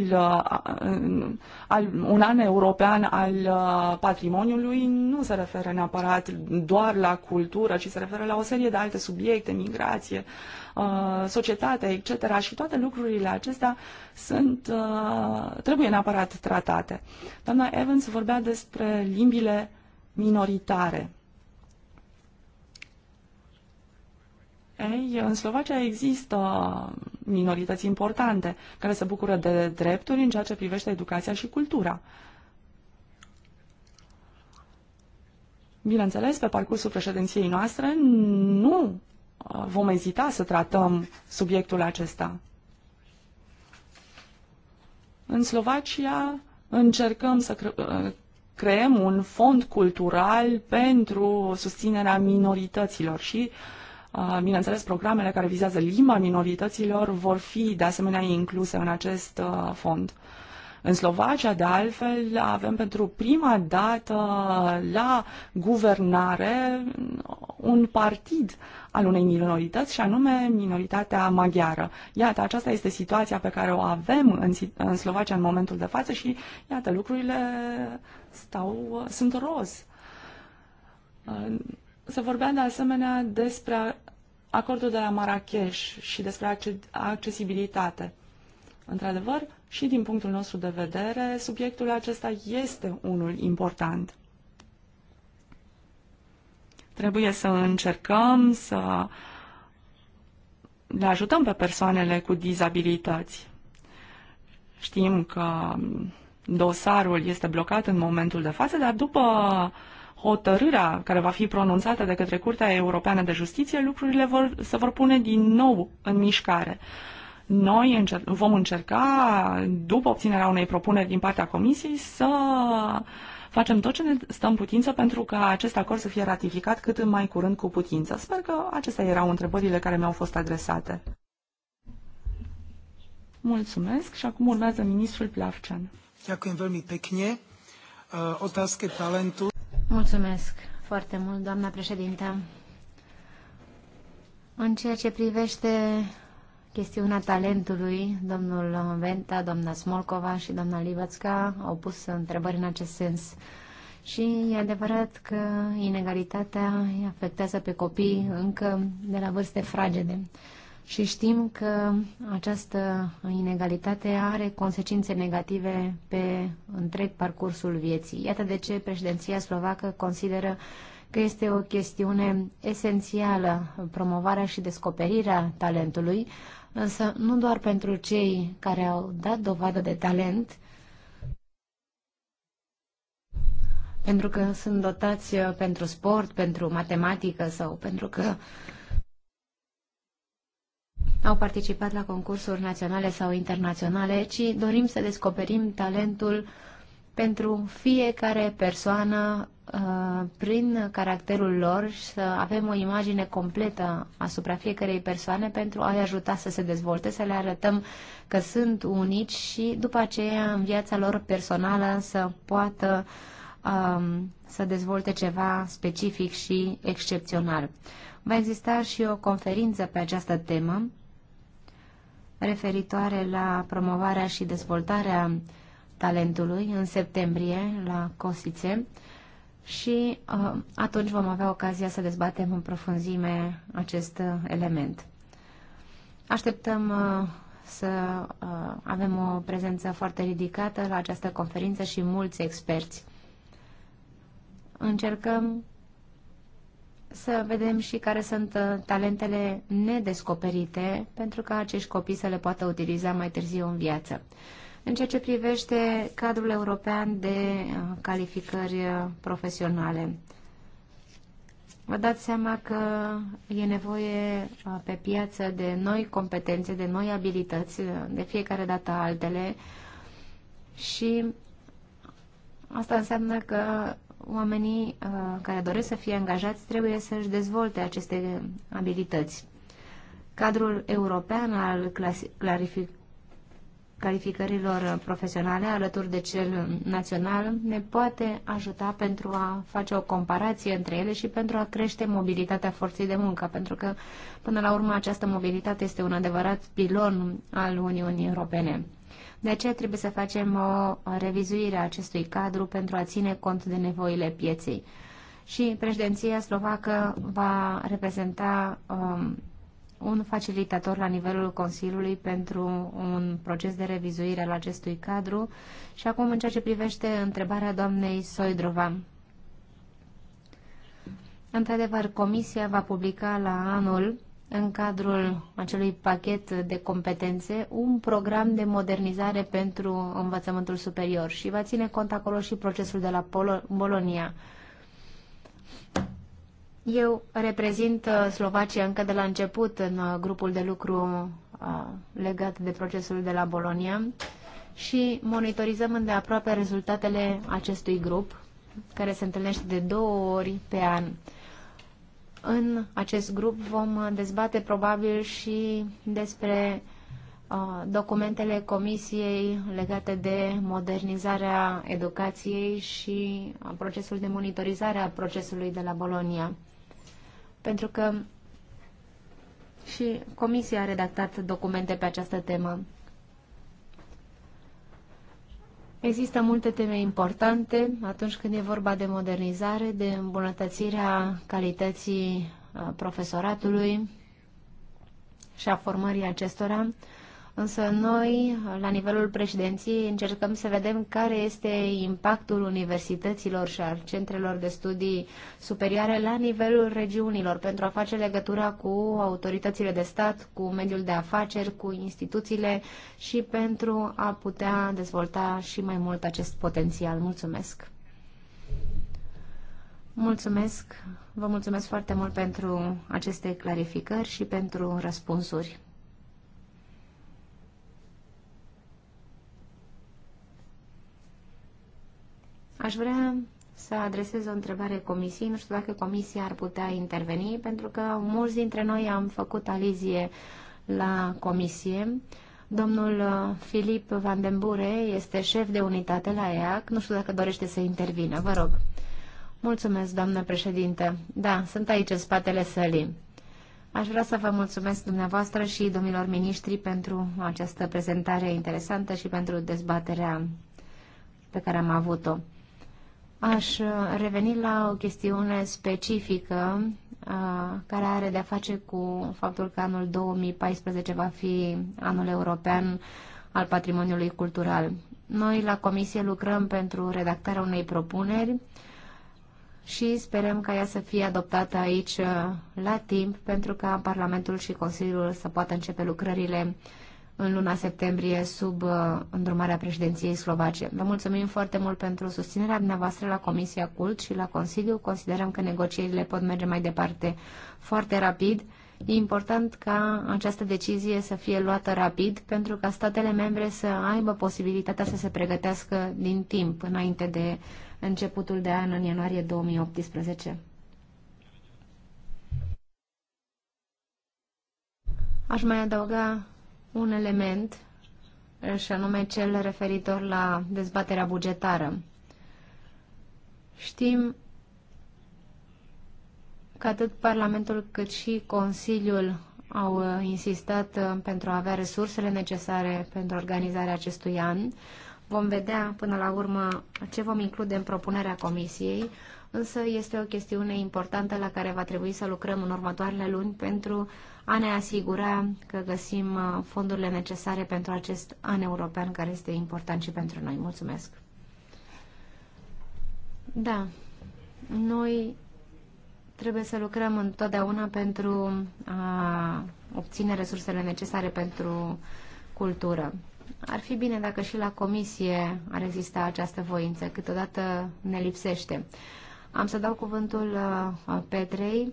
uh, un an european al uh, patrimoniului nu se referă neapărat doar la cultură, ci se referă la o serie de alte subiecte, migrație, uh, societate, etc. Și toate lucrurile acestea sunt, trebuie neapărat tratate. Doamna Evans vorbea despre limbile minoritare. Ei, în Slovacia există minorități importante care se bucură de drepturi în ceea ce privește educația și cultura. Bineînțeles, pe parcursul președinției noastre nu uh, vom ezita să tratăm subiectul acesta. În Slovacia încercăm să uh, creăm un fond cultural pentru susținerea minorităților și uh, Bineînțeles, programele care vizează limba minorităților vor fi de asemenea incluse în acest fond. În Slovacia, de altfel, avem pentru prima dată la guvernare un partid al unei minorități și anume minoritatea maghiară. Iată, aceasta este situația pe care o avem în, în Slovacia în momentul de față și iată, lucrurile stau, sunt roz. Se vorbea de asemenea despre acordul de la Marrakesh și despre accesibilitate. Într-adevăr, și din punctul nostru de vedere, subiectul acesta este unul important. Trebuie să încercăm să le ajutăm pe persoanele cu dizabilități. Știm că dosarul este blocat în momentul de față, dar după uh, hotărârea care va fi pronunțată de către Curtea Europeană de Justiție, lucrurile vor, se vor pune din nou în mișcare. Noi încer- vom încerca, după obținerea unei propuneri din partea Comisiei, să facem tot ce ne stăm putință pentru ca acest acord să fie ratificat cât mai curând cu putință. Sper că acestea erau întrebările care mi-au fost adresate. Mulțumesc și acum urmează ministrul Plavcean. Mulțumesc veľmi pekne. Otázke talentu. Mulțumesc foarte mult, doamna președintă. În ceea ce privește chestiunea talentului, domnul Venta, doamna Smolcova și doamna Livățca au pus întrebări în acest sens. Și e adevărat că inegalitatea îi afectează pe copii încă de la vârste fragede și știm că această inegalitate are consecințe negative pe întreg parcursul vieții. Iată de ce președinția slovacă consideră că este o chestiune esențială promovarea și descoperirea talentului, însă nu doar pentru cei care au dat dovadă de talent, pentru că sunt dotați pentru sport, pentru matematică sau pentru că uh, au participat la concursuri naționale sau internaționale, ci dorim să descoperim talentul pentru fiecare persoană uh, prin caracterul lor și să avem o imagine completă asupra fiecarei persoane pentru a-i ajuta să se dezvolte, să le arătăm că sunt unici și după aceea în viața lor personală să poată um, să dezvolte ceva specific și excepțional. Va exista și o conferință pe această temă referitoare la promovarea și dezvoltarea talentului în septembrie la Cosițe și uh, atunci vom avea ocazia să dezbatem în profunzime acest uh, element. Așteptăm uh, să uh, avem o prezență foarte ridicată la această conferință și mulți experți. Încercăm să vedem și care sunt uh, talentele nedescoperite pentru ca acești copii să le poată utiliza mai târziu în viață. În ceea ce privește cadrul european de uh, calificări uh, profesionale, vă dați seama că e nevoie pe piață de noi competențe, de noi abilități, de fiecare dată altele și Asta înseamnă că oamenii uh, care doresc să fie angajați trebuie să-și dezvolte aceste abilități. Cadrul european al calificărilor profesionale alături de cel național ne poate ajuta pentru a face o comparație între ele și pentru a crește mobilitatea forței de muncă, pentru că până la urmă această mobilitate este un adevărat pilon al Uniunii Europene. De aceea trebuie să facem o revizuire a acestui cadru pentru a ține cont de nevoile pieței. Și președinția slovacă va reprezenta um, un facilitator la nivelul Consiliului pentru un proces de revizuire al acestui cadru. Și acum, în ceea ce privește întrebarea doamnei Soidrova, Într-adevăr, Comisia va publica la anul în cadrul acelui pachet de competențe un program de modernizare pentru învățământul superior și va ține cont acolo și procesul de la Polo Bolonia. Eu reprezint uh, Slovacia încă de la început în uh, grupul de lucru uh, legat de procesul de la Bolonia și monitorizăm îndeaproape rezultatele acestui grup, care se întâlnește de două ori pe an. În acest grup vom dezbate probabil și despre uh, documentele Comisiei legate de modernizarea educației și procesul de monitorizare a procesului de la Bolonia. Pentru că și Comisia a redactat documente pe această temă. Există multe teme importante atunci când e vorba de modernizare, de îmbunătățirea calității uh, profesoratului și a formării acestora, Însă noi, la nivelul președinției, încercăm să vedem care este impactul universităților și al centrelor de studii superioare la nivelul regiunilor pentru a face legătura cu autoritățile de stat, cu mediul de afaceri, cu instituțiile și pentru a putea dezvolta și mai mult acest potențial. Mulțumesc! Mulțumesc! Vă mulțumesc foarte mult pentru aceste clarificări și pentru răspunsuri. Aș vrea să adresez o întrebare comisiei. Nu știu dacă comisia ar putea interveni, pentru că mulți dintre noi am făcut alizie la comisie. Domnul uh, Filip Van den Bure este șef de unitate la EAC. Nu știu dacă dorește să intervină. Vă rog. Mulțumesc, doamnă președinte. Da, sunt aici în spatele sălii. Aș vrea să vă mulțumesc dumneavoastră și domnilor miniștri pentru această prezentare interesantă și pentru dezbaterea pe care am avut-o. Aș uh, reveni la o chestiune specifică uh, care are de-a face cu faptul că anul 2014 va fi anul european al patrimoniului cultural. Noi la Comisie lucrăm pentru redactarea unei propuneri și sperăm ca ea să fie adoptată aici uh, la timp pentru ca Parlamentul și Consiliul să poată începe lucrările în luna septembrie sub uh, îndrumarea președinției slovace. Vă mulțumim foarte mult pentru susținerea dumneavoastră la Comisia Cult și la Consiliu. Considerăm că negocierile pot merge mai departe foarte rapid. E important ca această decizie să fie luată rapid pentru ca statele membre să aibă posibilitatea să se pregătească din timp înainte de începutul de an în ianuarie 2018. Aș mai adăuga un element, și anume cel referitor la dezbaterea bugetară. Știm că atât Parlamentul cât și Consiliul au insistat uh, pentru a avea resursele necesare pentru organizarea acestui an. Vom vedea până la urmă ce vom include în propunerea Comisiei însă este o chestiune importantă la care va trebui să lucrăm în următoarele luni pentru a ne asigura că găsim uh, fondurile necesare pentru acest an european care este important și pentru noi. Mulțumesc! Da, noi trebuie să lucrăm întotdeauna pentru a obține resursele necesare pentru cultură. Ar fi bine dacă și la comisie ar exista această voință, câteodată ne lipsește. Am să dau cuvântul uh, uh, Petrei,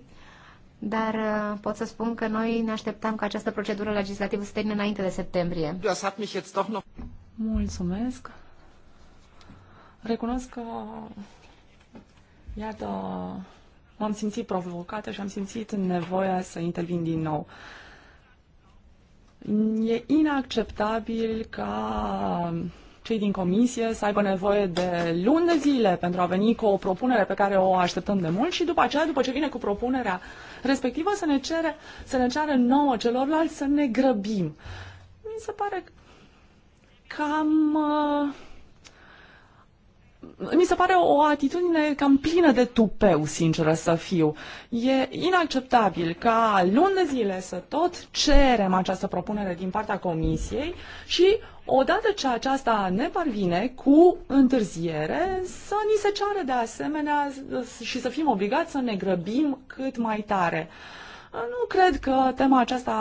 dar uh, pot să spun că noi ne așteptam ca această procedură legislativă să termine înainte de septembrie. Mulțumesc. Recunosc că, iată, m-am simțit provocată și am simțit nevoia să intervin din nou. E inacceptabil ca cei din comisie să aibă nevoie de luni de zile pentru a veni cu o propunere pe care o așteptăm de mult și după aceea, după ce vine cu propunerea respectivă, să ne, cere, să ne ceară nouă celorlalți să ne grăbim. Mi se pare cam... Uh, mi se pare o atitudine cam plină de tupeu, sinceră să fiu. E inacceptabil ca luni de zile să tot cerem această propunere din partea Comisiei și odată ce aceasta ne parvine cu întârziere să ni se ceară de asemenea și să fim obligați să ne grăbim cât mai tare. Uh, nu cred că tema aceasta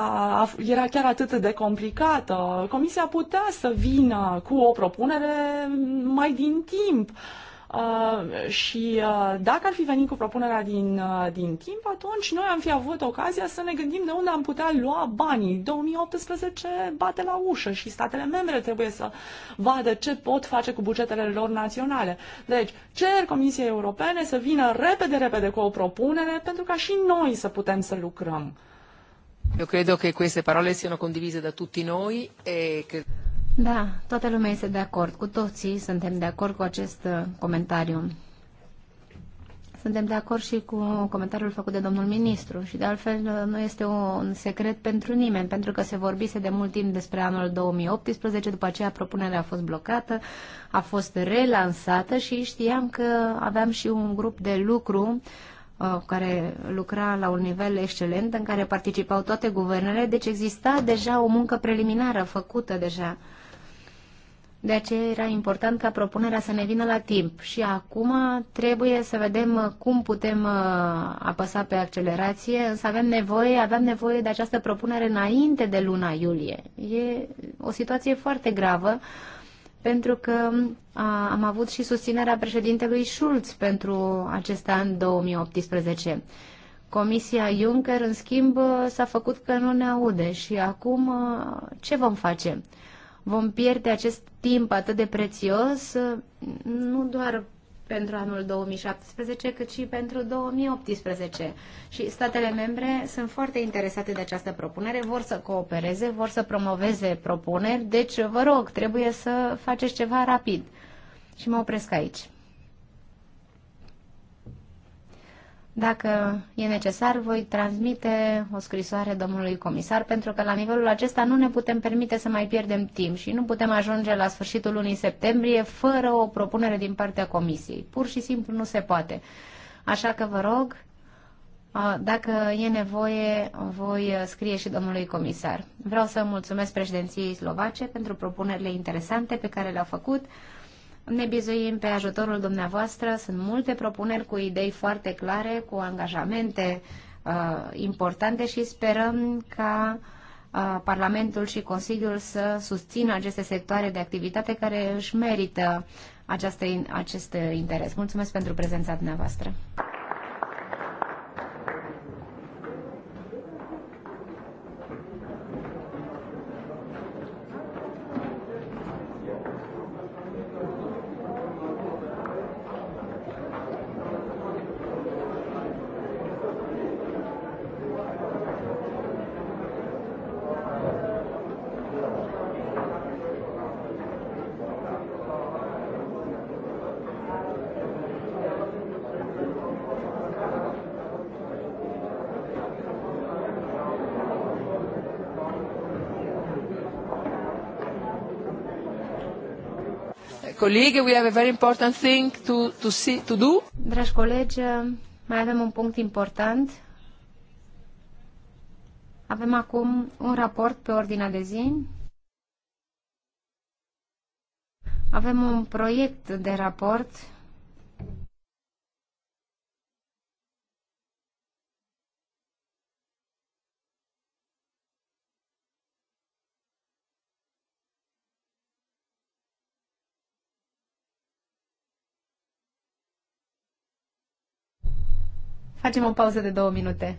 era chiar atât de complicată. Comisia putea să vină cu o propunere mai din timp. Uh, Uh, și uh, dacă ar fi venit cu propunerea din, uh, din timp, atunci noi am fi avut ocazia să ne gândim de unde am putea lua banii. 2018 bate la ușă și statele membre trebuie să vadă ce pot face cu bugetele lor naționale. Deci, cer Comisiei Europene să vină repede, repede cu o propunere pentru ca și noi să putem să lucrăm. Eu cred că aceste parole sunt condivise de da toți noi e da, toată lumea este de acord. Cu toții suntem de acord cu acest uh, comentariu. Suntem de acord și cu comentariul făcut de domnul ministru și de altfel uh, nu este un secret pentru nimeni, pentru că se vorbise de mult timp despre anul 2018, după aceea propunerea a fost blocată, a fost relansată și știam că aveam și un grup de lucru uh, care lucra la un nivel excelent, în care participau toate guvernele, deci exista deja o muncă preliminară făcută deja. De aceea era important ca propunerea să ne vină la timp și acum trebuie să vedem cum putem uh, apăsa pe accelerație, însă avem nevoie, aveam nevoie de această propunere înainte de luna iulie. E o situație foarte gravă pentru că a, am avut și susținerea președintelui Schulz pentru acest an 2018. Comisia Juncker, în schimb, s-a făcut că nu ne aude și acum uh, ce vom face? vom pierde acest timp atât de prețios, uh, nu doar pentru anul 2017, cât și pentru 2018. Și statele membre sunt foarte interesate de această propunere, vor să coopereze, vor să promoveze propuneri, deci vă rog, trebuie să faceți ceva rapid. Și mă opresc aici. Dacă e necesar, voi transmite o scrisoare domnului comisar, pentru că la nivelul acesta nu ne putem permite să mai pierdem timp și nu putem ajunge la sfârșitul lunii septembrie fără o propunere din partea comisiei. Pur și simplu nu se poate. Așa că vă rog, dacă e nevoie, voi scrie și domnului comisar. Vreau să mulțumesc președinției slovace pentru propunerile interesante pe care le-au făcut. Ne bizuim pe ajutorul dumneavoastră. Sunt multe propuneri cu idei foarte clare, cu angajamente uh, importante și sperăm ca uh, Parlamentul și Consiliul să susțină aceste sectoare de activitate care își merită această, acest interes. Mulțumesc pentru prezența dumneavoastră. colleague, we have a very important thing to, to, see, to do. Dragi colegi, mai avem un punct important. Avem acum un raport pe ordinea de zi. Avem un proiect de raport Facem o pauză de două minute.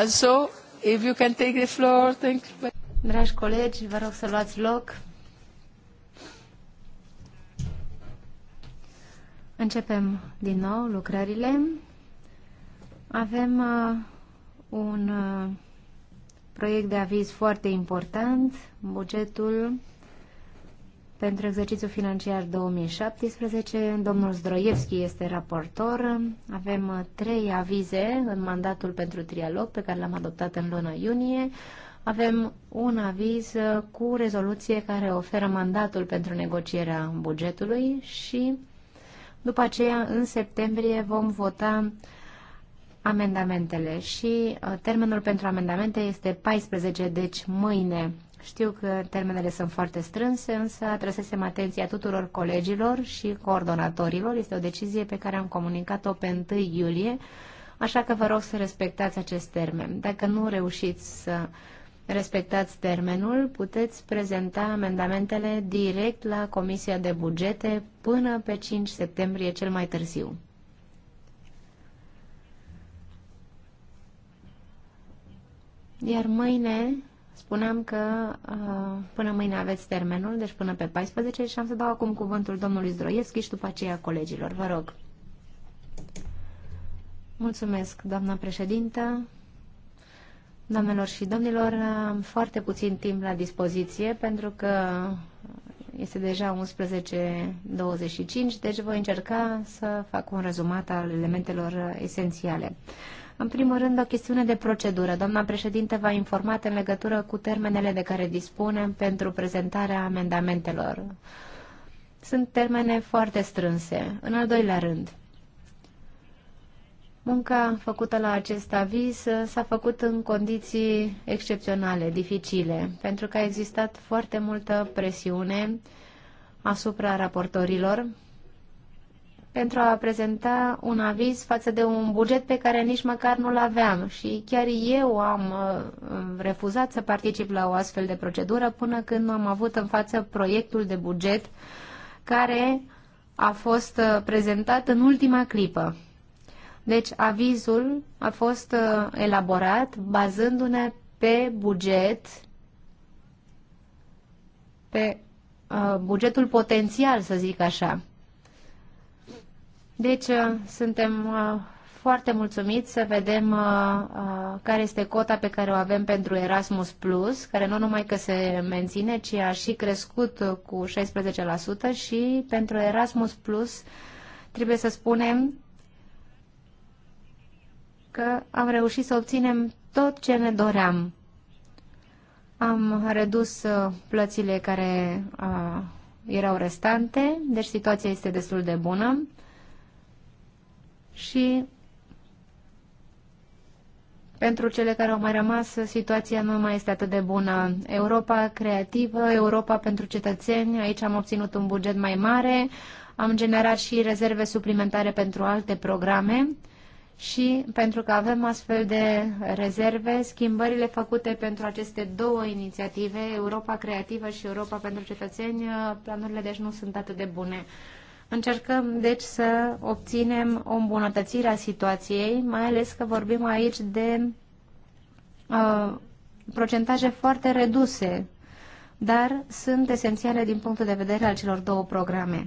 Also, if you can take the floor, thank you. Dragi colegi, vă rog să luați loc. Începem din nou lucrările. Avem uh, un uh, proiect de aviz foarte important, bugetul pentru exercițiul financiar 2017. Domnul Zdroievski este raportor. Avem uh, trei avize în mandatul pentru trialog pe care l-am adoptat în luna iunie. Avem un aviz uh, cu rezoluție care oferă mandatul pentru negocierea bugetului și după aceea în septembrie vom vota amendamentele și uh, termenul pentru amendamente este 14, deci mâine știu că termenele sunt foarte strânse, însă atrăsesem atenția tuturor colegilor și coordonatorilor. Este o decizie pe care am comunicat-o pe 1 iulie, așa că vă rog să respectați acest termen. Dacă nu reușiți să respectați termenul, puteți prezenta amendamentele direct la Comisia de Bugete până pe 5 septembrie cel mai târziu. Iar mâine Spuneam că uh, până mâine aveți termenul, deci până pe 14 și am să dau acum cuvântul domnului Zdroieschi și după aceea colegilor. Vă rog. Mulțumesc, doamna președintă. Doamnelor și domnilor, am foarte puțin timp la dispoziție pentru că este deja 11.25, deci voi încerca să fac un rezumat al elementelor esențiale. În primul rând, o chestiune de procedură. Doamna președinte va informat în legătură cu termenele de care dispunem pentru prezentarea amendamentelor. Sunt termene foarte strânse. În al doilea rând, munca făcută la acest aviz s-a făcut în condiții excepționale, dificile, pentru că a existat foarte multă presiune asupra raportorilor pentru a prezenta un aviz față de un buget pe care nici măcar nu-l aveam și chiar eu am uh, refuzat să particip la o astfel de procedură până când nu am avut în față proiectul de buget care a fost uh, prezentat în ultima clipă. Deci avizul a fost uh, elaborat bazându-ne pe buget, pe bugetul potențial, să zic așa. Deci uh, suntem uh, foarte mulțumiți să vedem uh, care este cota pe care o avem pentru Erasmus Plus, care nu numai că se menține, ci a și crescut cu 16% și pentru Erasmus Plus trebuie să spunem că am reușit să obținem tot ce ne doream. Am redus plățile care erau restante, deci situația este destul de bună și pentru cele care au mai rămas, situația nu mai este atât de bună. Europa creativă, Europa pentru cetățeni, aici am obținut un buget mai mare, am generat și rezerve suplimentare pentru alte programe și pentru că avem astfel de rezerve, schimbările făcute pentru aceste două inițiative, Europa Creativă și Europa pentru Cetățeni, planurile deci nu sunt atât de bune. Încercăm, deci, să obținem o îmbunătățire a situației, mai ales că vorbim aici de uh, procentaje foarte reduse, dar sunt esențiale din punctul de vedere al celor două programe.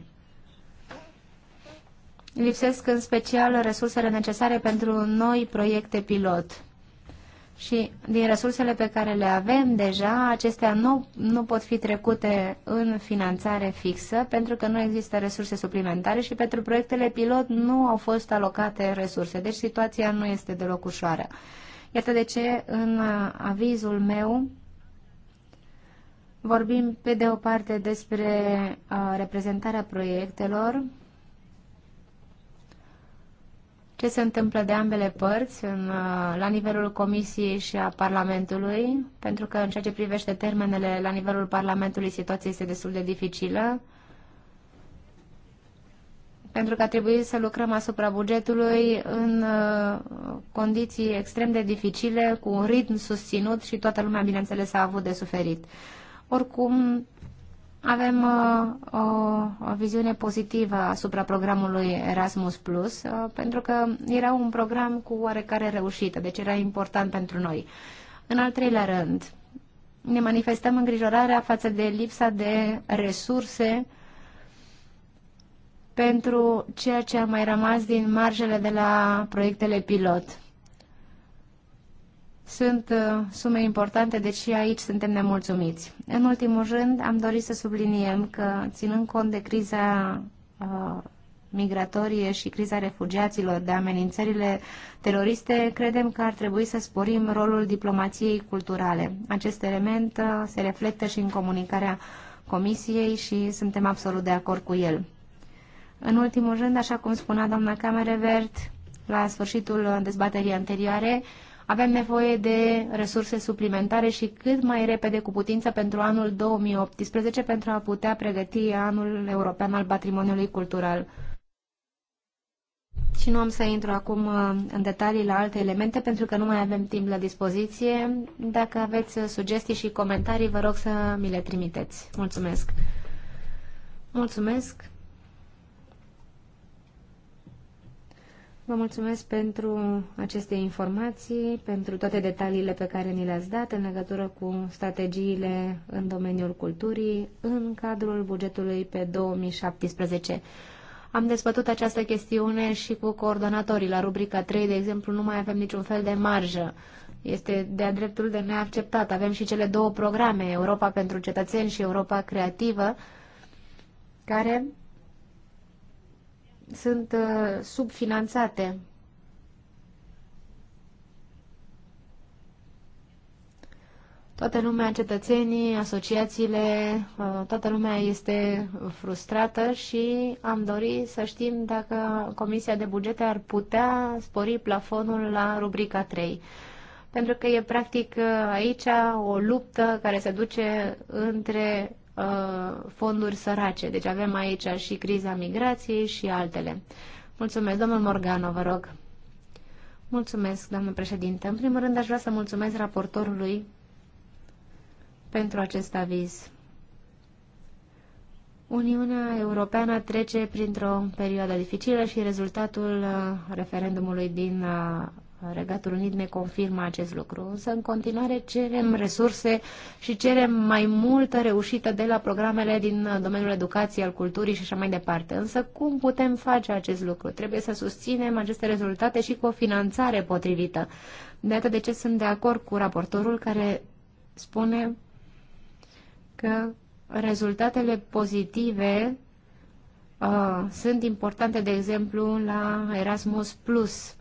Lipsesc în special resursele necesare pentru noi proiecte pilot și din resursele pe care le avem deja, acestea nu, nu pot fi trecute în finanțare fixă, pentru că nu există resurse suplimentare și pentru proiectele pilot nu au fost alocate resurse. Deci situația nu este deloc ușoară. Iată de ce în avizul meu vorbim pe de o parte despre uh, reprezentarea proiectelor ce se întâmplă de ambele părți în, uh, la nivelul Comisiei și a Parlamentului, pentru că în ceea ce privește termenele la nivelul Parlamentului situația este destul de dificilă, pentru că a trebuit să lucrăm asupra bugetului în uh, condiții extrem de dificile, cu un ritm susținut și toată lumea, bineînțeles, a avut de suferit. Oricum, avem uh, o, o viziune pozitivă asupra programului Erasmus+, Plus, uh, pentru că era un program cu oarecare reușită, deci era important pentru noi. În al treilea rând, ne manifestăm îngrijorarea față de lipsa de resurse pentru ceea ce a mai rămas din marjele de la proiectele pilot. Sunt uh, sume importante, deci și aici suntem nemulțumiți. În ultimul rând, am dorit să subliniem că, ținând cont de criza uh, migratorie și criza refugiaților, de amenințările teroriste, credem că ar trebui să sporim rolul diplomației culturale. Acest element uh, se reflectă și în comunicarea Comisiei și suntem absolut de acord cu el. În ultimul rând, așa cum spunea doamna Camerevert la sfârșitul dezbaterii anterioare, avem nevoie de resurse suplimentare și cât mai repede cu putință pentru anul 2018 pentru a putea pregăti anul european al patrimoniului cultural. Și nu am să intru acum uh, în detalii la alte elemente pentru că nu mai avem timp la dispoziție. Dacă aveți uh, sugestii și comentarii, vă rog să mi le trimiteți. Mulțumesc! Mulțumesc! Vă mulțumesc pentru aceste informații, pentru toate detaliile pe care ni le-ați dat în legătură cu strategiile în domeniul culturii în cadrul bugetului pe 2017. Am dezbătut această chestiune și cu coordonatorii. La rubrica 3, de exemplu, nu mai avem niciun fel de marjă. Este de-a dreptul de neacceptat. Avem și cele două programe, Europa pentru cetățeni și Europa creativă, care sunt uh, subfinanțate. Toată lumea, cetățenii, asociațiile, uh, toată lumea este frustrată și am dorit să știm dacă Comisia de Bugete ar putea spori plafonul la rubrica 3 pentru că e practic uh, aici o luptă care se duce între Uh, fonduri sărace. Deci avem aici și criza migrației și altele. Mulțumesc, domnul Morgano, vă rog. Mulțumesc, doamnă președinte. În primul rând, aș vrea să mulțumesc raportorului pentru acest aviz. Uniunea Europeană trece printr-o perioadă dificilă și rezultatul uh, referendumului din uh, Regatul Unit ne confirmă acest lucru, însă în continuare cerem resurse și cerem mai multă reușită de la programele din domeniul educației, al culturii și așa mai departe. Însă cum putem face acest lucru? Trebuie să susținem aceste rezultate și cu o finanțare potrivită. De atât de ce sunt de acord cu raportorul care spune că rezultatele pozitive uh, sunt importante, de exemplu, la Erasmus+. Plus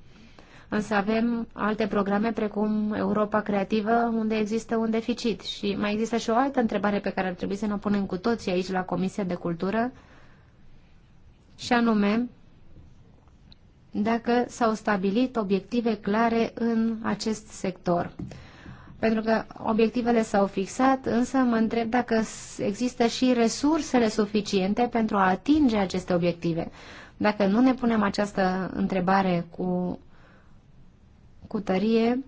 Însă avem alte programe precum Europa Creativă, unde există un deficit. Și mai există și o altă întrebare pe care ar trebui să ne punem cu toții aici la Comisia de Cultură, și anume dacă s-au stabilit obiective clare în acest sector pentru că obiectivele s-au fixat, însă mă întreb dacă există și resursele suficiente pentru a atinge aceste obiective. Dacă nu ne punem această întrebare cu cu tărie,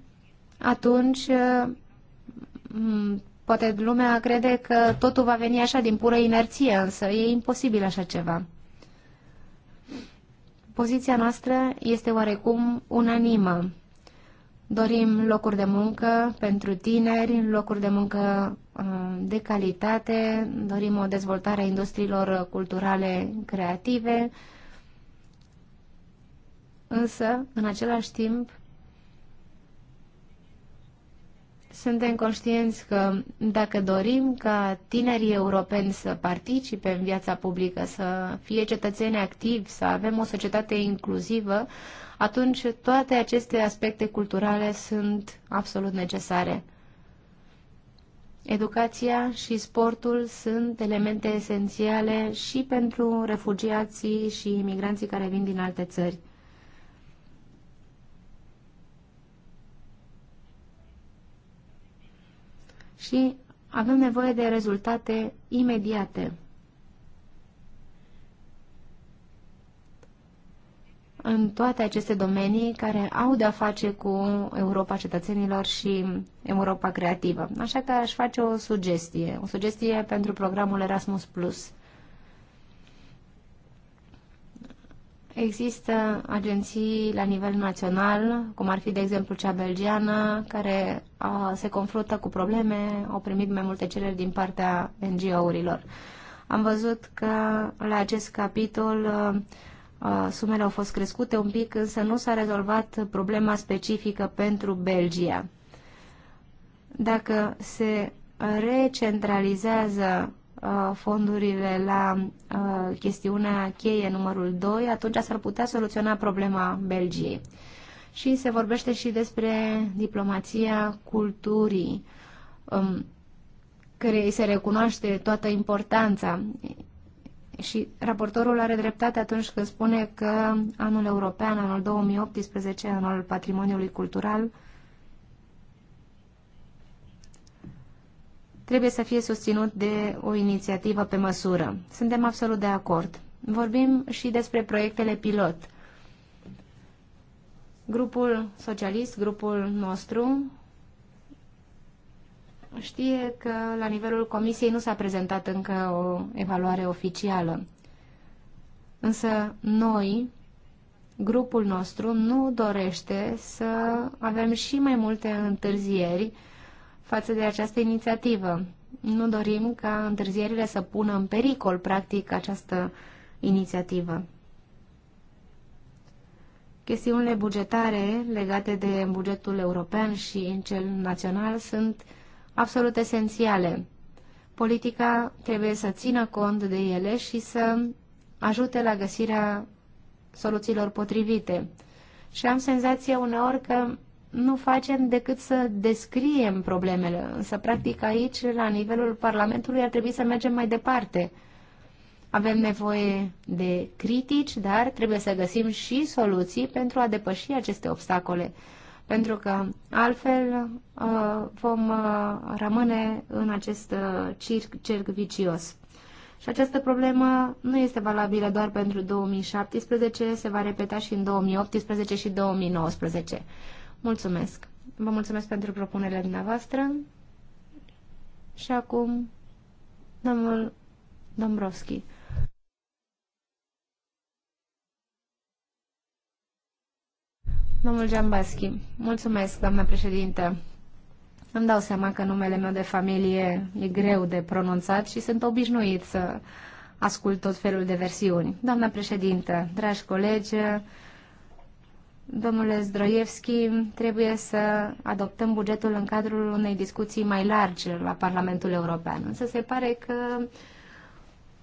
atunci uh, poate lumea crede că totul va veni așa din pură inerție, însă e imposibil așa ceva. Poziția noastră este oarecum unanimă. Dorim locuri de muncă pentru tineri, locuri de muncă uh, de calitate, dorim o dezvoltare a industriilor culturale creative, însă, în același timp, suntem conștienți că dacă dorim ca tinerii europeni să participe în viața publică, să fie cetățeni activi, să avem o societate inclusivă, atunci toate aceste aspecte culturale sunt absolut necesare. Educația și sportul sunt elemente esențiale și pentru refugiații și imigranții care vin din alte țări. și avem nevoie de rezultate imediate. în toate aceste domenii care au de-a face cu Europa cetățenilor și Europa creativă. Așa că aș face o sugestie, o sugestie pentru programul Erasmus+. Există agenții la nivel național, cum ar fi, de exemplu, cea belgiană, care a, se confruntă cu probleme, au primit mai multe cereri din partea NGO-urilor. Am văzut că la acest capitol a, sumele au fost crescute un pic, însă nu s-a rezolvat problema specifică pentru Belgia. Dacă se recentralizează Uh, fondurile la uh, chestiunea cheie numărul 2, atunci s-ar putea soluționa problema Belgiei. Și se vorbește și despre diplomația culturii, um, care îi se recunoaște toată importanța. Și raportorul are dreptate atunci când spune că anul european, anul 2018, anul patrimoniului cultural, trebuie să fie susținut de o inițiativă pe măsură. Suntem absolut de acord. Vorbim și despre proiectele pilot. Grupul socialist, grupul nostru, știe că la nivelul comisiei nu s-a prezentat încă o evaluare oficială. Însă noi, grupul nostru, nu dorește să avem și mai multe întârzieri față de această inițiativă. Nu dorim ca întârzierile să pună în pericol, practic, această inițiativă. Chestiunile bugetare legate de bugetul european și în cel național sunt absolut esențiale. Politica trebuie să țină cont de ele și să ajute la găsirea soluțiilor potrivite. Și am senzația uneori că nu facem decât să descriem problemele, însă practic aici, la nivelul Parlamentului, ar trebui să mergem mai departe. Avem nevoie de critici, dar trebuie să găsim și soluții pentru a depăși aceste obstacole, pentru că altfel uh, vom uh, rămâne în acest uh, cerc, cerc vicios. Și această problemă nu este valabilă doar pentru 2017, se va repeta și în 2018 și 2019. Mulțumesc! Vă mulțumesc pentru propunerea dumneavoastră și acum domnul Dombrovski. Domnul Giambaschi, mulțumesc, doamna președinte. Îmi dau seama că numele meu de familie e greu de pronunțat și sunt obișnuit să ascult tot felul de versiuni. Doamna președinte, dragi colegi, Domnule Zdroievski, trebuie să adoptăm bugetul în cadrul unei discuții mai largi la Parlamentul European. Însă se pare că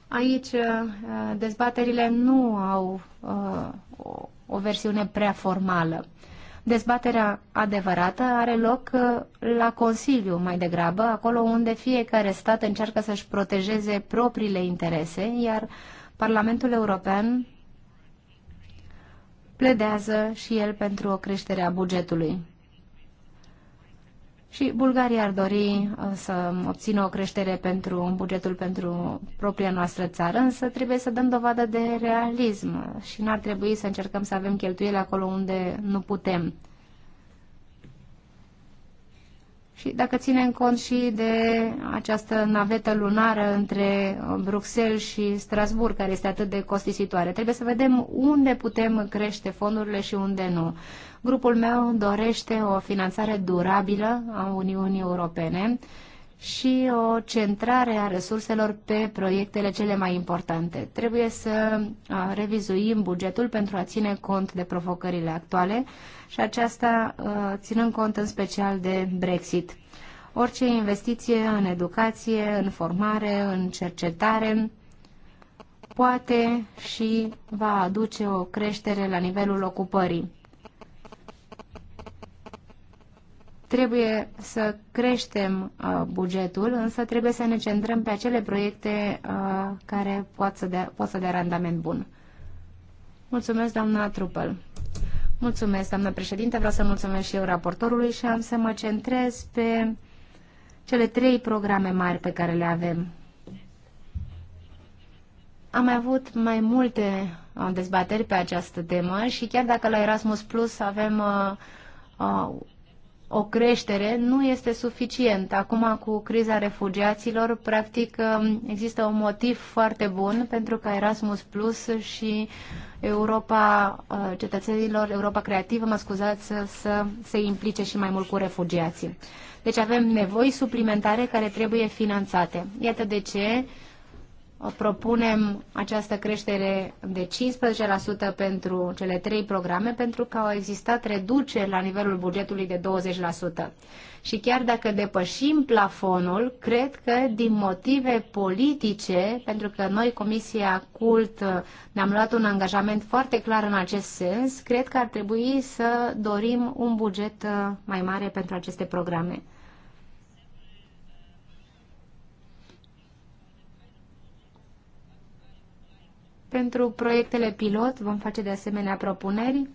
aici uh, dezbaterile nu au uh, o versiune prea formală. Dezbaterea adevărată are loc uh, la Consiliu mai degrabă, acolo unde fiecare stat încearcă să-și protejeze propriile interese, iar Parlamentul European pledează și el pentru o creștere a bugetului. Și Bulgaria ar dori uh, să obțină o creștere pentru bugetul pentru propria noastră țară, însă trebuie să dăm dovadă de realism și n-ar trebui să încercăm să avem cheltuieli acolo unde nu putem. Și dacă ținem cont și de această navetă lunară între uh, Bruxelles și Strasburg, care este atât de costisitoare, trebuie să vedem unde putem crește fondurile și unde nu. Grupul meu dorește o finanțare durabilă a Uniunii Europene și o centrare a resurselor pe proiectele cele mai importante. Trebuie să revizuim bugetul pentru a ține cont de provocările actuale și aceasta ținând cont în special de Brexit. Orice investiție în educație, în formare, în cercetare, poate și va aduce o creștere la nivelul ocupării. Trebuie să creștem uh, bugetul, însă trebuie să ne centrăm pe acele proiecte uh, care pot să, dea, pot să dea randament bun. Mulțumesc, doamna Trupel. Mulțumesc, doamna președinte. Vreau să mulțumesc și eu raportorului și am să mă centrez pe cele trei programe mari pe care le avem. Am mai avut mai multe uh, dezbateri pe această temă și chiar dacă la Erasmus Plus avem uh, uh, o creștere nu este suficient. Acum, cu criza refugiaților, practic um, există un motiv foarte bun pentru ca Erasmus Plus și Europa uh, cetățenilor, Europa creativă, mă scuzați, să, să se implice și mai mult cu refugiații. Deci avem nevoi suplimentare care trebuie finanțate. Iată de ce propunem această creștere de 15% pentru cele trei programe, pentru că au existat reduceri la nivelul bugetului de 20%. Și chiar dacă depășim plafonul, cred că din motive politice, pentru că noi, Comisia Cult, ne-am luat un angajament foarte clar în acest sens, cred că ar trebui să dorim un buget uh, mai mare pentru aceste programe. Pentru proiectele pilot vom face de asemenea propuneri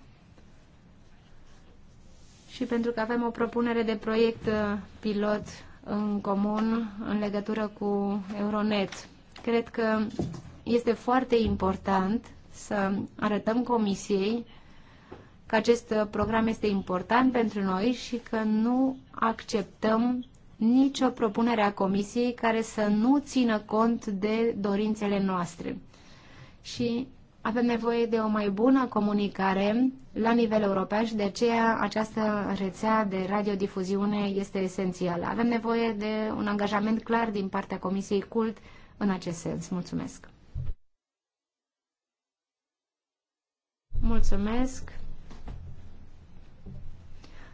și pentru că avem o propunere de proiect uh, pilot în comun în legătură cu Euronet. Cred că este foarte important să arătăm Comisiei că acest uh, program este important pentru noi și că nu acceptăm nicio propunere a Comisiei care să nu țină cont de dorințele noastre și avem nevoie de o mai bună comunicare la nivel european și de aceea această rețea de radiodifuziune este esențială. Avem nevoie de un angajament clar din partea Comisiei CULT în acest sens. Mulțumesc! Mulțumesc!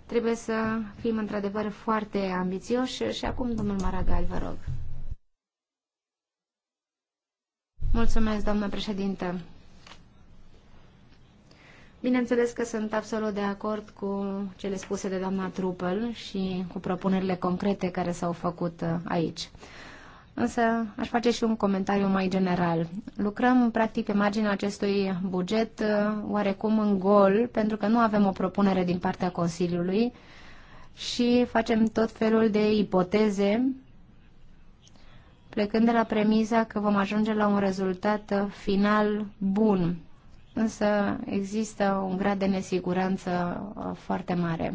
Trebuie să fim într-adevăr foarte ambițioși și acum domnul Maragal, vă rog. Mulțumesc, doamnă președinte. Bineînțeles că sunt absolut de acord cu cele spuse de doamna Trupel și cu propunerile concrete care s-au făcut uh, aici. Însă aș face și un comentariu mai general. Lucrăm practic pe marginea acestui buget uh, oarecum în gol, pentru că nu avem o propunere din partea Consiliului și facem tot felul de ipoteze plecând de la premiza că vom ajunge la un rezultat uh, final bun. Însă există un grad de nesiguranță uh, foarte mare.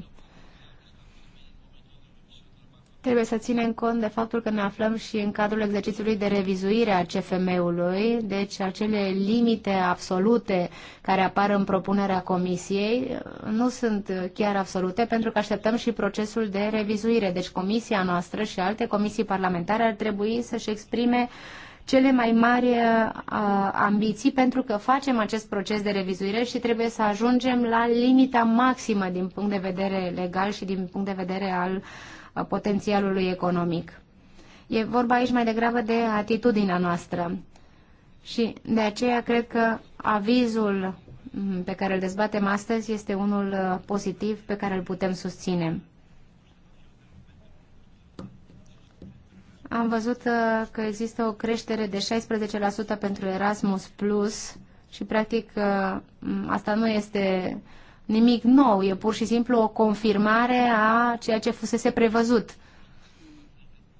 Trebuie să ținem cont de faptul că ne aflăm și în cadrul exercițiului de revizuire a CFM-ului, deci acele limite absolute care apar în propunerea Comisiei uh, nu sunt chiar absolute pentru că așteptăm și procesul de revizuire. Deci Comisia noastră și alte comisii parlamentare ar trebui să-și exprime cele mai mari uh, ambiții pentru că facem acest proces de revizuire și trebuie să ajungem la limita maximă din punct de vedere legal și din punct de vedere al uh, potențialului economic. E vorba aici mai degrabă de atitudinea noastră. Și de aceea cred că avizul mm, pe care îl dezbatem astăzi este unul uh, pozitiv pe care îl putem susține. Am văzut uh, că există o creștere de 16% pentru Erasmus Plus și practic uh, asta nu este nimic nou, e pur și simplu o confirmare a ceea ce fusese prevăzut.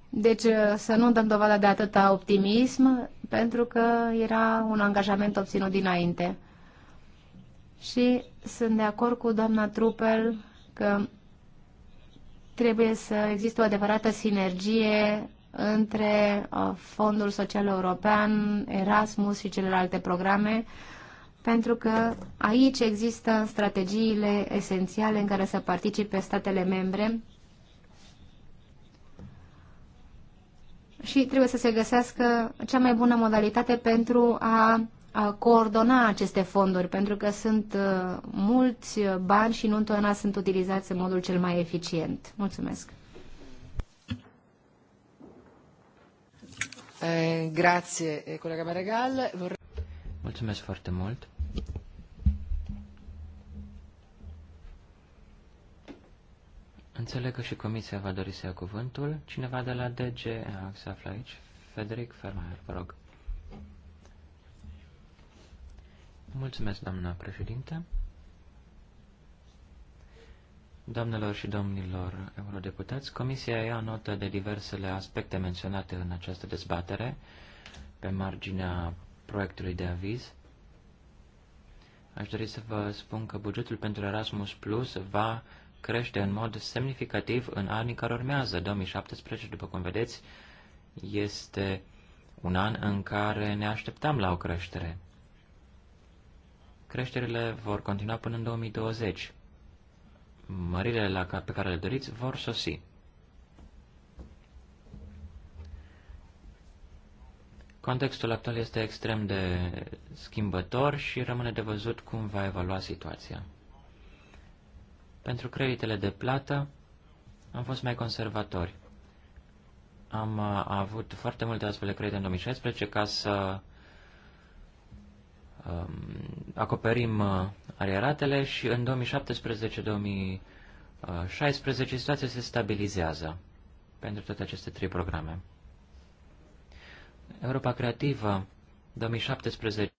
Deci uh, să nu dăm dovadă de atâta optimism, pentru că era un angajament obținut dinainte. Și sunt de acord cu doamna Trupel că trebuie să existe o adevărată sinergie între uh, Fondul Social European, Erasmus și celelalte programe, pentru că aici există strategiile esențiale în care să participe statele membre și trebuie să se găsească cea mai bună modalitate pentru a, a coordona aceste fonduri, pentru că sunt uh, mulți bani și nu întotdeauna sunt utilizați în modul cel mai eficient. Mulțumesc! Eh, grazie, eh, colega Maregal. Mulțumesc foarte mult. Înțeleg că și comisia va dori să ia cuvântul. Cineva de la DG se află aici. Frederic Fermaier, vă rog. Mulțumesc, doamna președinte. Doamnelor și domnilor eurodeputați, Comisia ia notă de diversele aspecte menționate în această dezbatere pe marginea proiectului de aviz. Aș dori să vă spun că bugetul pentru Erasmus Plus va crește în mod semnificativ în anii care urmează. 2017, după cum vedeți, este un an în care ne așteptam la o creștere. Creșterile vor continua până în 2020. Mările la pe care le doriți vor sosi. Contextul actual este extrem de schimbător și rămâne de văzut cum va evalua situația. Pentru creditele de plată am fost mai conservatori. Am uh, avut foarte multe astfel de credite în 2016 ca să um, acoperim uh, arieratele și în 2017 2016 situația se stabilizează pentru toate aceste trei programe. Europa Creativă 2017.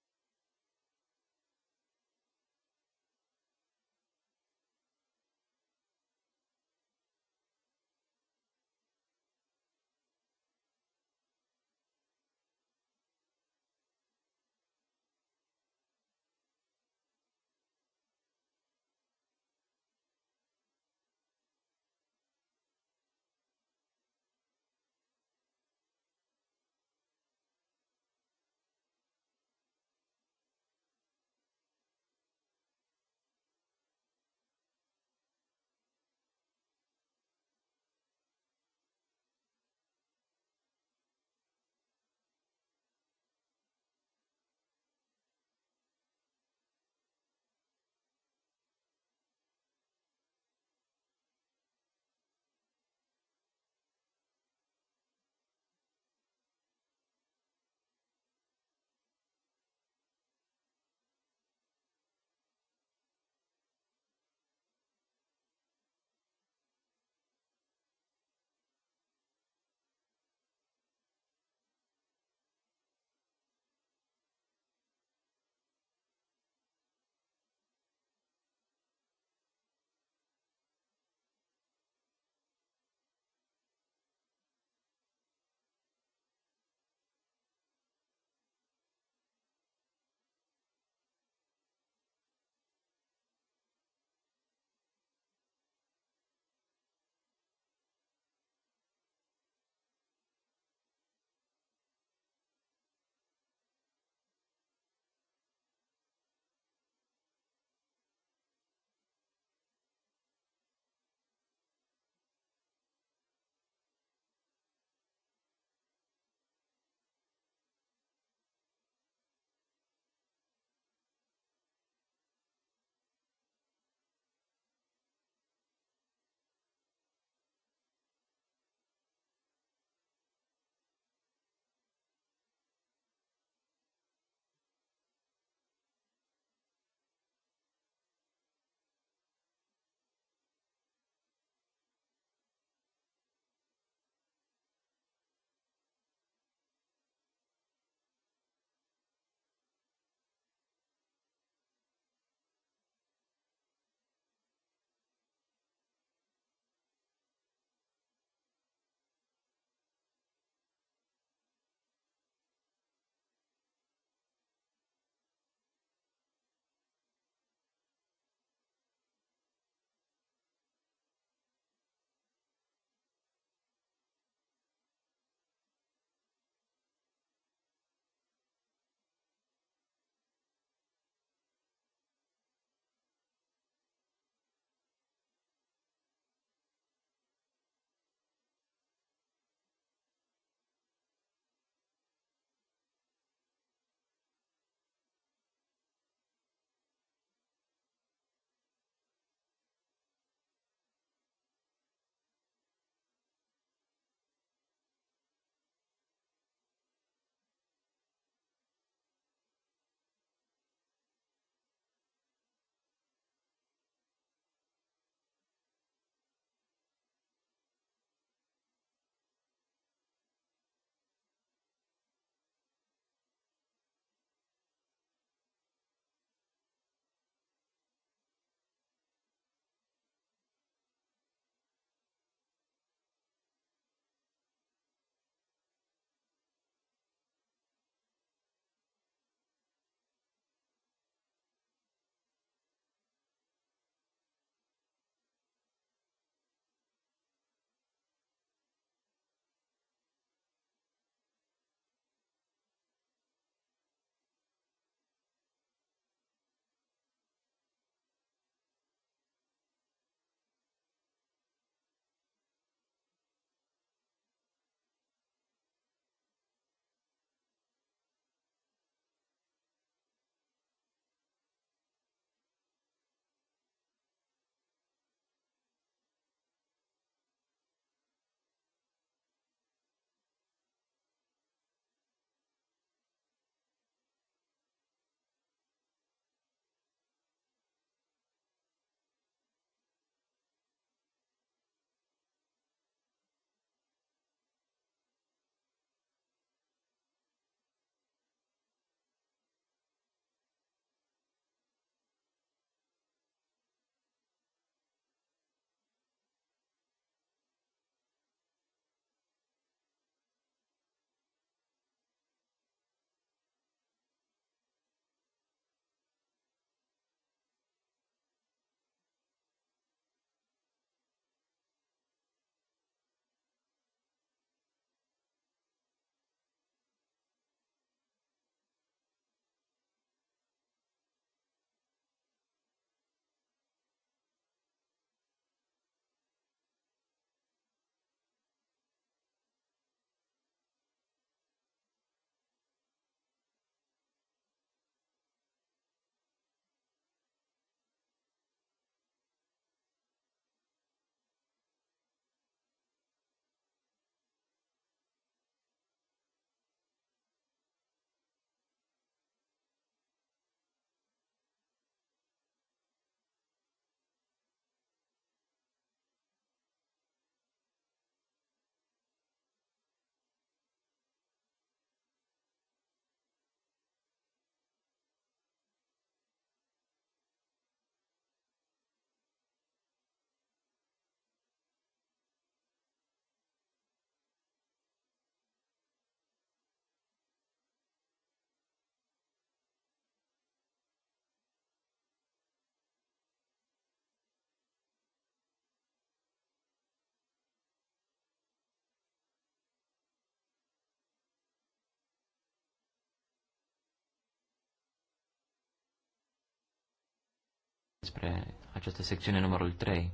despre această secțiune numărul 3.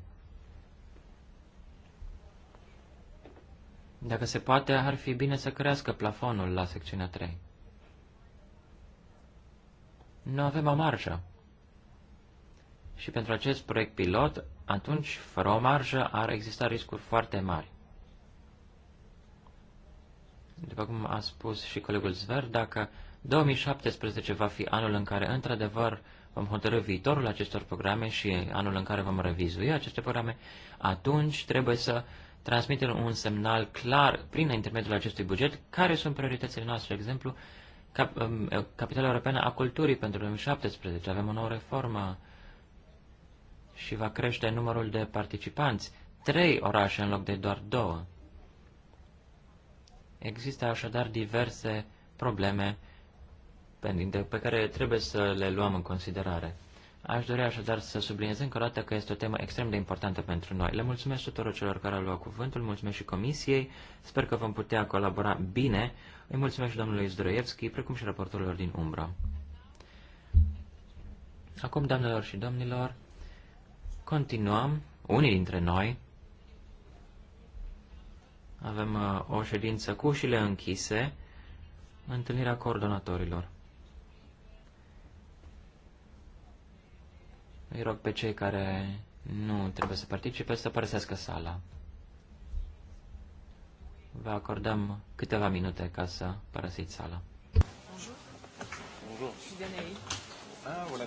Dacă se poate, ar fi bine să crească plafonul la secțiunea 3. Nu avem o marjă. Și pentru acest proiect pilot, atunci, fără o marjă, ar exista riscuri foarte mari. După cum a spus și colegul Zver, dacă 2017 va fi anul în care, într-adevăr, vom hotărâ viitorul acestor programe și anul în care vom revizui aceste programe, atunci trebuie să transmitem un semnal clar prin intermediul acestui buget care sunt prioritățile noastre. De exemplu, Cap, um, Capitala Europeană a Culturii pentru 2017. Avem o nouă reformă și va crește numărul de participanți. Trei orașe în loc de doar două. Există așadar diverse probleme pendinte pe care trebuie să le luăm în considerare. Aș dori așadar să subliniez încă o dată că este o temă extrem de importantă pentru noi. Le mulțumesc tuturor celor care au luat cuvântul, mulțumesc și comisiei, sper că vom putea colabora bine. Îi mulțumesc și domnului Zdroievski, precum și raportorilor din umbra. Acum, doamnelor și domnilor, continuăm, unii dintre noi, avem uh, o ședință cu ușile închise, întâlnirea coordonatorilor. Îi rog pe cei care nu trebuie să participe să părăsească sala. Vă acordăm câteva minute ca să părăsiți sala. Bonjour. Bonjour.